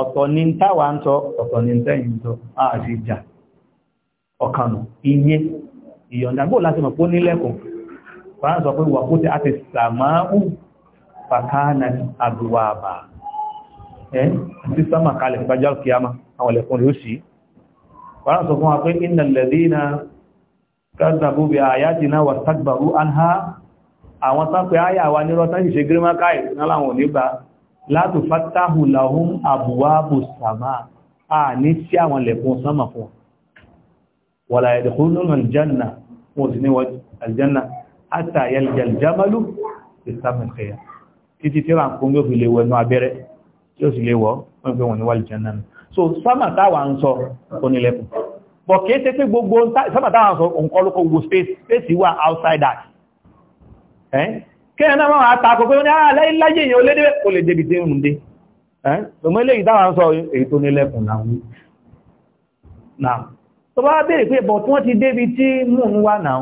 ọ̀tọ̀ ni ń táwà ń tọ́ ọ̀tọ̀ ni ń tẹ́yìn tọ́ ààrẹ ìjà ọ̀kanù iye ìyọ̀ndàgbò láti mọ̀ pó nílẹ̀kùn fara sọ pé wà kó tí a ti sàmáhù fàkánà àbúwàbà ẹ́ àti sàmà kalẹ̀ gbájá kìyàmá àwọn ẹlẹ́kùn yóò sí fara sọ fún wa pé anha àwọn sápẹ́ àyà wa nírọ́ tán ṣe gírímákàì látò fátáhù láhún àbúwábù sàmà a ní sí àwọn lẹ̀kùn sánmà fún wà láyẹ̀dẹ̀kùnrin aljanna wọ́n sì ní aljanna àtà yalgal jamalu ìsàmìkẹyà títí tí wọ́n kún yóò fi lè wọ́n abẹ́rẹ́ tí ó sì so sánmà táwà ń sọ onílẹ̀kùn bọ̀ kìí ṣe pé gbogbo sánmà táwà ń sọ òǹkọ́lùkọ́ gbogbo space space wà outside that kẹ́ẹ̀nà máa wà tàkò pé ní aláìláyé ah, èèyàn olédé kò lè débi tí ń dé ọmọ ilé ìdáwà ń sọ èyí tó nílẹ̀kùn láwọn náà tó bá bèèrè pé bọ̀ tí wọ́n ti débi tí moon wà náà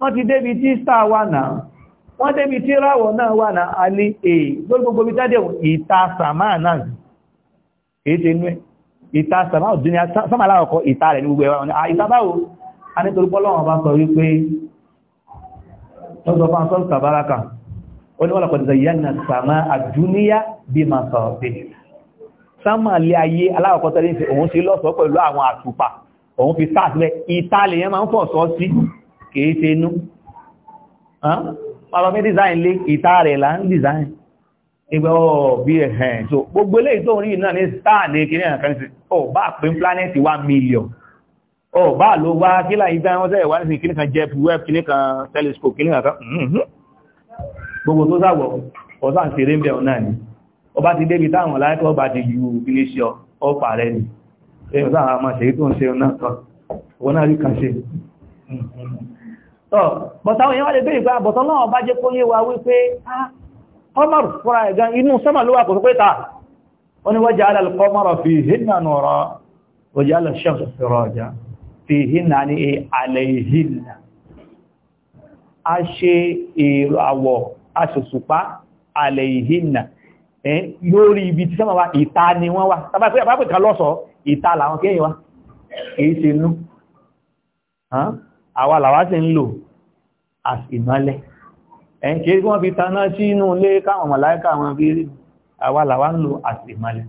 wọ́n ti débi tí star wà náà wọ́n débi tí ráwọ̀ náà wà náà alé èè lórí gbogbo bí jáde ìta sàmà náà kìí ṣe inú ẹ̀ ìta sàmà òdúnyà sàmà láwọ̀kọ́ ìta rẹ̀ ní gbogbo ẹ̀wà lọ́sọ̀ fún asọ́rọ̀ tàbáraka ó ní wọ́n lọ́kọ̀ zayyana sàmà àdúníyà bí ma sọ̀rọ̀ sí sámà lé ayé aláwọ̀kọ́tẹ́ ní òun sí lọ́sọ̀ pẹ̀lú àwọn àtùpà òun fi sáàtìlẹ̀ ìtàlẹ̀ yẹn máa ń fọ̀ sọ́ sí kìí ṣe inú design lé ìta rẹ̀ là design ìgbẹ́ ọ̀ bí ẹ̀hẹ̀n so gbogbo eléyìí tó rí náà ní star ní kìí ẹ̀kan sí ọ bá pín ọ oh, bá ló wá kílà ìgbà wọn sẹ́yẹ̀ wá ní kíní kan jẹ́ web kíní kan telescope kíní kan mhm. gbogbo tó sáwọ̀ ọ̀sán sí rí ń bẹ̀ ọ̀nà ni ọ bá ti débi táwọn láìpẹ́ ọba ti yù kíní ṣe ọpa rẹ̀ ni ẹ̀yìn sáà máa ṣe tó ń ṣe ọ̀nà kan wọ́n náà rí kan ṣe mhm. bọ̀táwọn èèyàn wá lè béèrè pé àbọ̀tán náà bá fìhínà ní àlẹ̀ a ṣe èrò àwọ̀ aṣòṣùpá àlẹ̀ ìhìnà lórí ibi tí sọ́mọ̀ wa ìta ni wọ́n wá tàbí kan lọ́sọ̀ ìta làwọn kéyìn wá èyí ṣe nú àwa làwá sí ń lò as ìmọ́lẹ̀ ẹ̀yìn kìí wọ́n fi taná sí inú ilé káwọn màláíkà wọn fi àwa làwá ń lò as ìmọ́lẹ̀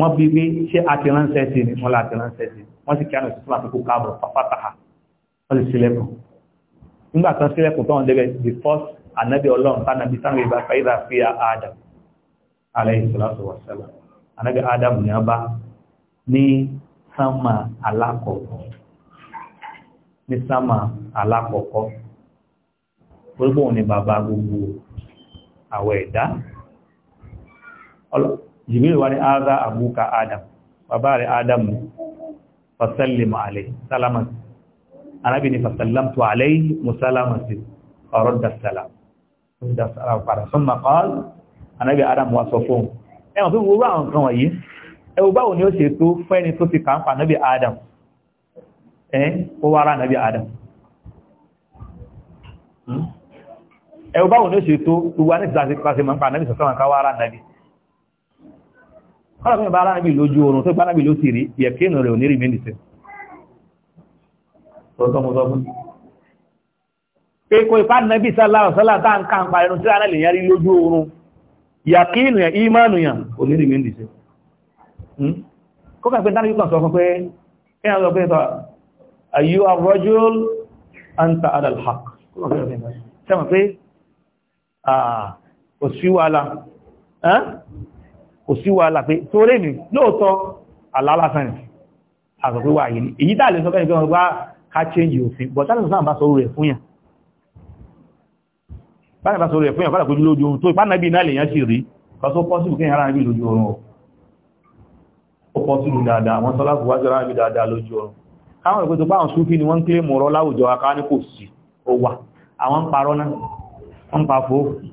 wọ́n bí wí ṣé àti ránṣẹ́ sí ni wọ́n láti ránṣẹ́ sí wọ́n sì kí àná sí fún àfikún káàbọ̀ pátákà wọ́n sì sílẹ̀kùn nígbà tán sílẹ̀kùn tó wọn débẹ̀ the first anabi ọlọ́run tánàbí tánàbí bá fàyíra fi adam alayhi salatu wa salam anabi adam ní a bá ní sámà alákọ̀ọ́kọ́ ní sámà alákọ̀ọ́kọ́ gbogbo òun ni bàbá gbogbo àwọ̀ ẹ̀dá ọlọ́run jibril wá ní áza àbúkà adam bàbá rẹ̀ adam fasallimu alayhi salaman anábì ni fasallamtu alayhi musalamasi ọ̀rọ̀ dasalam dasalam padà sọ́mà kọ́l anábì adam wá sọ fún ẹwọ̀n fún gbogbo àwọn kan wọ̀nyí ẹwọ báwo ni ó ṣe tó fẹ́ni tó ti kàńpà nábì adam ẹ́ ó wára nábì adam hmm? ẹwọ báwo ni ó ṣe tó gbogbo anísìláṣí pàṣẹ mọ́ nípa nábì sọ́sọ́ kọ́lọ̀ mi bá aláàbì lójú oorun tó gbáàbì ló ti rí yẹ̀kínù rẹ̀ onírí mínísẹ̀ pẹ̀kọ́ ìfànàbí sálàrọ̀sálà tá ń kàn pa ẹnu tí ara lè yẹrí lójú oorun yàkínù yàn ìmánu yàn onírí mínísẹ̀ hmm? kọ́kà pé dárí kan sọ fún pé kí wọ́n sọ pé sọ ayu arrajul anta ala alhaq sẹ́wọ̀n pé ah, kò sí wàhálà pé torí mi lóòótọ́ àlálásán ni àgbà pé wáyé ni èyí tàà lè sọ fẹ́ni pé wọ́n ká change òfin but tàà lọ́sàn bá sọ rẹ̀ fún yàn bá ní bá sọ rẹ̀ fún yàn bá lọ́pọ̀ lójú oorun tó ipá náà bí náà lèyàn sì rí kọsó pọ́sùlù kí ara rí lójú oorun ó pọ́sùlù dáadáa àwọn sọ́lá kò wájú ara rí dáadáa lójú oorun káwọn ìpètò bá àwọn súnfì ni wọ́n ń kílé mọ̀rọ̀ láwùjọ aká ní kò sí ó wà àwọn ń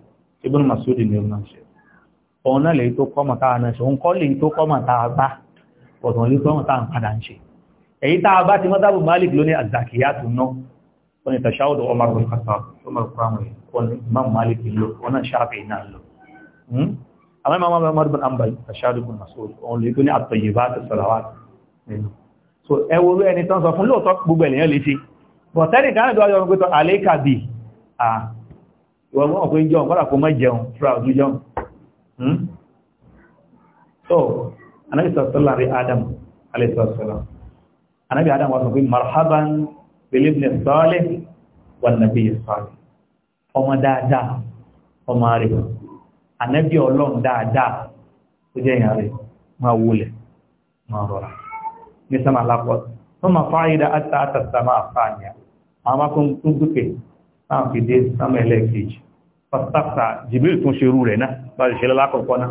ibùn masudi ni ọ̀nà ṣe ọ̀nà lè tó kọ́mọ̀ táà náà ṣe òun kọ́ lè tó kọ́mọ̀ táà bá ọ̀tọ̀ lè kọ́mọ̀ táà padà ń ṣe èyí táà bá ti mọ́tàbù malik lóní àzàkìyàtù náà wọ́n ni tàṣáwọ̀dọ̀ Umar bin Khattab Umar kramwe wọ́n malik lò wọ́n náà ṣáàfì náà lò hmm? àwọn imam ambal tàṣáwọ̀dọ̀ bin masud òun lè tó ní so ẹ wo ẹni tán sọ fún lóòótọ́ gbogbo ẹ̀lẹ́yàn lè ṣe bọ̀tẹ́nì kan náà tó wáyọ̀ ìwọ̀n mọ́ pé jọun kọ́lá kó mọ́ jẹun fúra ọdún jọun hmm? so anábì sọ̀sọ́lá rí adam alẹ́sọ̀sọ́lá anábì adam wà sọ pé marhaban bilibni sọ́ọ́lẹ̀ wà nàbí sọ́ọ́lẹ̀ ọmọ dáadáa ọmọ rẹ̀ anábì ọlọ́run dáadáa ó jẹ́ ìyàn rẹ̀ máa wulẹ̀ máa rọra ní sọ́mà lápọ̀ sọ́mà fáyidá àtàtà sọ́mà àfáàníà àwọn akọ́kùn gbùkẹ́ táwọn fi dé sámà ẹlẹ́ẹ̀kejì pàtàkì jìbìlì tún ṣerú rẹ̀ náà bá ṣe lákọ̀ọ́kọ́ náà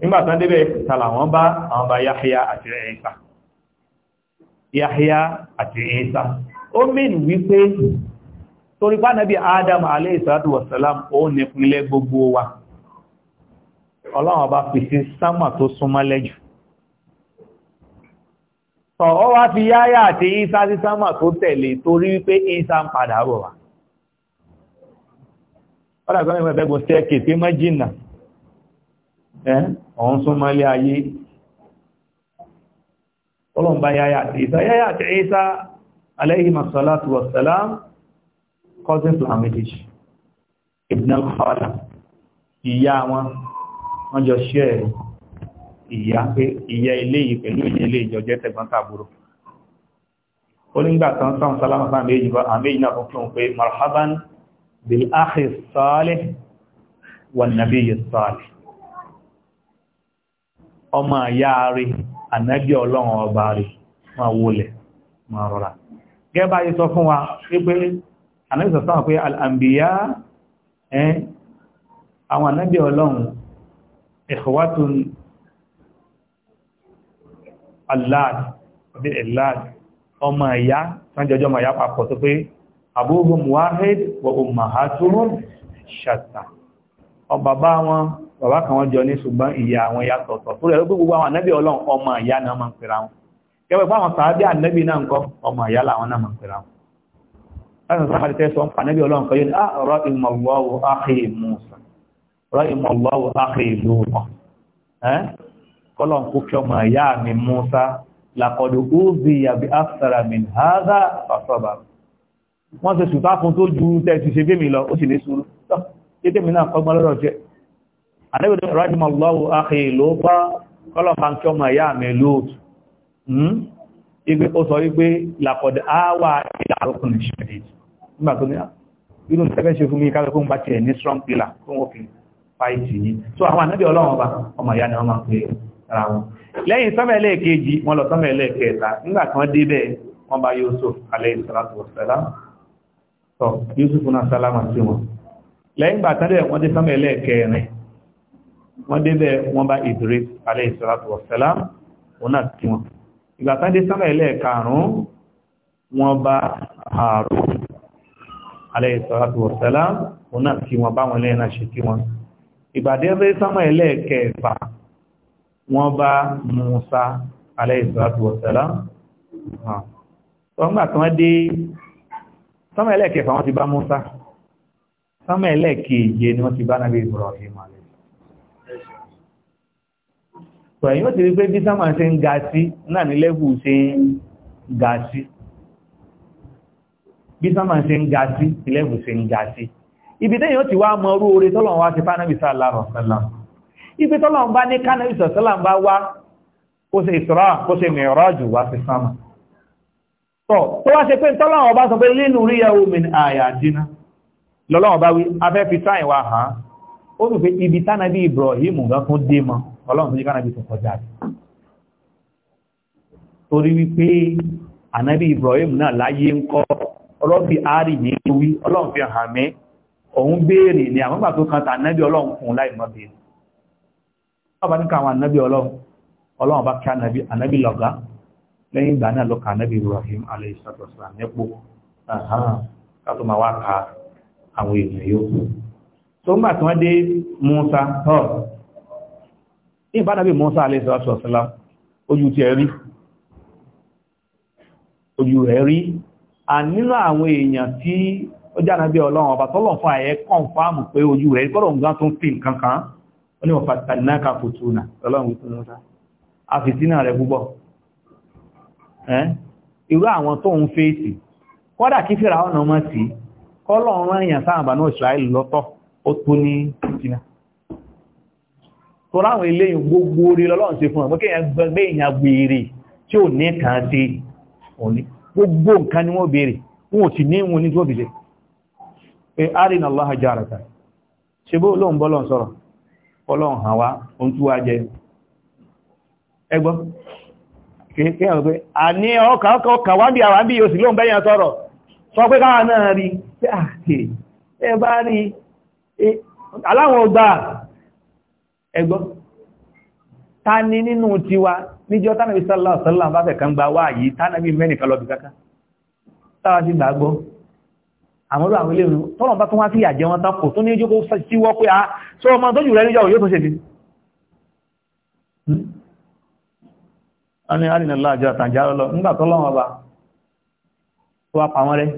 nígbà tán débẹ̀ tààlà wọ́n bá àwọn bá Yahya àti Isa ó mìn wípé torí pa nàbí Adam alayhi salatu wassalam ó nípínlẹ̀ gbogbo wa ọlọ́wọ́n bá fi sí sámà tó súnmọ́lẹ̀ jù ọ̀ wá fi Yahya àti Isa sí sámà tó tẹ̀lé torí wípé Isa ń padà bọ̀ wá ọ́dà sọ́nà ìwọ̀n ẹ̀fẹ́gun stẹ́ẹ̀kì tí mọ́ jìnà ọ̀hún súnmọ́ ilé ayé ọlọ́mbà yáyà àti Ìsá yáyà àti Ìsá alayhima salatu wa salam cousins to hamidish ibn al-khala ìyá wọn wọ́n jọ ṣẹ́ ẹ̀rọ ìyá pé ìyá ilé yìí pẹ̀lú ilé ìjọjẹ́ tẹ̀gbọ́n tàbúrò ó nígbà tán sáwọn sálámà sáà méjì بالأخ الصالح والنبي الصالح ọmọ ìyá rí ànábì ọlọ́run ọba rí máa wólẹ̀ máa rọra gẹ́bà yìí sọ fún wa wípé ànábì sọ sáwọn pé al'ambiya ẹ́ àwọn ànábì ọlọ́run ikhwatun aláàdì ọmọ ìyá sanjọjọ́ ọmọ ìyá papọ̀ tó pé abuhum wahid wa ummahatuhum shatta o bàbá wọn bàbá kan wọn jọ ní ṣùgbọ́n ìyá wọn ya tọ̀tọ̀ tó rẹ̀ gbogbo àwọn ànábì ọlọ́run ọmọ ìyá náà máa ń pera wọn kẹwẹ́ fáwọn sàábí ànábì náà ń kọ́ ọmọ ìyá làwọn náà máa ń pera wọn láti sọ fàdí tẹ́sọ̀ ànábì ọlọ́run kan yóò ní àrọ́ ìmọ̀lọ́wọ́ áhì Musa rọ́ ìmọ̀lọ́wọ́ áhì lóòmọ̀ kọ́lọ̀ ń kó kí ọmọ ìyá mi Musa làkọ̀dù ó zi yàbí áfẹ́ra mi hádà fàṣọ́bàrù wọ́n ṣe sùtá fún tó ju tẹ́ẹ̀tì ṣe fẹ́mi lọ ó sì ní sùúrù tó kété mi náà kọ́gbọ́n lọ́rọ̀ jẹ́ àdébìdì rájìmọ̀ lọ́wọ́ àkè ló bá kọ́lọ̀mà kí ọmọ ìyá mi lóòtù hmm? ipe ó sọ wípé làkọ̀dẹ̀ áwà ìlàrókùn ìṣẹ̀lẹ̀ nígbà tó ní ah, inú tẹ́fẹ́ ṣe fún mi káfẹ́ fún bá tiẹ̀ ní strong pillar tó wọ́n fi fáìtì yìí so àwọn ànábì ọlọ́run ọba ni wọ́n máa ń pè ara wọn lẹ́yìn sọ́mẹ̀lẹ́ẹ̀kejì wọ́n lọ sọ́mẹ̀lẹ́ẹ̀kẹta nígbà tí wọ́n débẹ̀ wọ́n bá Yusuf tọ́ Yusuf náà sálámà sí wọn lẹ́yìn gbà tán dẹ̀ wọ́n dé sánmà ẹlẹ́ẹ̀kẹrin wọ́n dé bẹ́ẹ̀ wọ́n bá ìdúré alẹ́ ìsọ́látù ọ̀sẹ̀lám wọn náà sí wọn ìgbà tán dé sánmà ẹlẹ́ẹ̀karùn-ún wọ́n bá ààrùn alẹ́ ìsọ́látù ọ̀sẹ̀lám wọn náà sí Musa alẹ́ ìsọ́látù ọ̀sẹ̀lám wọ́n gbà tán dé sọ́mọ̀ ẹlẹ́ẹ̀kẹfà wọ́n ti bá Musa sọ́mọ̀ ẹlẹ́ẹ̀keje ni wọ́n ti bá nábì Ibrahim sọ èyí ó ti rí pé bí sámà ṣe ń ga sí náà ní lẹ́fù ṣe ń ga sí bí sámà ṣe ń ga sí lẹ́fù ṣe ń ga sí ibi tẹ́yìn ó ti wá mọ orú oore tọ́lọ̀ wá ti fánàbì sallallahu alaihi wasallam ibi tọ́lọ̀ bá ní kánàbì sallallahu alaihi bá wá ó ṣe Isra ó ṣe Mi'raj wá sí sámà tọ́ tó wá ṣe pé tọ́lọ́wọ́ bá sọ pé nínú rí ẹwú min àyàdínà lọ́lọ́wọ́ bá wí afẹ́ fi sáyìn wá hàn ó sì pé ibi tánàbí Ibrahim gán dé mọ́ ọlọ́run tó jẹ́ kánàbí tó kọjá torí wípé Ibrahim náà láyé ń kọ́ ọlọ́fi àárì ní wí ọlọ́run fi hàn mí òun béèrè ní àmọ́gbà tó kan tànábí ọlọ́run fún láì mọ́ béèrè ọlọ́run bá ní káwọn ànábí ọlọ́run ọlọ́run bá kí lẹ́yìn ìgbà náà lọ́ka nẹ́bí Ibrahim alayhi salatu wassalam nẹ́pò kátó máa wá ka àwọn èèyàn yòókù tó ń gbà tí wọ́n dé Musa tọ́ ní ìbánabí Musa alayhi salatu wassalam ojú ti ẹ̀rí ojú ẹ̀rí ànínú àwọn èèyàn tí ó jára bí ọlọ́run ọba tọ́lọ̀ fún àyẹ́ kọ́nfàmù pé ojú rẹ̀ gbọ́dọ̀ ń gán tó ń fi nǹkan kan ó ní wọ́n fàtàlínákà fòtúnà ọlọ́run wípé mọ́ta a fìtínà rẹ̀ irú àwọn tó ń fèsì kọ́dà kí fìrà ọ̀nà ọmọ sí kọ́lọ̀rún èèyàn sáàbà náà Ísírẹ́lì lọ́tọ̀ ó tó ní tó ráwọn gbogbo orí lọ́lọ́run ṣe fún ọ̀pọ̀ kí èèyàn tí ò ní kàn òní gbogbo nǹkan ni wọ́n ní wọn ní tó bìlẹ̀ kìí àwọn pé a ní ọkà ọkà wábí àwábí yóò sì lóun bẹ́yàn tọrọ sọ pé káwà náà rí pé àkè ah, ẹ bá rí aláwọn ọgbà ẹgbọ́ ta ni nínú tiwa níjọ́ tánàbí sallallahu alaihi wasallam bá fẹ̀ kan gba wá yìí tánàbí mẹ́nìkan lọ bí káká táwa sí gbàgbọ́ àwọn olú àwọn ilé wọ́n ni arìnàlá àjọ àtàjáró lọ nígbà tó lọ́wọ́ bá tó wá pàwọn rẹ̀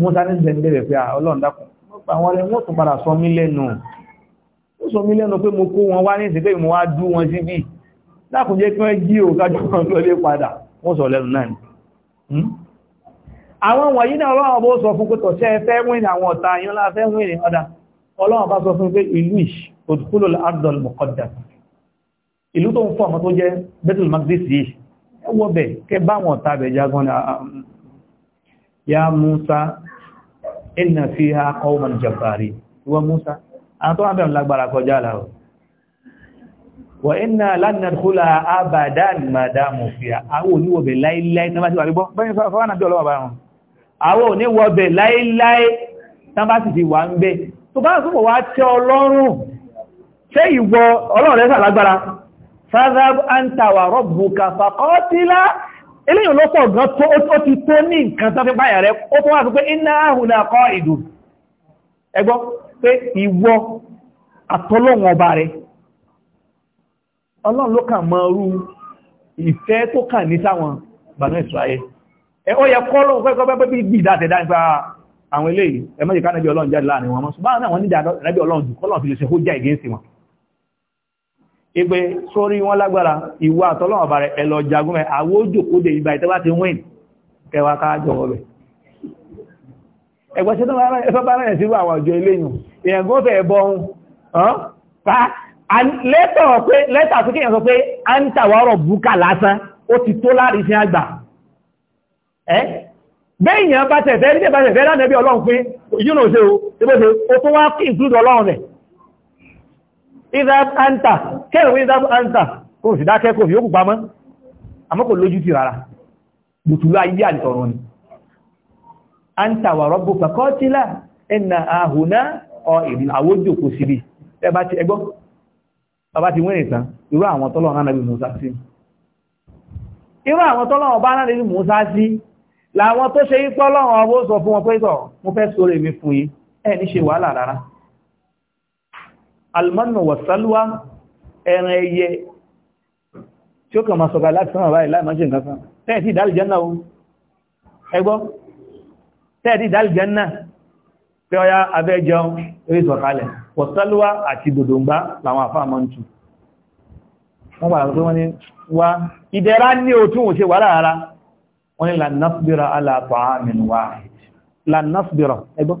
Mùsá ní bẹ̀rẹ̀ pé ọlọ́run dákùn pàwọn rẹ̀ wọ́n tún padà sọ mí lẹ́nu ó sọ mí lẹ́nu pé mo kó wọn wá ní ìsìnkú ìmọ̀ wá dú wọn sí bí dákùn jẹ́ kí wọ́n jí ò kájú kan tó lé padà wọ́n sọ lẹ́nu hmm? àwọn wọ̀nyí náà ọlọ́run bó sọ fún pẹ́tọ̀ ṣẹ́ fẹ́ wìn àwọn ọ̀tá yọ́lá fẹ́ wìn ọ̀dà ọlọ́run bá sọ fún pé ìlú ìṣ ìlú tó ń fọ́ ọmọ tó jẹ́ Bethel Magdis yìí ẹwọ́ bẹ̀ kẹ bá wọn tàbẹ̀ jagun ní ah, um, ya Musa inna fiha qawman jabbari ìwọ Musa àwọn tó wà bẹ̀rẹ̀ lágbára kọjá àlàrọ̀ wa inna lan nadkhula abadan ma damu fiha àwọn oníwọ̀bẹ̀ láíláí tán bá ti wà gbọ́ bẹ́yìn fọ́wọ́n náà ìwọ ọlọ́run rẹ̀ fadhab anta wa rabbuka faqatila eléyìn ló pọ̀ gan tó ó ti tó ní nǹkan tó fi báyà rẹ̀ ó tó wá sí pé iná ahùnà kọ́ ìdù ẹgbọ́ pé ìwọ àtọ́lọ́wọ̀n ọba rẹ̀ ọlọ́run ló kàn mọ orú ìfẹ́ tó kàn ní sáwọn bànú ìsúráyé ẹ ó yẹ kọ́ lóhun fẹ́kọ́ pẹ́ bí bí ìdáṣẹ̀dá nípa àwọn eléyìí ẹ mọ́ ìgbé sórí wọn lágbára ìwà àtọ́lọ́wọ̀n bàrẹ̀ ẹ̀lọ jagun ẹ̀ àwójòkóde ìgbà ìtẹ́bá ti win kẹwà káàjọ ọbẹ̀ ẹgbẹ̀ṣẹ́ tó bá rẹ̀ sírú àwọn àjọ eléyìn ìyẹ̀gbọ́n fẹ́ ẹ̀bọ̀ ohun lẹ́tà tó kíyàn sọ pé a ń tàwárọ̀ búkà lásán ó ti tó láàrin sí àgbà bẹ́yìn bá tẹ̀fẹ́ rí tẹ̀fẹ́ ìdáb àǹtà kẹrùn ìdáb àǹtà kò sì dákẹ́ kò fi ó kù pamọ́ àmọ́kò lójú ti rárá bùtùlú ayé àtọ̀rọ̀ ni àǹtà wà rọ́bù pàkọ́tílà ẹ̀nà àhùná ọ àwójò kò sí rí ẹbá ti ẹgbọ́ bàbá ti wẹ́rẹ̀ tán irú àwọn tọ́lọ̀ náà nàbí Musa sí irú àwọn tọ́lọ̀ ọba náà nàbí Musa sí làwọn tó ṣe ipọ́ lọ́wọ́ ọbó sọ fún wọn pé tọ̀ mo fẹ́ sórí mi fún yín ẹ̀ ní ṣe wàhálà rárá almanu wasalwa ẹran ẹyẹ tí ó kàn máa sọ̀gá láti sánmà báyìí láìmáṣe nǹkan kan tẹ́ẹ̀tì ìdálìjẹ́nà o ẹgbọ́ tẹ́ẹ̀tì ìdálìjẹ́nà pé ọya abẹ́jẹun orí sọ̀kalẹ̀ wasalwa àti dòdòǹgbá làwọn àfáàmọ́ntù wọ́n bá rẹ̀ wọ́n ni wá ìdẹ̀ra ní òtún òṣè wà láàárá wọ́n ni lànàfbìrà aláàtọ̀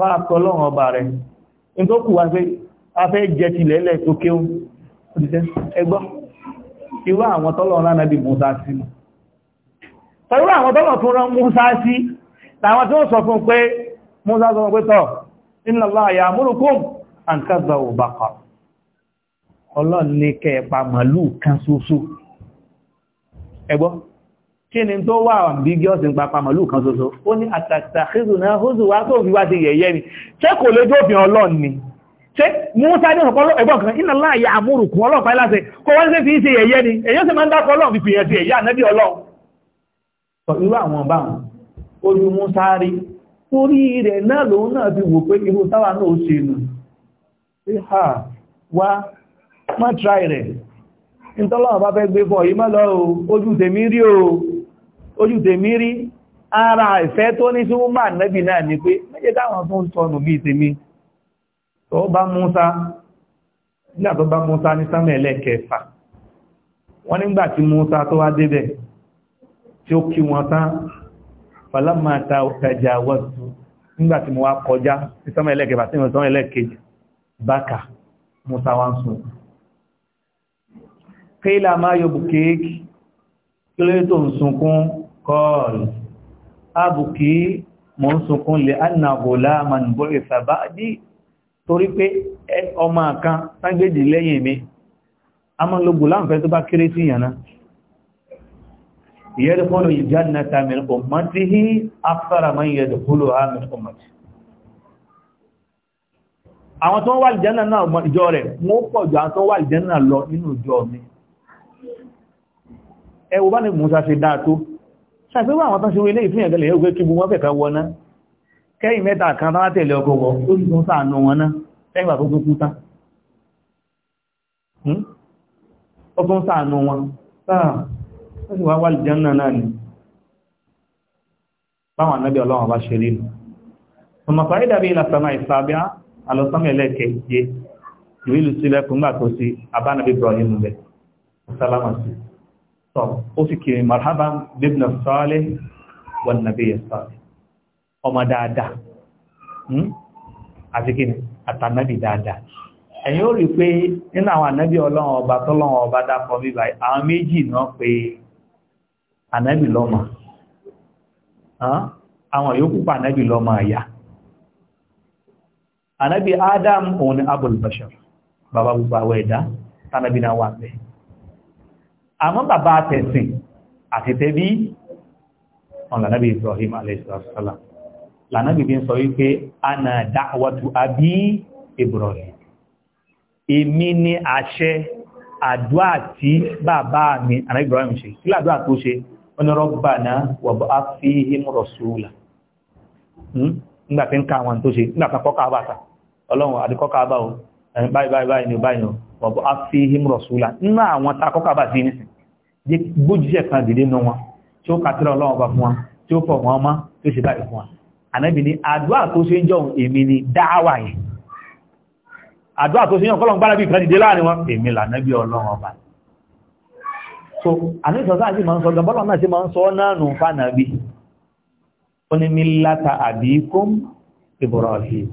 bá tọ́lọ́run ọba rẹ̀ in tó kù wá pé a fẹ́ jẹ ti lẹ́lẹ̀ tó kéhùn ẹgbọ́ irú àwọn tọ́lọ́run rán nàbí Musa sí irú àwọn tọ́lọ́run tún rán Musa sí tàwọn tí ó sọ fún pé Musa sọ pé tọ́ inna kí ni tó wà ambiguous ń papá màlúù kan ṣoṣo ó ní àtàtàkìrù náà hóṣù wá tó fi wá ti yẹ̀yẹ́ ni ṣé kò lè jófin ọlọ́run ni ṣé múta ní ọ̀pọ̀ ẹ̀gbọ́n kan iná láàyè àmúrùkún ọlọ́pàá láti kó wọ́n sí fi ṣe yẹ̀yẹ́ ni èyàn sì máa ń dákọ̀ ojú múta ha wá má try rẹ̀ nítọ́lọ́wọ́ bá fẹ́ gbé fún ọ̀yí rí o ojú tèmi rí ara ìfẹ́ tó ní sí wọ́n máa nẹ́bì náà ni pé méje káwọn tó ń sọnù bí tèmi tó bá Músá nígbà tó bá Músá ní sámẹ̀ ẹlẹ́kẹfà wọ́n nígbà tí Músá tó wá débẹ̀ tí ó kí wọn tán falamma tajawaztu nígbà tí mo wá kọjá sí sámẹ̀ ẹlẹ́kẹfà sí ìwọ̀n ẹlẹ́kẹjì bákà Músá wá ń sùn kílà máa yóò bùkéèkì kí ló tó ń sunkún kọ́ọ̀lù abùkí mọ̀ ń sunkún lè annàbòlá manubori sàbáàdì torí pé ọmọ kan sáńgbèjì lẹ́yìn mi a mọ́ lọ gùlá nfẹ́ tó bá kéré sí yànà yẹ́dùkúnlù ìjánnata min ummatihi akthara man yadkhuluha min ummati àwọn tó wà ìjánà náà ìjọ rẹ̀ mọ́ pọ̀ jù àwọn tó wà ìjánà lọ nínú ìjọ mi ẹwọ bá ní Mùsá ṣe dáa tó ṣàgbéwà àwọn tán ṣe wọlé ìfún ẹ̀gẹ́lẹ̀ yóò gbé kí gbogbo fẹ̀kẹ́ wọná kẹ́yìn mẹ́ta kan tán tẹ̀lé ọkọ̀ wọ ó sì tún sàánú wọn náà lẹ́gbà tó kúkú tán hmm? ó tún sàánú wọn sáà ah, ó sì wá wà lìjẹ́ náà náà ni báwọn anábì ọlọ́run bá ṣe rí Ibrahim bẹ̀ sálámà tọ́ ó sì kiri marhaban bíbnà sọ́ọ́lẹ̀ wọn nàbí yẹ sọ́ọ́lẹ̀ ọmọ dáadáa hmm? àti kí ni àtànábì dáadáa ẹ̀yin ó rí i pé nínú àwọn ànábì ọlọ́run ọba tọ́lọ́run ọba dákọ̀ bíbá àwọn méjì náà pé ànábì lọ́mọ àwọn yòókù pa ànábì lọ́mọ àyà ànábì Adam òun ni abul bashar bàbá gbogbo àwọn ẹ̀dá tánàbì náà wà bẹ́ẹ̀ àmọ́ bàbá àtẹ̀sìn àti tẹ́bí ọ̀nà Ibrahim aleyhisselam lànàbí bí ń sọ wípé ana dáwàtú àbí Ibrahim èmi ni àṣẹ àdúà tí bàbá mi ànábì Ibrahim ṣe kí làdúà tó ṣe ọ̀nà Rabbana wab'ath fihim rasula hmm? nígbàtí ń ká o sí gbójúṣẹ́ kan dìde nù wọn tí ó kàtírà ọlọ́run ọba fún wọn tí ó fọ̀ wọn mọ́ tí ó ṣe báyìí fún wọn ànábì ni àdúrà tó ṣe ń jọ èmi ni dáwà yẹn àdúrà tó ṣe yàn kọ́lọ̀ ń gbára bí ìkan dìde láàrin wọn èmi lànábì ọlọ́run ọba so àníṣọ́ sáà sí ma ń sọ gabọ́lọ̀ náà sí ma ń sọ náà nù fánàbí ó ní millata abikum Ibrahim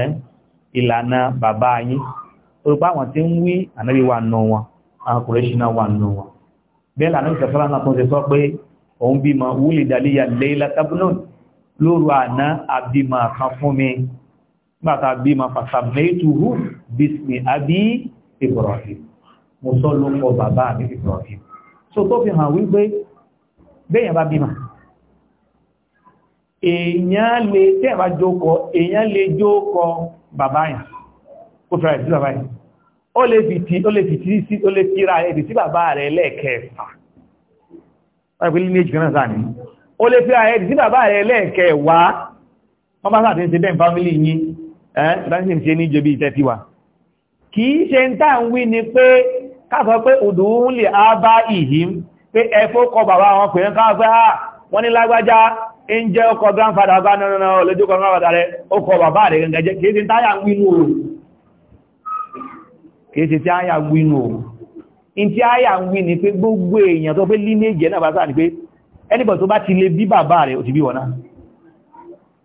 ẹ́ ìlànà bàbá yín orúkọ àwọn tí ń wí ànábì wà nù wọn àwọn kùrẹ́ṣínà wà nù wọn bẹ́ẹ̀ lànà ìṣẹ̀fọ́lá náà tún ṣe sọ pé òun bímọ wúlì dàlíyà lẹ́yìnlá tábùlọ́n lóru àná àbímọ kan fún mi nígbàtà àbímọ fàtàmẹ́tùhù bísmi àbí Ibrahim mo sọ ló kọ bàbá mi Ibrahim so tó fi hàn wípé bẹ́yàn bá bímọ èèyàn lè tẹ́ẹ̀bá jókọ èèyàn lè jókọ bàbá yàn ó fẹ́rẹ̀ ó lè fìtí ó lè fìtí tí bàbá rẹ̀ lẹ́ẹ̀kẹfà ọ̀pẹ́ lineage kan náà sáà ní ó bàbá rẹ̀ lẹ́ẹ̀kẹwà wọ́n bá sáà tí ń ṣe bẹ́ẹ̀ fámílì yín ṣe ní ṣe ń ń wí ni pé káàkọ́ pé lè á bá ìhìm pé ẹ fókọ bàbá wọn pè à ah, wọ́n ní lágbájá ń jẹ́ ọkọ̀ grandfather bá grandfather rẹ̀ bàbá rẹ̀ kèèṣe tí àyà wínú o in tí àyà ń wí ni pé gbogbo èèyàn tó pé línéjì náà bá sáà ni pé anybody tó bá ti lè bí bàbá rẹ̀ ó ti bí wọn náà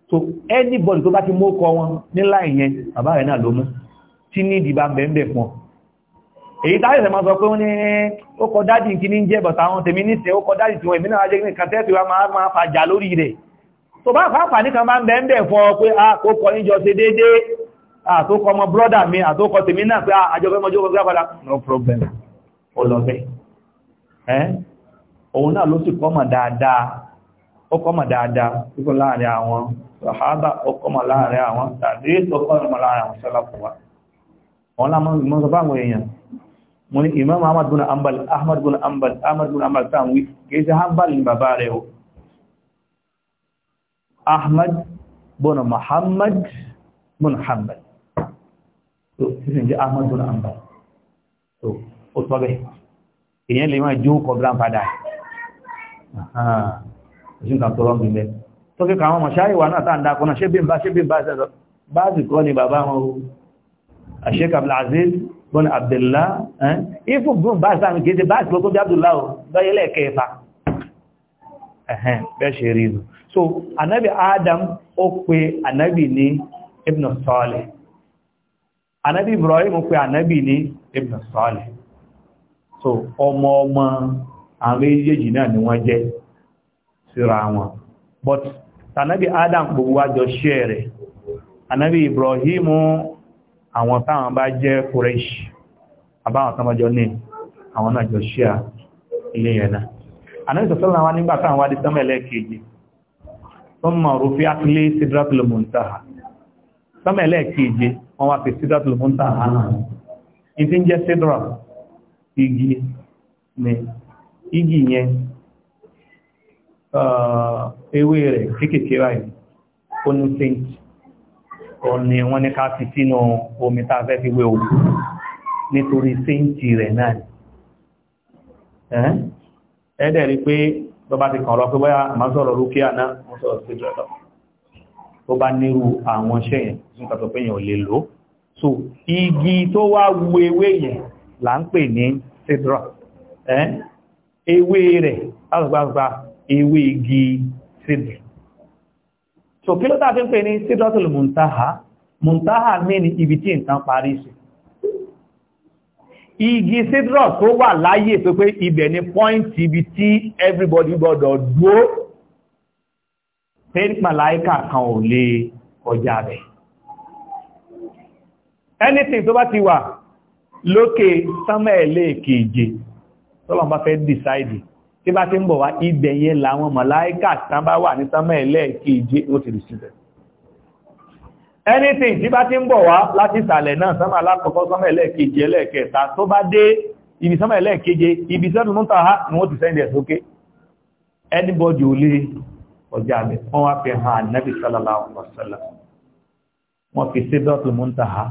so anybody tó bá ti mókọ wọn nílá ìyẹn bàbá rẹ̀ náà ló mú tí ní ìdìbà bẹ̀ẹ̀bẹ̀ fún ọ èyí táyẹ̀ sẹ̀mọ́ sọ pé ó ní ó kọ dájì kí ní jẹ́ bọ̀tà àwọn tèmi nísìn ó kọ dájì tí èmi náà jẹ́ nìkan tẹ́ẹ̀tì wa máa máa fàjà lórí rẹ̀ tó bá fàáfà nìkan bá ń bẹ̀ẹ̀bẹ̀ fún pé a ah, kó kọ níjọ ṣe déédéé àtókọ ọmọ brọ́dà mi àtókọ tèmi náà pé ah, àjọpẹ́ mọ́jú ọgbẹ́ padà no problem ọlọ́bẹ̀ ẹ́ òun náà ló sì kọ́mọ̀ dáadáa ó kọ́mọ̀ dáadáa kíkọ́ láàrin àwọn sàhábà ó kọ́mọ̀ láàrin àwọn tàbí ó kọ́mọ̀ láàrin àwọn sọ́lápùwà wọn lámọ́ sọ fáwọn imam ahmad bin ambal ahmad bin ambal ahmad bin ambal sáwọn kìí sí hanbal ní ahmad bin muhammad bin hanbal tó sísìn jẹ́ ahmadu namba tó ó sọ bẹ́ẹ̀ èèyàn lè máa jó kọ̀ọ̀bùrán padà oṣù kan tó rọ́ọ̀mù bẹ́ẹ̀ tókè kan àwọn mọ̀ṣáì wà náà tá à ń dákọ̀ náà ṣé bí bá ṣé bí bá ṣe sọ báàzì kọ́ ni bàbá wọn o àṣekà abdulaziz bọ́n abdullah ifu bùn báàzì àmì kejì báàzì lókun bí abdullah o báyẹ̀lẹ̀ kẹfà bẹ́ẹ̀ ṣe rí so anabi adam ó pe anabi ní ibn salih Anabi Ibrahim pé anabi ní Ibn Salih so omo omo àwọn méjèèjì náà ni wọ́n jẹ́ síra wọn but anabi Adam gbogbo wájọ ṣe rẹ̀ ànábì Ibrahim àwọn táwọn bá jẹ́ Quraysh àbáwọn tánbájọ ní àwọn na jọ ṣe ilé yẹn náà ànábì sọ̀sọ́lá wọn nígbà táwọn wádìí sánmẹ̀lẹ́ kejì tó mọ̀ rúfí ákílé sidratul muntaha sánmẹ̀lẹ́ kejì wọ́n wá fi sídà tó fún tàà hàn ní tí ń jẹ́ sídra igi ni igi yẹn uh, ewé rẹ̀ kéèkéé báyìí ó ní saint ó ní wọ́n ní ká fi sínú omi tá a fẹ́ fi wé òkú nítorí saint rẹ̀ náà ẹ̀ẹ́dẹ̀ rí pé lọ́ba ti kàn lọ pé bóyá màá sọ̀rọ̀ lókè àná mo tó bá nírú àwọn iṣẹ́ yẹn tí kàtọ̀ pé yẹn lè lò so igi tó wá wu ewé yẹn là ń pè ní cedra ewé rẹ̀ alùgbàgbà ewé igi cedra so kí ló tà fi ń pè ní sidratul muntaha muntaha mí ni ibi tí nǹkan parí sí igi sidra tó wà láyé tó pé ibẹ̀ ni point ibi tí everybody gbọdọ̀ dúró tẹ́rí màláíkà kan ò lè kọjá rẹ̀ anything tó bá ti wà lókè sánmà ẹlẹ́ẹ̀keje tọ́lọ̀n bá fẹ́ decide tí bá ti ń bọ̀ wá ibẹ̀ yẹn làwọn màláíkà tán bá wà ní sánmà ẹlẹ́ẹ̀keje ó ti receive anything tí bá ti ń bọ̀ wá láti ìsàlẹ̀ náà sánmà alákọ̀ọ́kọ́ sánmà ẹlẹ́ẹ̀keje ẹlẹ́ẹ̀kẹta tó bá dé ibi sánmà ẹlẹ́ẹ̀keje ibi sẹ́nu mútàá ni wọ́n ti sẹ́ndẹ̀ sókè anybody ò lè ọjà mi wọ́n wá fi hàn ànábì sallallahu alaihi wasallam wọ́n fi Sidratul Muntaha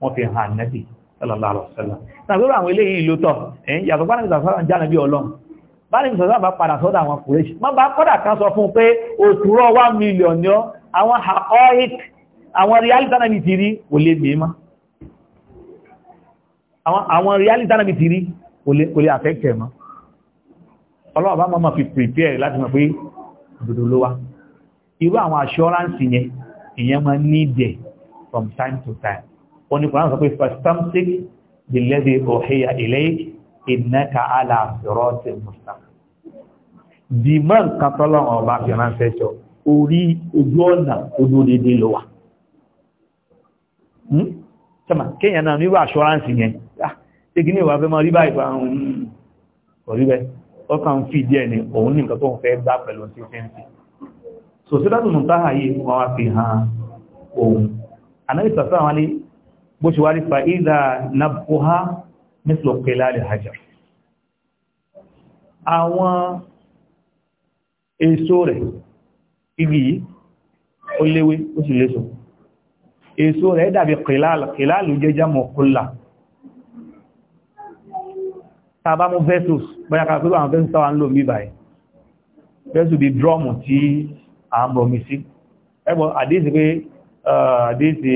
wọ́n fi hàn ànábì sallallahu alaihi wasallam tàbí àwọn eléyìí ìlú tọ̀ ẹ̀yìn yàtọ̀ bá nàìjíríà sọ́rọ̀ jáde bí ọlọ́run bá nàìjíríà sọ́rọ̀ bá padà sọ́dọ̀ àwọn kùrẹ́ṣì má bá kọ́dà kan sọ fún pé òtúrọ̀ wá mílíọ̀n ni ọ́ àwọn haoik àwọn reality náà ti rí kò prepare láti mọ̀ òdodo ló wá irú àwọn assurance yẹn èèyàn máa ní ìdẹ̀ from time to time ó ní kùnà sọ pé fastamsik billadhi uhiya ilayk innaka ala siratin mustaqim dìímọ̀ nǹkan tọ́lọ́run ọba fi ránṣẹ́ jọ orí ojú ọ̀nà olódédé ló wà hmm? sọ́mà kéèyàn náà nírú assurance yẹn ah, ṣé kí ni ìwà fẹ́ máa rí báyìí pa ọ̀rí hmm, bẹ́ẹ̀ ó kàn ń fi díẹ̀ ni òun ní nǹkan tó ń fẹ́ gbá pẹ̀lú tí ó fẹ́ ń fi so sí látùnú táhà yìí wọ́n wá fi hàn òun anábì sàfẹ́ ní bó ṣe wá rí fa ìdá nàbùhá nítorí pẹ̀lá lè hajar àwọn èso rẹ̀ igi yìí ó léwé ó sì léso èso rẹ̀ dàbí kìláàlù jẹ́ jámọ̀ kúlà tàbámú versus bóyá ká pẹ́lú àwọn fẹ́ ń sáwà ń lò mí báyìí fẹ́sù bí drọ́mù tí a ń bọ̀ mi sí ẹgbọ́n àdéṣe pé àdéṣe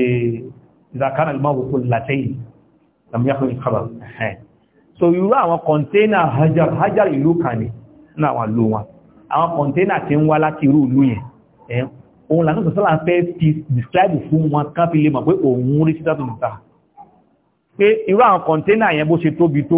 ìzàkánà lè máa látẹ́yìn làmúyàkùn ìkàbà so irú àwọn kọ̀ntẹ́nà hajar ìlú kan ní àwọn ìlú wọn àwọn kọ̀ntẹ́nà tí ń wá láti irú ìlú yẹn òun describe fún wọn kán fi lè mọ̀ pé òun rí sí tátùmùta pé irú àwọn kọ̀ntẹ́nà yẹn bó ṣe tóbi tó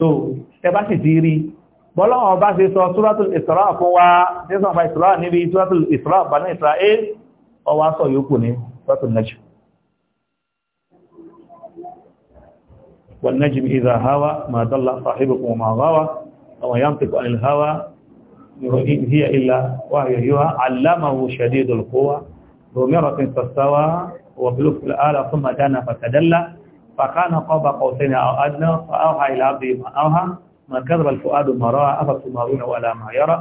so tẹbá sì ti rí bọ́lọ́wọ́n bá ṣe sọ suratul ìsọ́rọ̀ fún wa tẹ́sàn fa ìsọ́rọ̀ níbi suratul Isra bani Israel ọwá sọ yóò kú ní suratul Najm wal najmi idha hawa ma dalla sahibukum wa ma ghawa wa yantiqu anil hawa in hiya illa wahyu yuha 'allamahu shadidul quwa dhu miratin fastawa wa bil ufqil a'la thumma dana fatadalla فكان قاب قوسين أو أدنى فأوحى إلى عبده ما أوحى ما كذب الفؤاد ما رأى أفتمارون ولا ما يرى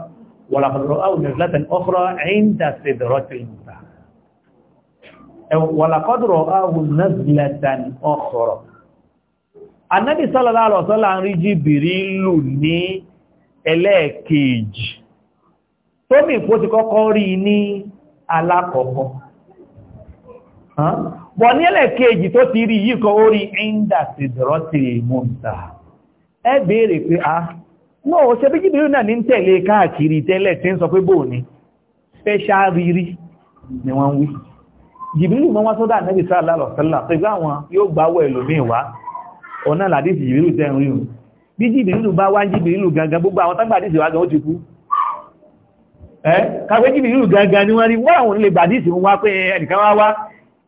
ولقد رأوا نزلة أخرى عند سدرة المنتهى ولقد رأوا نزلة أخرى النبي صلى الله عليه وسلم rí Jíbírílù ní ẹlẹ́ẹ̀kejì tó mì kó ti kọ́kọ́ bọ̀ ní ẹlẹ́kejì tó ti rí yìí kan orí inda sidrati muntaha ẹ béèrè pé a ah, náà ṣe bí jìbìrì náà ní tẹ̀lé káàkiri tẹ́lẹ̀ tí ń sọ pé bóò ní special rírí ni wọ́n wí jìbìrì mọ́ wá sọ́dọ̀ ànábì sallallahu alaihi wasallam pé báwọn yóò gbáwọ́ ẹlòmíì wá ọ̀nà làdísì jìbìrì tẹ́ ń rí o bí jìbìrì bá wá jìbìrì gangan gbogbo àwọn tágbà àdísì wá gan ó ti kú ẹ kàwé jìbìrì ni wọ́n rí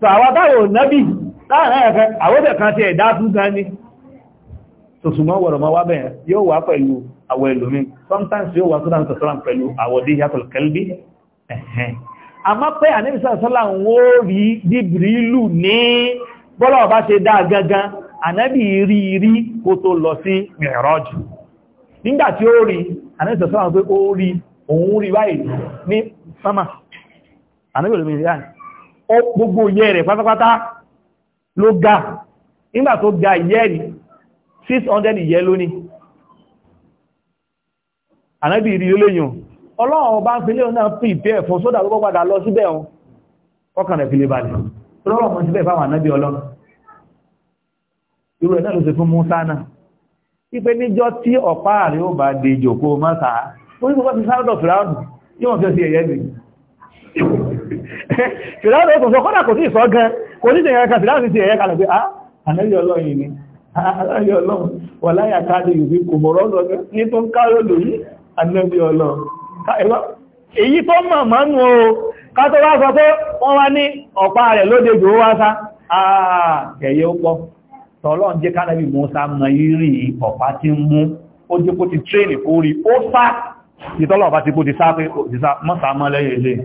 so àwọn táwọn nábì láàrin ẹ̀fẹ́ àwọ́bẹ̀ kan ti ẹ̀dá tún gan so ṣùgbọ́n wọ̀rọ̀ ma wá bẹ̀rẹ̀ yóò wá pẹ̀lú àwọ̀ ẹlòmí sometimes yóò wá sọ́dá sọ́sọ́lá pẹ̀lú àwọ̀ dí yàtọ̀ kẹlbí ẹ̀hẹ́n àmá pé àníbi sọ́sọ́lá ń ó rí dìbìrìlù ní bọ́lá ọba ṣe dá gangan ànábì rí rí kó tó lọ sí mìíràjù nígbà tí ó rí àníbi sọ́sọ́lá pé ó rí òun rí báyìí ní sámà àníbi olùmìnira gbogbo ìyẹ́ rẹ̀ pátápátá ló ga nígbà tó ga ìyẹ́ rí 600 ìyẹ́ lónìí ànábì rí lóyìn ọlọ́run bá ń fi léun náà fi ìpẹ́ ẹ̀fọ́ sódà gbogbo padà lọ síbẹ̀ wọn ọkàn rẹ̀ fi lè balẹ̀ lọ́rọ̀ mọ̀ síbẹ̀ fáwọn ànábì ọlọ́run irú ẹ̀ náà ló ṣe fún Mùsá náà wípé níjọ́ tí ọ̀pá rẹ̀ ó bá dejò kó mọ́ta ó ní gbogbo ti sáré dọ̀ fìràwọ̀n yóò fi ọ sí ẹ̀yẹ́ nìyí fìdáwọ̀ ẹ̀kùn sọ kọ́dà kò sí ìsọ́ gan kò ní ìjẹ̀yẹ̀ kan fìdáwọ̀ sí ti ẹ̀yẹ́ kalẹ̀ pé ah ànábì ọlọ́run ni ànábì ọlọ́run wà láyà káàdì yìí kò mọ̀rọ̀ lọ́gbẹ́ ní tó ń káyọ̀ lórí ànábì ọlọ́run èyí tó mọ̀ mọ́nu o ká tó wá sọ pé wọ́n wá ní ọ̀pá rẹ̀ lóde jò wá sá ẹ̀yẹ ó pọ̀ tọ́lọ́n jẹ́ kánàbì mọ́sá mọ ìrì ọ̀pá tí ń mú ó jẹ́ kó ti tréèlì kó rí ó sá ìtọ́lọ̀ ọ̀pá ti kó ti sá pé mọ́sá mọ́ lẹ́yẹ̀ lẹ́yẹ̀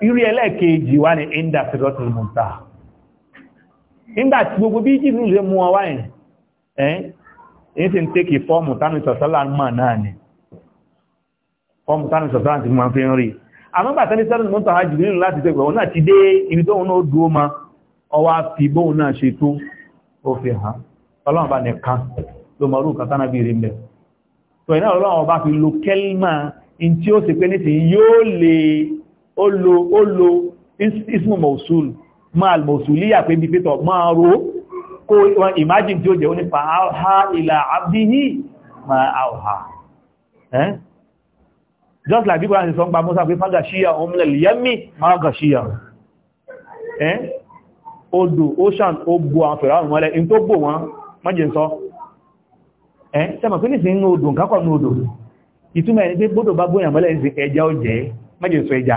irú ẹlẹ́ẹ̀kejì wá ní inda sirọ́tì mọ̀ta nígbàtí gbogbo bí jìnnú lè mú ọwá ẹ̀ ẹ́ sì ń tẹ́kì fọ́ọ̀mù tánù sọ̀sọ́là náà ni fọ́ọ̀mù tánù sọ̀sọ́là ti máa fi ń rí àmọ́gbàtà ní sẹ́rìn mọ́ta ha jìnnú láti tẹ́kọ̀ ọ̀nà ti dé ibi tóun náà dúó ma ọwá fi bóun náà ṣe tó ó fi hàn ọlọ́run bá nìkan ló mọ orúkọ tánàbí rí mẹ́ tọ́ ìná ọlọ́run bá fi lo kẹ́límà in tí ó sì pé nísìnyí yóò lè ó lo ó lo ismu mausul máa mausuliya pé bí pétọ̀ máa ro kó imagine tí ó jẹ́ ó ha ilà abdihi ma auha just like people are sọ pa Musa pé fagashiya omina liyami ma gashiya odò ocean ó gbò àwọn fẹ̀rẹ̀ àwọn ọmọlẹ́ in tó gbò wọn mọ́jẹ̀ sọ ẹ́ sẹ́mọ̀ pé nìsìn inú odò nǹkan kọ̀ ní odò ìtumọ̀ ẹni pé bódò bá gbóyàn mọ́lẹ́ ẹja ó jẹ́ mọ́jẹ̀ sọ ẹja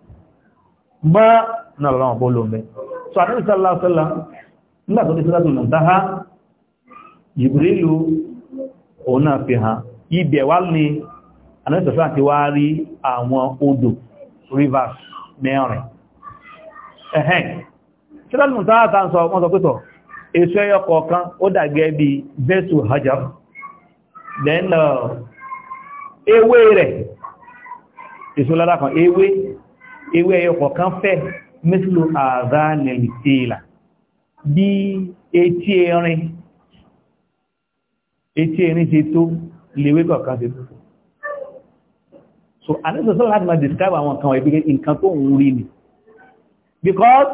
mọ́ náà lọ́wọ́ bó so àdébí sálá sálá nígbà tó dé sílá tún lọ́ntáhá ìbúrélù òun náà fi hàn ibẹ̀ wá ní ti wá rí àwọn rivers mẹ́rin ẹ̀hẹ́n sílá tún lọ́ntáhá tá ń sọ wọ́n sọ pẹ́tọ̀ èso ẹyọ kọ̀ọ̀kan ó dàgẹ́ bí vẹ́sù uh, kan ewé ewé ẹyọ kọ̀ọ̀kan fẹ́ mẹ́sìlò àzánẹ̀ ìtìlà bí etí erin etí erin ṣe tó lèwé kọ̀ọ̀kan ṣe tó so anẹ́sọ̀ sọ́rọ̀ láti to describe àwọn kan wọ̀nyí nǹkan tó ń rí ni because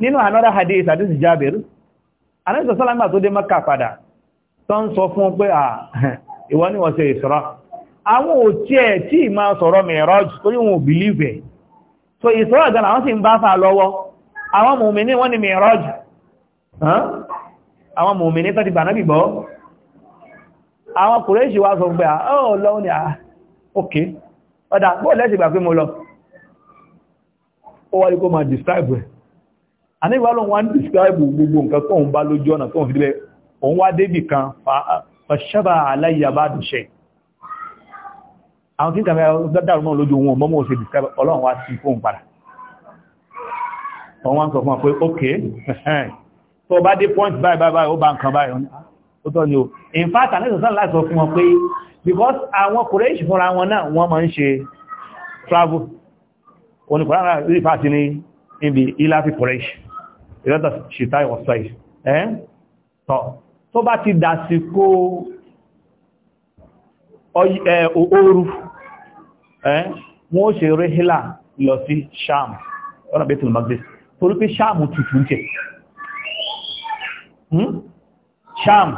nínú another hadith hadith Jabir anẹ́sọ̀ sọ́rọ̀ láti tó dé Mẹ́kà padà tó ń sọ fún pé à ah, ìwọ ni wọ́n ṣe Isra àwọn òtí ẹ̀ tí ì máa sọ̀rọ̀ Mi'raj torí wọn ò bìlífẹ̀ẹ́ so ìsọ́rọ̀ gan àwọn sì ń bá fà lọ́wọ́ àwọn mùmìnì wọ́n ni mìíràjù àwọn mùmìnì tó ti gbànábì gbọ́ àwọn kùrẹ́ṣì wá sọ pé ọ́ lọ́wọ́ ni àà ok ọ̀dà bóò lẹ́sì gbà pé mo lọ ó wá rí kó máa describe ẹ̀ àníwá ló wá ń describe gbogbo nǹkan tó ń bá lójú ọ̀nà tó ń fi àwọn tí ń kàfẹ́ dárùmọ́ lójú wọn mọ́mọ́ òṣè describe ọlọ́run wá sí fóun padà wọ́n wá ń sọ fún ọ pé ok tó bá dé point báyìí báyìí ó bá ń kan báyìí ó tọ́ ni o in fact àníṣọ́ sáà láti sọ fún wọn pé because àwọn kòrèṣì fúnra wọn náà wọ́n máa ń ṣe travel oníkọ̀ọ́rọ̀ rí fàtí ní ibi ìlàfi kòrèṣì ìrọ́tà ṣìtá ìwọ̀sáì ẹ́ tọ́ tó bá ti dàsìkò ooru wọ́n ṣe rehila lọ sí sham ọ̀nà Baitul Maqdis torí pé sham tutù ń tẹ̀ hmm? sham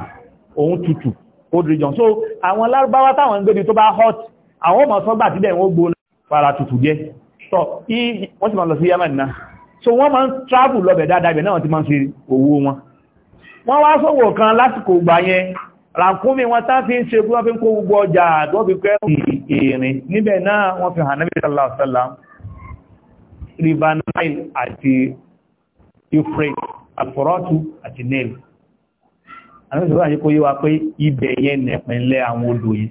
òun tutù old region so àwọn lárúbáwá táwọn gbé ní tó bá hot àwọn ọmọ sọ́gbà tí bẹ̀rẹ̀ wọ́n gbóná fara tutù díẹ̀ so wọ́n sì máa lọ sí Yemen náà so wọ́n máa ń travel lọ bẹ̀ dáadáa ibẹ̀ náà ti máa ń ṣe òwò wọn wọ́n wá sọ́wọ́ kan lásìkò gbà yẹn ràkúnmí wọn tá fi ń ṣe gúnwọ́n fi ń kó gbogbo ọjà àdó fi pẹ́ ìrìn níbẹ̀ náà wọ́n fi hàn náà sallallahu alaihi wasallam river nile àti euphrates àfọ́rọ́tù àti nil àwọn ìṣòro àyíkó yíwa pé ibẹ̀ yẹn nẹ̀pẹ̀lẹ̀ àwọn odò yìí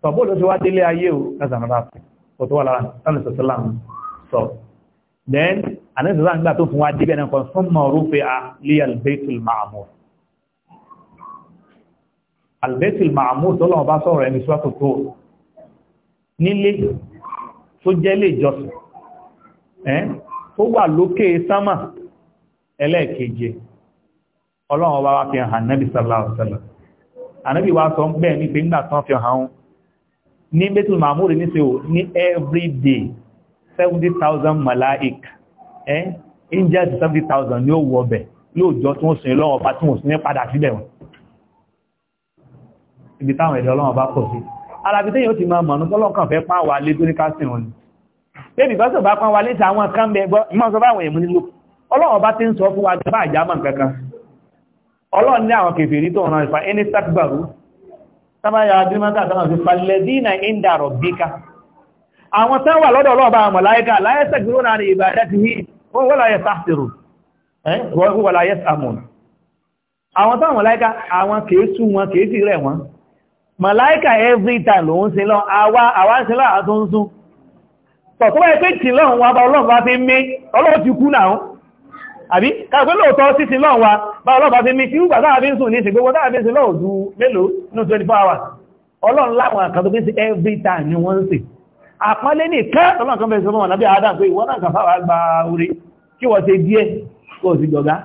sọ̀bọ́ ló ṣe wá délé ayé o lásàmọ́lá tó wà lára sọ then àníṣòṣọ́lá nígbà tó fún wa débẹ̀ náà kan sọ́mọ̀ rúfẹ́ a albetil ma'amur tọ́lọ̀ ọba sọ̀rọ̀ ẹni sọ́tò tó nílé tó jẹ́ lè jọsìn tó wà lókè sámà ẹlẹ́ẹ̀keje ọlọ́run ọba wa fi hàn nábì sallallahu alaihi wasallam ànábì wa sọ bẹ́ẹ̀ ní pé nígbà tán 70,000 ni ó wọ lóòjọ́ tí wọ́n sin lọ́wọ́ pa tí wọ́n sin padà síbẹ̀ wọn ibi táwọn ẹ̀dẹ̀ ọlọ́run bá pọ̀ sí alábi tẹ́yìn ó ti máa mọ̀nú tọ́lọ́kàn fẹ́ pán wà lé tó ní kásìn wọn bébì bá sọ bá pán wà lé tí àwọn kan bẹ gbọ́ ìmọ̀ sọ báwọn èèmú nílò ọlọ́run bá ti ń sọ fún wa bá àjámọ̀ kankan ọlọ́run ní àwọn kèfèrí tó ràn ìfà ẹni sákbàrú sábáyà adúmọ́ta àtàwọn fi falẹ́dínà ìndàrọ̀ bíkà àwọn tán wà lọ́dọ̀ ọlọ́ọ̀bá àmọ̀ láyéká láyẹ́sẹ̀ gúrò náà ní ìbàdá ti hì wọ́n wọ́n láyẹ́ sáàtìrù wọ́n wọ́n láyẹ́ sàmùn àwọn tán wọ́n láyéká àwọn kèésù wọn kèésì rẹ̀ wọn màláìkà every time ló ń sin lọ àwa àwa ń sin lọ àtó ń sún tọ̀ tó báyìí tí lọ́run wa bá ọlọ́run bá fi mí ọlọ́run ti kú náà àbí káàkiri lóòótọ́ sí ti wa bá ọlọ́run bá fi mí tí wùgbà táà fi ń sùn ní ìsìn gbogbo táà fi ń sin lọ́run mélòó ní 24 hours ọlọ́run láwọn àkàtọ́ pé every time ni wọ́n ń sìn àpọ́nlé ní ìkẹ́ ọlọ́run kan fẹ́ sọ fún wọn lábẹ́ àádá pé ìwọ́n náà kàfà wà gba orí kí wọ́n ṣe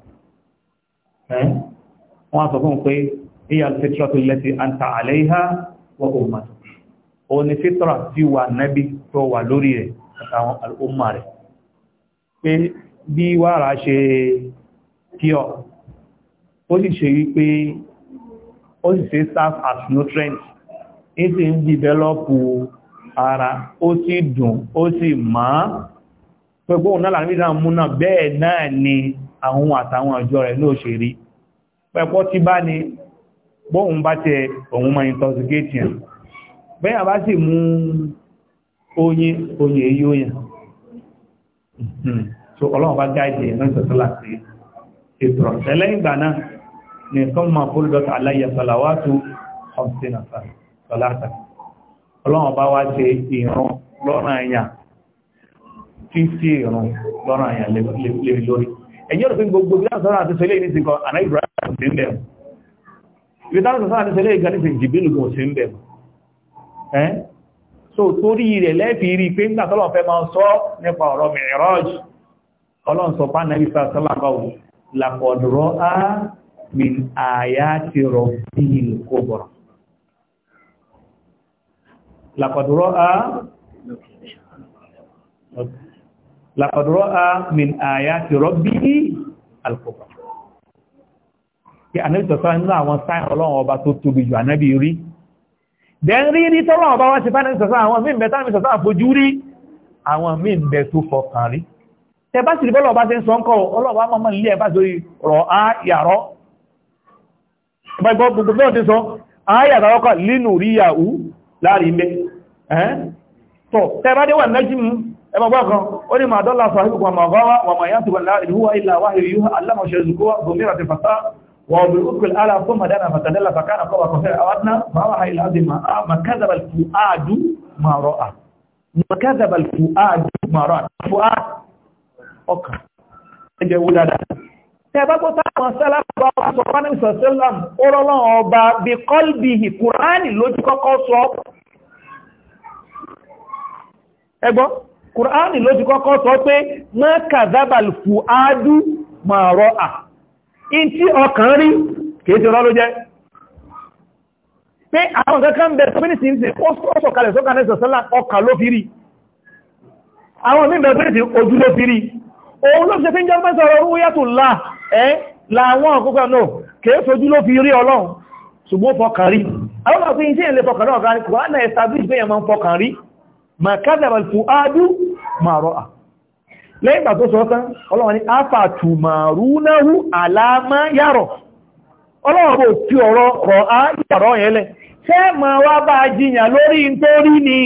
Eh? wọ́n sọ fún pé iya fitra tó lẹ́tí anta alayha wa ummatu o ni fitra tí wà nábi tó wà lórí rẹ̀ àtàwọn al'umma rẹ̀ pé bí wàrà ṣe pure ó sì ṣe wípé ó sì ṣe serve as nutrient ó sì ń dìbẹ́lọ́pù ara ó sì dùn ó sì mọ́ pẹ̀gbọ́n náà láàrin ìdámúnà bẹ́ẹ̀ náà ni àwọn àtàwọn àjọ rẹ̀ ló pẹ̀pọ̀ tí bá ní bóhun bá tẹ òun ma intoxication bẹ́yà bá sì mú oyin oyin èyí oyin hmm. so ọlọ́run bá gáìdì ẹ̀ náà sọ́tọ́lá sí ètò ẹlẹ́yìn ìgbà náà ní nǹkan máa fólú dọ́ta aláyẹ sọ̀làwátú ọ̀sìn sọ̀láta ọlọ́run bá wá ṣe ìran lọ́rọ̀ àyà tí ẹ̀yẹ́ rò pé gbogbo bí láti sọ́rọ̀ àti sẹ́lẹ̀ ìníṣì kan àná Ibrahim sí ń bẹ̀ ibi táwọn sọ́rọ̀ àti sẹ́lẹ̀ ìgbàlẹ̀ ìsìn jìbìlù kò sí ń bẹ̀ ẹ́ so torí rẹ̀ lẹ́fì rí pé laqad ra'a min ayati rabbihi al-kubra kí ànábì sọ̀tọ́ nínú àwọn sáìn ọlọ́run ọba tó tóbi jù ànábì rí dẹ́n rí rí tọ́lọ́run ọba wá sí fánàbì sọ̀tọ́ àwọn míì bẹ tánàbì sọ̀tọ́ àfojú rí àwọn míì bẹ tó fọkàn rí tẹ bá sì rí bọ́lọ̀ ọba ṣe ń sọ ń kọ́ ọlọ́ọ̀bá mọ́mọ́ nílé ẹ̀ bá sórí rọ̀ á yàrọ́ gbogbo gbogbo bí wọ́n ti sọ ààyà àtàwọ́kọ̀ línú rí yàwó láàrin bẹ́ tọ́ tẹ bá dé wà nájú ẹmọ gbọ́kan ó ní máa dọ́là sàáhìkù wọn máa báwá wọn máa yàtù wọn láàrin huwa ilá wáhìrì yóò alámọ̀ ṣe zukuwa gomira ti fata wa obìnrin ukul ala fún madana fatadala fakana kọwa kọfẹ́ awadna ma wá haìlá azim ma a makazabal fu'adu ma ro'a makazabal fu'adu ma ro'a fu'ad ọkà ẹjẹ wú dada tẹ bá gbọ́ta ẹgbọ́n kùránì ló ti kọ́kọ́ sọ pé ma kàzábàl fùádú ma rọ́ à in tí ọkàn rí kìí ti rọ́ ló jẹ́ pé àwọn kankan bẹ̀rẹ̀ sọ́mínìtì ń se ọ́sọ̀ kalẹ̀ sọ́kà ní sọ̀sọ́lá ọkàn ló fi rí àwọn mí bẹ̀rẹ̀ sọ́mínìtì ojú ló fi rí òun ló fi ṣe fi ń jẹ́ mẹ́sọ̀ ọ̀rọ̀ orú yàtò là ẹ́ làwọn àkókò náà kìí sojú ló fi rí ọlọ́run ṣùgbọ́n fọkàn rí àwọn àpéyìn tí èèyàn lè fọkàn náà kùránì establish pé èèyàn máa ń fọkàn ma kádàbà fúádù ma rọ́à lẹ́yìn tàbí sọ ọlọ́wọ́ ni ma yàrọ̀ ọlọ́wọ́ tí ọ̀rọ̀ rọ̀ á yàrọ̀ yẹn lẹ ṣẹ́ ma wá bá jiyàn lórí nítorí ni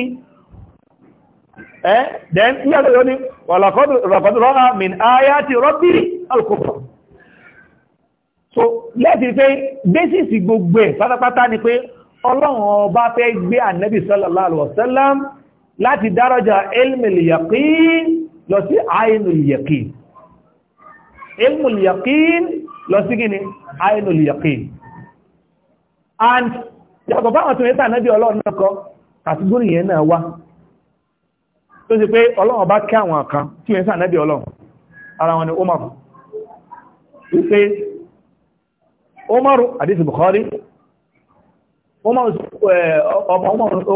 ẹ́ dẹ́n yàtọ̀ yóò ní wàlàkọ́dùrọ́ha min áyá ti láti dárọjà ilmìlìyàkín lọ sí àìnìlìyàkín ilmìlìyàkín lọ sí gíní àìnìlìyàkín and yàtọ̀ fáwọn tí wọ́n tà náà bí ọlọ́run náà kọ kàtígórì yẹn náà wá tó sì pé ọlọ́run bá kí àwọn kan tí wọ́n tà náà bí ọlọ́run ara wọn ni eh, ó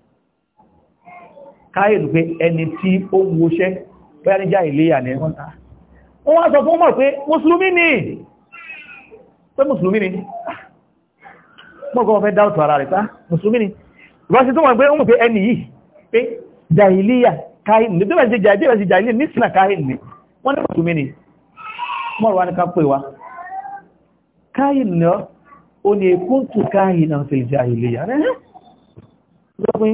káyèdù pé ẹni tí ó ń woṣẹ́ bóyá ní jàìlíyà ní wọ́n wá sọ fún mọ̀ pé mùsùlùmí ni pé mùsùlùmí ni mọ́kànlá fẹ́ dáùtù ara rẹ̀ pá ah, mùsùlùmí ni ìbáṣe tó wọ́n pé ó mọ̀ pé ẹni yìí pé jàìlíyà káyìn ní bẹ́ẹ̀ sí jàìlíyà sí ní sínà ni wọ́n ní mùsùlùmí ni mọ́rọ̀ wá ní ká pè wá káyìn ni ó ní ekúntù káyìn náà sí jàìlíyà rẹ̀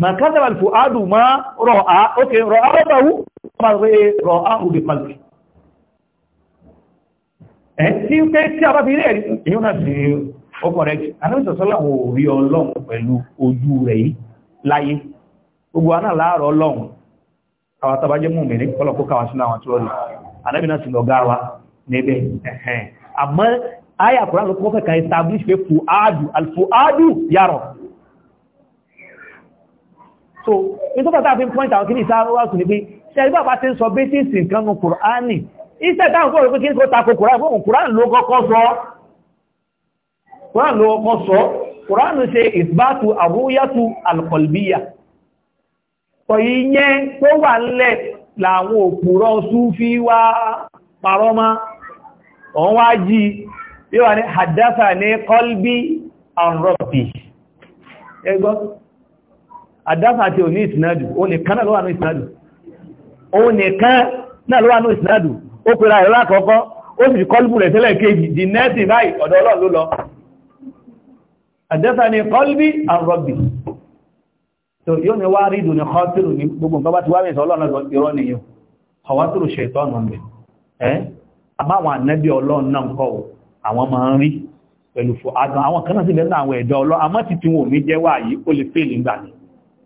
ma kádàrà alfuadu ma rọ̀á ok rọ̀á rọ̀bàwú ma rẹ̀ rọ̀á òbí palẹ̀ ẹ̀ tí ó pé tí a bá fi rí ẹ̀rí èyí náà sí ọkọ̀ rẹ̀ anábìsọ̀sọ́lá ò rí ọlọ́run pẹ̀lú ojú rẹ̀ yìí láyé gbogbo aná láàárọ̀ ọlọ́run àwọn tàbájẹ́ mú mẹ́rin kọ́lọ̀kọ́ káwà sínú àwọn tí ó lọ anábìnà sí lọ gáwa níbẹ̀ ẹ̀hẹ́n àmọ́ ayàkùnrin ló kọ́ fẹ́ kan establish pé fuadu alfuadu yàrọ̀ so in tó pàtàkì point out àwọn kìíní ìsáwọ́sù ní pé ṣe ẹgbẹ́ bá ti ń sọ bẹ́sìsì nǹkan nù kùránì iṣẹ́ táwọn kọ́ ìpín kí ní kó tako kùránì fún kùránì ló kọ́kọ́ sọ kùránì ló kọ́kọ́ sọ kùránì ṣe ìsbátù àrúyàtù alkọlbíyà pọ̀ ìyẹn tó wà ńlẹ̀ làwọn òpùrọ̀ súfí wá parọ́má ọ̀n wá jí bí wà ní hadathani qalbi an rabbi ẹgbọ́n àdáfà àti òní ìsìnàdù o nìkan náà ló wà ní ìsìnàdù o nìkan náà ló wà ní ìsìnàdù ó pèrà ẹ̀rọ àkọ́kọ́ ó sì kọlùbù rẹ̀ tẹ́lẹ̀ kejì di nẹ́ẹ̀sì báyìí ọ̀dọ̀ ọlọ́run ló lọ àdáfà ni kọlùbí àrọ̀bì tó yóò ní wá rí ìdùnnì kọ́tìrù ní gbogbo nǹkan bá ti wá mẹ́sàn ọlọ́run irọ́ nìyẹn ọwátìrù ṣètọ́nù rẹ̀ ẹ́ àbáwọn ànẹ́bí ọlọ́run náà kọ́ àwọn máa pẹ̀lú fò àwọn kan náà sì àwọn ẹ̀dọ́ ọlọ́ àmọ́ ti ti wọn ò ní jẹ́ wáyé ó lè fèèlì ńgbà ni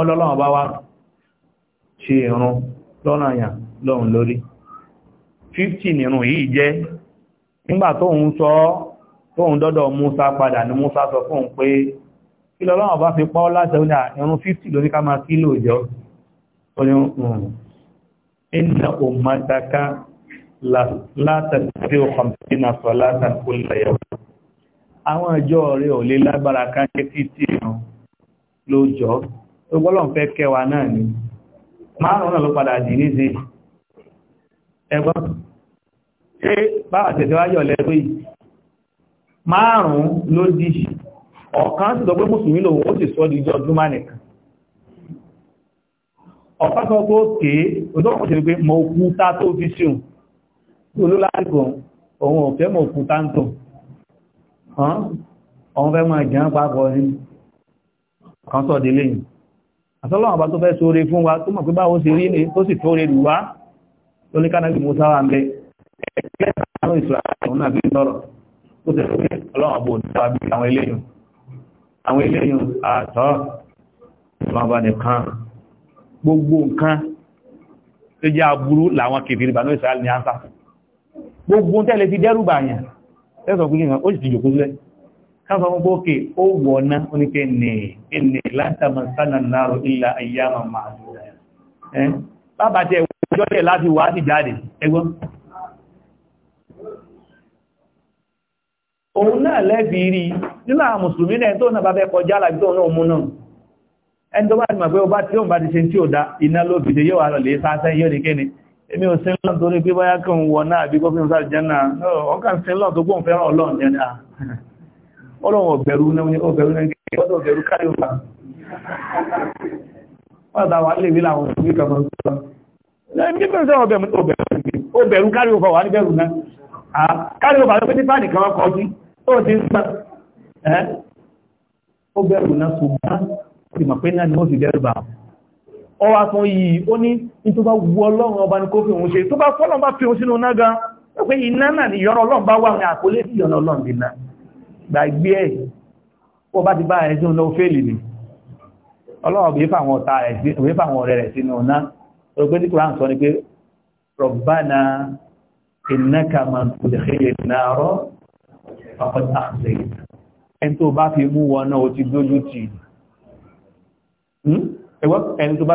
ọlọ́lọ́wọ́ bá wá ṣe ìrun lọ́nà àyà lọ́run lórí 50 nìrun yìí jẹ́ nígbà tóun sọ tóun dọ́dọ̀ Musa padà ní Musa sọ fún pé kí lọ́lọ́wọ́ bá fi pọ́ láti ọjà ìrun 50 lórí ká máa kílò jọ hmm. inna ummataka la tàbí ọkọ̀mtínà sọ látàkó lẹ́yẹ̀wò àwọn ìjọ rẹ̀ ò lè lágbára ká ṣe 50 lójọ́ tó gbọ́lọ̀n fẹ́ kẹwàá náà ni márùn náà ló padà dì ní sí ẹgbọ́n ṣe báwà tẹ̀síwájọ́ lẹ́gbẹ́ yìí márùn ló dì ọ̀kan sì lọ́gbẹ́ mùsùlùmí lòun ó sì sọ di ìjọ ọdún máa nìkan ọ̀pá kan tó ké olóòkùn ṣe pé mọ òkúta tó fi ṣeun olólárìkò òun ò fẹ́ mọ òkúta ń tàn ọ̀n fẹ́ máa jẹun pápọ̀ kan sọ̀dé lẹ́yìn àtọ́lọ́wọ̀n bá tó fẹ́ sóre fún wa tó mọ̀ pé báwo ṣe rí ní tó sì tó rẹ̀ wá tó ní kánàbí musa wà ń bẹ ẹgbẹ́ àwọn ìsìláàmù náà fi sọ̀rọ̀ tó sì rí ọlọ́wọ̀n bò ní tàbí àwọn eléyìn àwọn eléyìn àtọ́ ìsìláàmù nìkan gbogbo nǹkan tó jẹ́ aburú làwọn kèfèrè bá káfà mú bókè ó wọ̀ná oníkẹ́ ní ẹni látàmà sánà náàrù ilá ayyáma máa lóra ẹ́ bábá tẹ ìjọ́lẹ̀ láti wà sí jáde ẹgbọ́n òun náà lẹ́bí rí nínú àwọn mùsùlùmí náà tó náà bá fẹ́ kọjá láti tó náà mú náà ẹni tó bá ti mọ̀ pé ó bá tí ó bá ti ṣe tí ó dá iná ló fìdí yóò wà lọ́lẹ̀ sáṣẹ́ yóò náà ọlọ́run ọ̀bẹ̀rú náà ní ọ̀bẹ̀rú náà kí ọdọ̀ ọ̀bẹ̀rú káyọ̀ fà ọ̀dà wà lè rí làwọn òbí kan mọ́ sọ nígbà tí ọ̀bẹ̀rú káyọ̀ fà wà ní bẹ̀rù náà káyọ̀ fà ló pé nípa nìkan wọn kọjú tó ti ń sàn ẹ́ ó bẹ̀rù náà ṣùgbọ́n ti mọ̀ pé náà ni wọ́n fi bẹ̀rù bà ọ wá fún yìí ó ní ní tó bá wu ọlọ́run ọba ni kó fi òun ṣe tó bá fọ́lọ́n bá fi òun sínú náà gan gbàgbé ẹ̀ pọ̀ bá ti bá ẹ̀ sínú náà fèèlì ni ọlọ́wọ́ bí fáwọn ọ̀tá rẹ̀ òwe fáwọn ọ̀rẹ́ rẹ̀ sínú ọ̀nà ọgbẹ́ tí kòrán sọ ni pé rọ̀bánà ìnáka máa ń tòlẹ̀kẹ́lẹ̀ náàrọ̀ ọkọ̀tà àṣẹ ẹni tó bá fi mú wọn náà ó ti dójú tì hmm? ẹni tó bá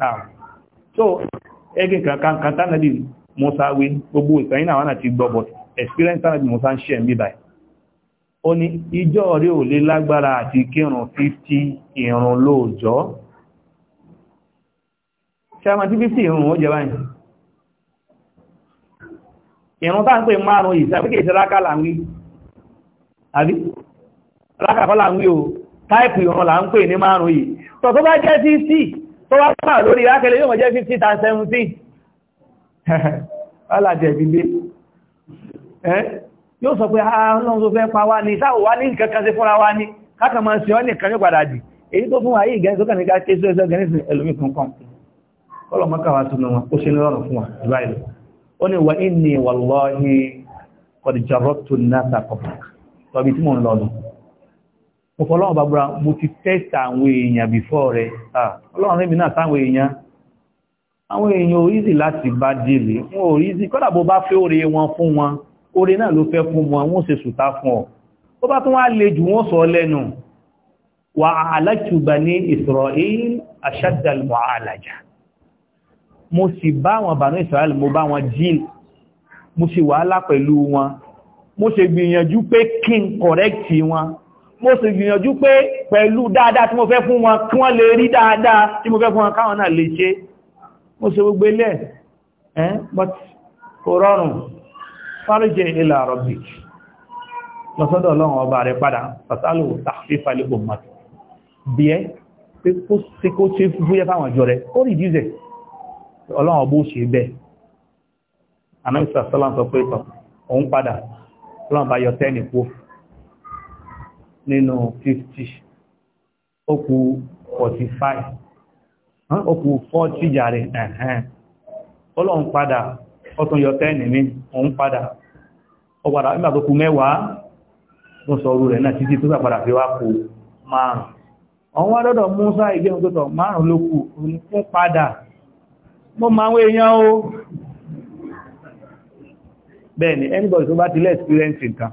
Ah. so ẹgbẹ́ kan kan tánàbí Musa gbogbo ìtàn na ti àti gbọ́bọ̀ experience tánàbí Musa ń ṣe ẹ̀mí báyìí ó lágbára àti kírun 50 ìrun lóòjọ́ ṣẹ́mà tí o táìpù irun la ń pè tó wá pà lórí rákẹ́lẹ̀ yóò mọ̀ jẹ́ 50 times 17 alájẹ ìbílé yóò sọ pé ah, ah, ọlọ́run tó fẹ́ pa wá ní sáwọ̀ wá ní kankan sí fúnra wá ní kákà máa sí ọ́ nìkan yóò padà dì èyí tó fún wa yìí gẹ́gẹ́ sókè ní ká ké sókè ní sin ẹlòmí kankan ọlọ́mọkà wa tún wọn ó ṣe ní rọrùn fún wa ìbáyìí ó ní wà ní wàlọ́hìn kọ̀dìjọ́rọ́tò náà sàkọ̀ọ̀kọ̀ tọ́bi tí mò ń lọ́dún ọ̀pọ̀ ọlọ́run bá búra mo ti tẹ́sà àwọn èèyàn before rẹ̀ ọlọ́run rẹ̀ mi náà sáwọn èèyàn àwọn èèyàn oríṣì láti bá dìlé wọn oríṣì kọ́dà bó bá fẹ́ oore wọn fún wọn oore náà ló fẹ́ fún wọn wọ́n ṣe sùtá fún ọ ó bá tún wá le jù wọ́n sọ lẹ́nu wà mo sì gbìyànjú pé kí n kọ̀rẹ́kì wọn mo sì gbìyànjú pé pẹ̀lú dáadáa tí mo fẹ́ fún wọn kí wọ́n lè rí dáadáa tí mo fẹ́ fún wọn káwọn náà lè ṣe mo sì gbogbo ilẹ̀ ẹ́n but kò rọrùn fáríjẹ ilẹ̀ àrọ̀bì lọ́sọ́dọ̀ ọlọ́run ọba rẹ̀ padà pàtàlù tàfífàlẹ̀ òmàtì bí ẹ́ pé kó sí kó ṣe fúyẹ́ fáwọn ìjọ rẹ̀ ó rí jízẹ̀ ọlọ́run ọba ó ṣe bẹ́ẹ̀ anábìsà sọ́lá sọ pé òun padà ọlọ́run bá nínú 50 ó kù 45 ó kù 40 jàre ẹ̀hẹ́n ọlọ́run padà ọtún yọ 10 mi òun padà ó padà nígbà tó kù mẹ́wàá tó sọ orú rẹ̀ náà títí tó padà fi wá kù márùn ọ̀wọ́n adọ́dọ̀ Músá ìgbéhùn tó tọ̀ márùn ló kù fún padà mo máa ń wéyàn o bẹ́ẹ̀ni anybody tó bá ti lẹ́ experience nǹkan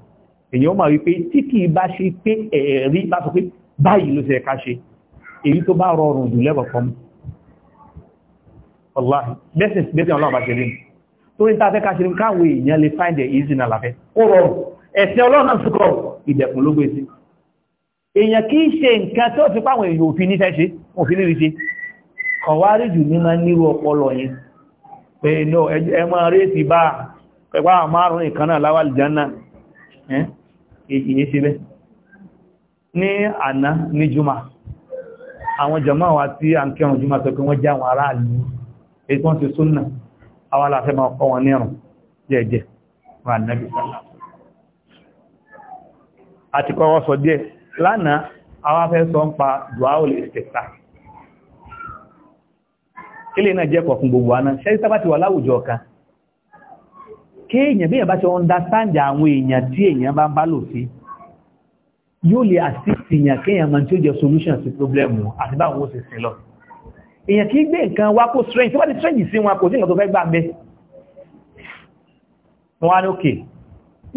èyàn máa wípé tí kìí bá ṣe pé ẹ̀rí bá sọ pé báyìí ló ṣe ká ṣe èyí tó bá rọrùn jù lẹ́bọ̀ kan ọláhì bẹ́sẹ̀ bẹ́sẹ̀ ọlọ́run bá ṣe rí tó ní tàfẹ́ ká ṣe rí káwọn èèyàn lè find the easy na láfẹ́ ó rọrùn ẹ̀sìn ọlọ́run náà sùkọ̀ ìdẹ̀kùn ló gbé sí èèyàn kìí ṣe nǹkan tó fi páwọn èèyàn òfin ní fẹ́ ṣe òfin ní ṣe kọ̀wárí jù ní máa nírú ọpọlọ yẹn pé ẹ máa réèsì bá pẹ̀pá márùn-ún ìkan láwàlì jẹ́ náà èyí ṣe bẹ́ ní àná ní jùmá àwọn jàmáà wa tí a ń kẹrùn jùmá tó kí wọ́n jẹ́ àwọn aráàlú èyí wọ́n ti súnnà àwọn aláfẹ́ máa kọ́ wọn nírùn jẹ́ẹ̀jẹ́ wà nábi sálà àti kọ́wọ́ sọ díẹ̀ lánàá àwọn afẹ́ sọ ń pa duawul istiftah kéèyàn bí èèyàn bá ṣe understand àwọn èèyàn tí èèyàn bá ń bá lò sí yóò lè assist èèyàn kéèyàn máa tí ó jẹ solution sí problem àti bá àwọn òṣèṣẹ́ lọ èèyàn kì í gbé nǹkan wá kó strange tí wọ́n ti strange sí wọn kò sí nǹkan tó fẹ́ gbà bẹ́ wọ́n á ní òkè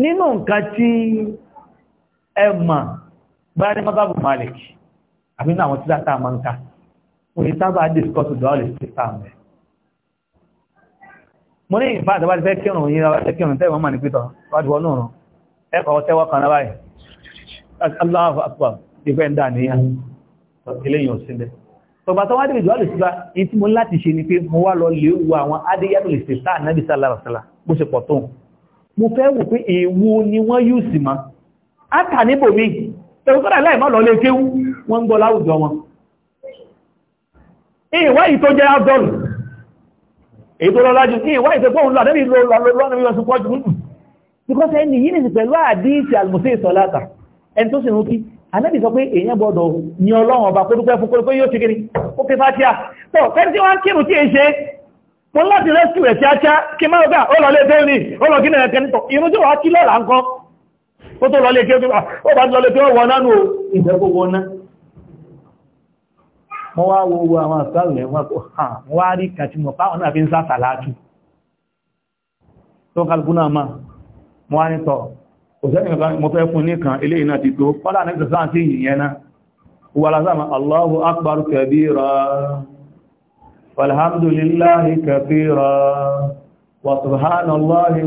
nínú nǹkan tí ẹ mọ̀ bá ní mọ́bàbù Malik àbínú àwọn tí dáta máa ń ká òní sábà discuss ìdọ́ọ̀lẹ̀ sí sáà mẹ́ mo ní ìfà àtàbà ti fẹ́ kírùn yí ẹkírùn tẹ́wọ̀n mà ní pítọ̀ wájú ọ̀nà ọ̀rọ̀ ẹkọ̀ tẹ́wọ́ kan lábáyé Allahu Akbar ìfẹ́ ń dà níyà eléyìn òsìnlẹ̀ tọba tó wá dé ìjọ alùsílá in tí mo láti ṣe ni pé mo wá lọ lè wo àwọn adéyàtòlè sèta ànábì sálàrásálà bó ṣe pọ̀ tó mo fẹ́ wò pé èwo ni wọ́n yóò sì máa á kà níbò mi ẹ̀rù tó dà láì má lọ lè kéwú wọ́n ń èyí tó lọ́lájú ní because ẹni yìí nìsí pẹ̀lú àdíìsì àlùmọ̀sí ìsọ̀láta ẹni tó sì ń kí anábì sọ pé èèyàn gbọ́dọ̀ ní ọlọ́run ọba kó dúpẹ́ fún kó yóò ṣekiri ó ké fátíà tó fẹ́ni tí wọ́n kírun tí è ṣe mo ń láti rẹ́sì rẹ̀ kíákíá kí máa gbà ó lọlé tó ní ó lọ gínà ẹ̀kẹ́ nítọ̀ irun tí wọ́n kí lọ́la ńkọ́ ó tó lọlé kí ó bá lọlé kí ó wọná nù ìbẹ̀kọ̀ wọ́n wá wo owó àwọn àṣàrò yẹn wọ́n wá rí kan tí mo fáwọn náà fi ń sáàsà láàájú tó kálukú náà máa mo wá ní tọ̀ òṣèlú kan mo fẹ́ fún ní kan eléyìí náà ti tó kọ́lá ní ìṣẹ̀sán àti ìyẹn náà wà lásàmà Allahu akbar kabira walhamdulillahi kabira wa subhanallahi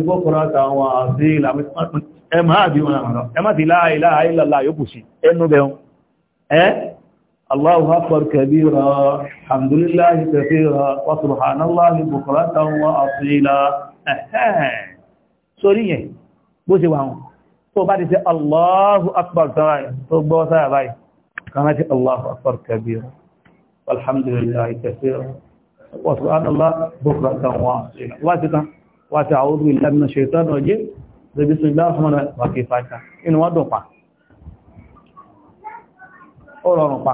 ẹ máa bí wọn àmàrà ẹ má ti la ilaha illallah yóò kù sí ẹnu bẹ̀rún الله أكبر كبيرا الحمد لله كثيرا وسبحان الله بكرة وأصيلا sórí yẹn bó ṣe wà wọn tó bá ti ṣe Allahu Akbar tó gbọ́ sára báyìí kàmá ti Allahu Akbar kabira alhamdulillahi kathira wa subhanallah bukratan wa asila wá ti tán wá ti a'udhu billahi minash shaitanir rajim zai bismillahir rahmanir rahim wà kí fàáta inú wá dùn pa ó rọrùn pa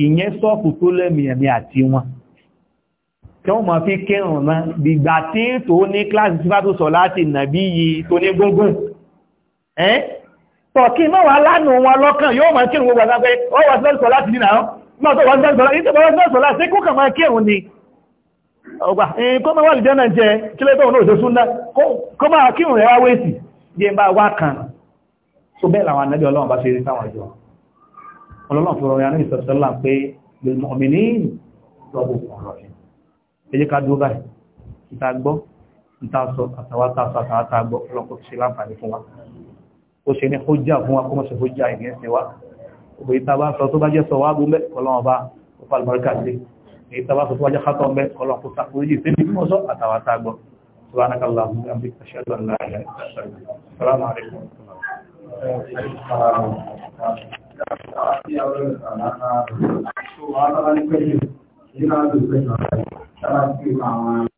ìyẹn sọ́ọ̀kù tó lẹ́mìẹ̀mí àti wọn tí wọ́n mọ̀ fi kírùn náà dìgbà tí tó ní kíláàsì tí bá tó sọ láti nàbí yìí tó ní gúngùn ẹ́ tọ̀kí náà wà lánàá wọn lọ́kàn yóò mọ̀ kírùn gbogbo àgbẹ́ ọwọ́ sí sọ láti nínà ọ́ so bẹ́ẹ̀ làwọn ànábì Ọlọ́run bá ṣe rí sáwọn ìjọ ọlọ́lọ́ fún ọ̀rọ̀ yánú ìsọ̀sọ́lá pé lèmọ̀mìnì lọ́bù ọ̀rọ̀ ẹ̀ ẹjẹ́ ká dúró báyìí ìta gbọ́ ìta sọ àtàwátà sọ àtàwátà gbọ́ ọlọ́kọ̀ ṣe láǹfààní fún wa ó ṣe ní hójá fún wa kó mọ́ ṣe hójá ìní ẹ̀sìn wa òbí ìta bá sọ tó bá jẹ́ sọ wá bú mẹ́ ọlọ́run bá ó fà lùbáríkà sí èyí tá bá sọ tó bá jẹ́ kátọ̀ mẹ́ ọlọ́run kó sàkóyè sí ibi mọ́ سبحانك اللهم وبحمدك اشهد ان لا اله الا انت السلام عليكم ورحمه الله Ìjọba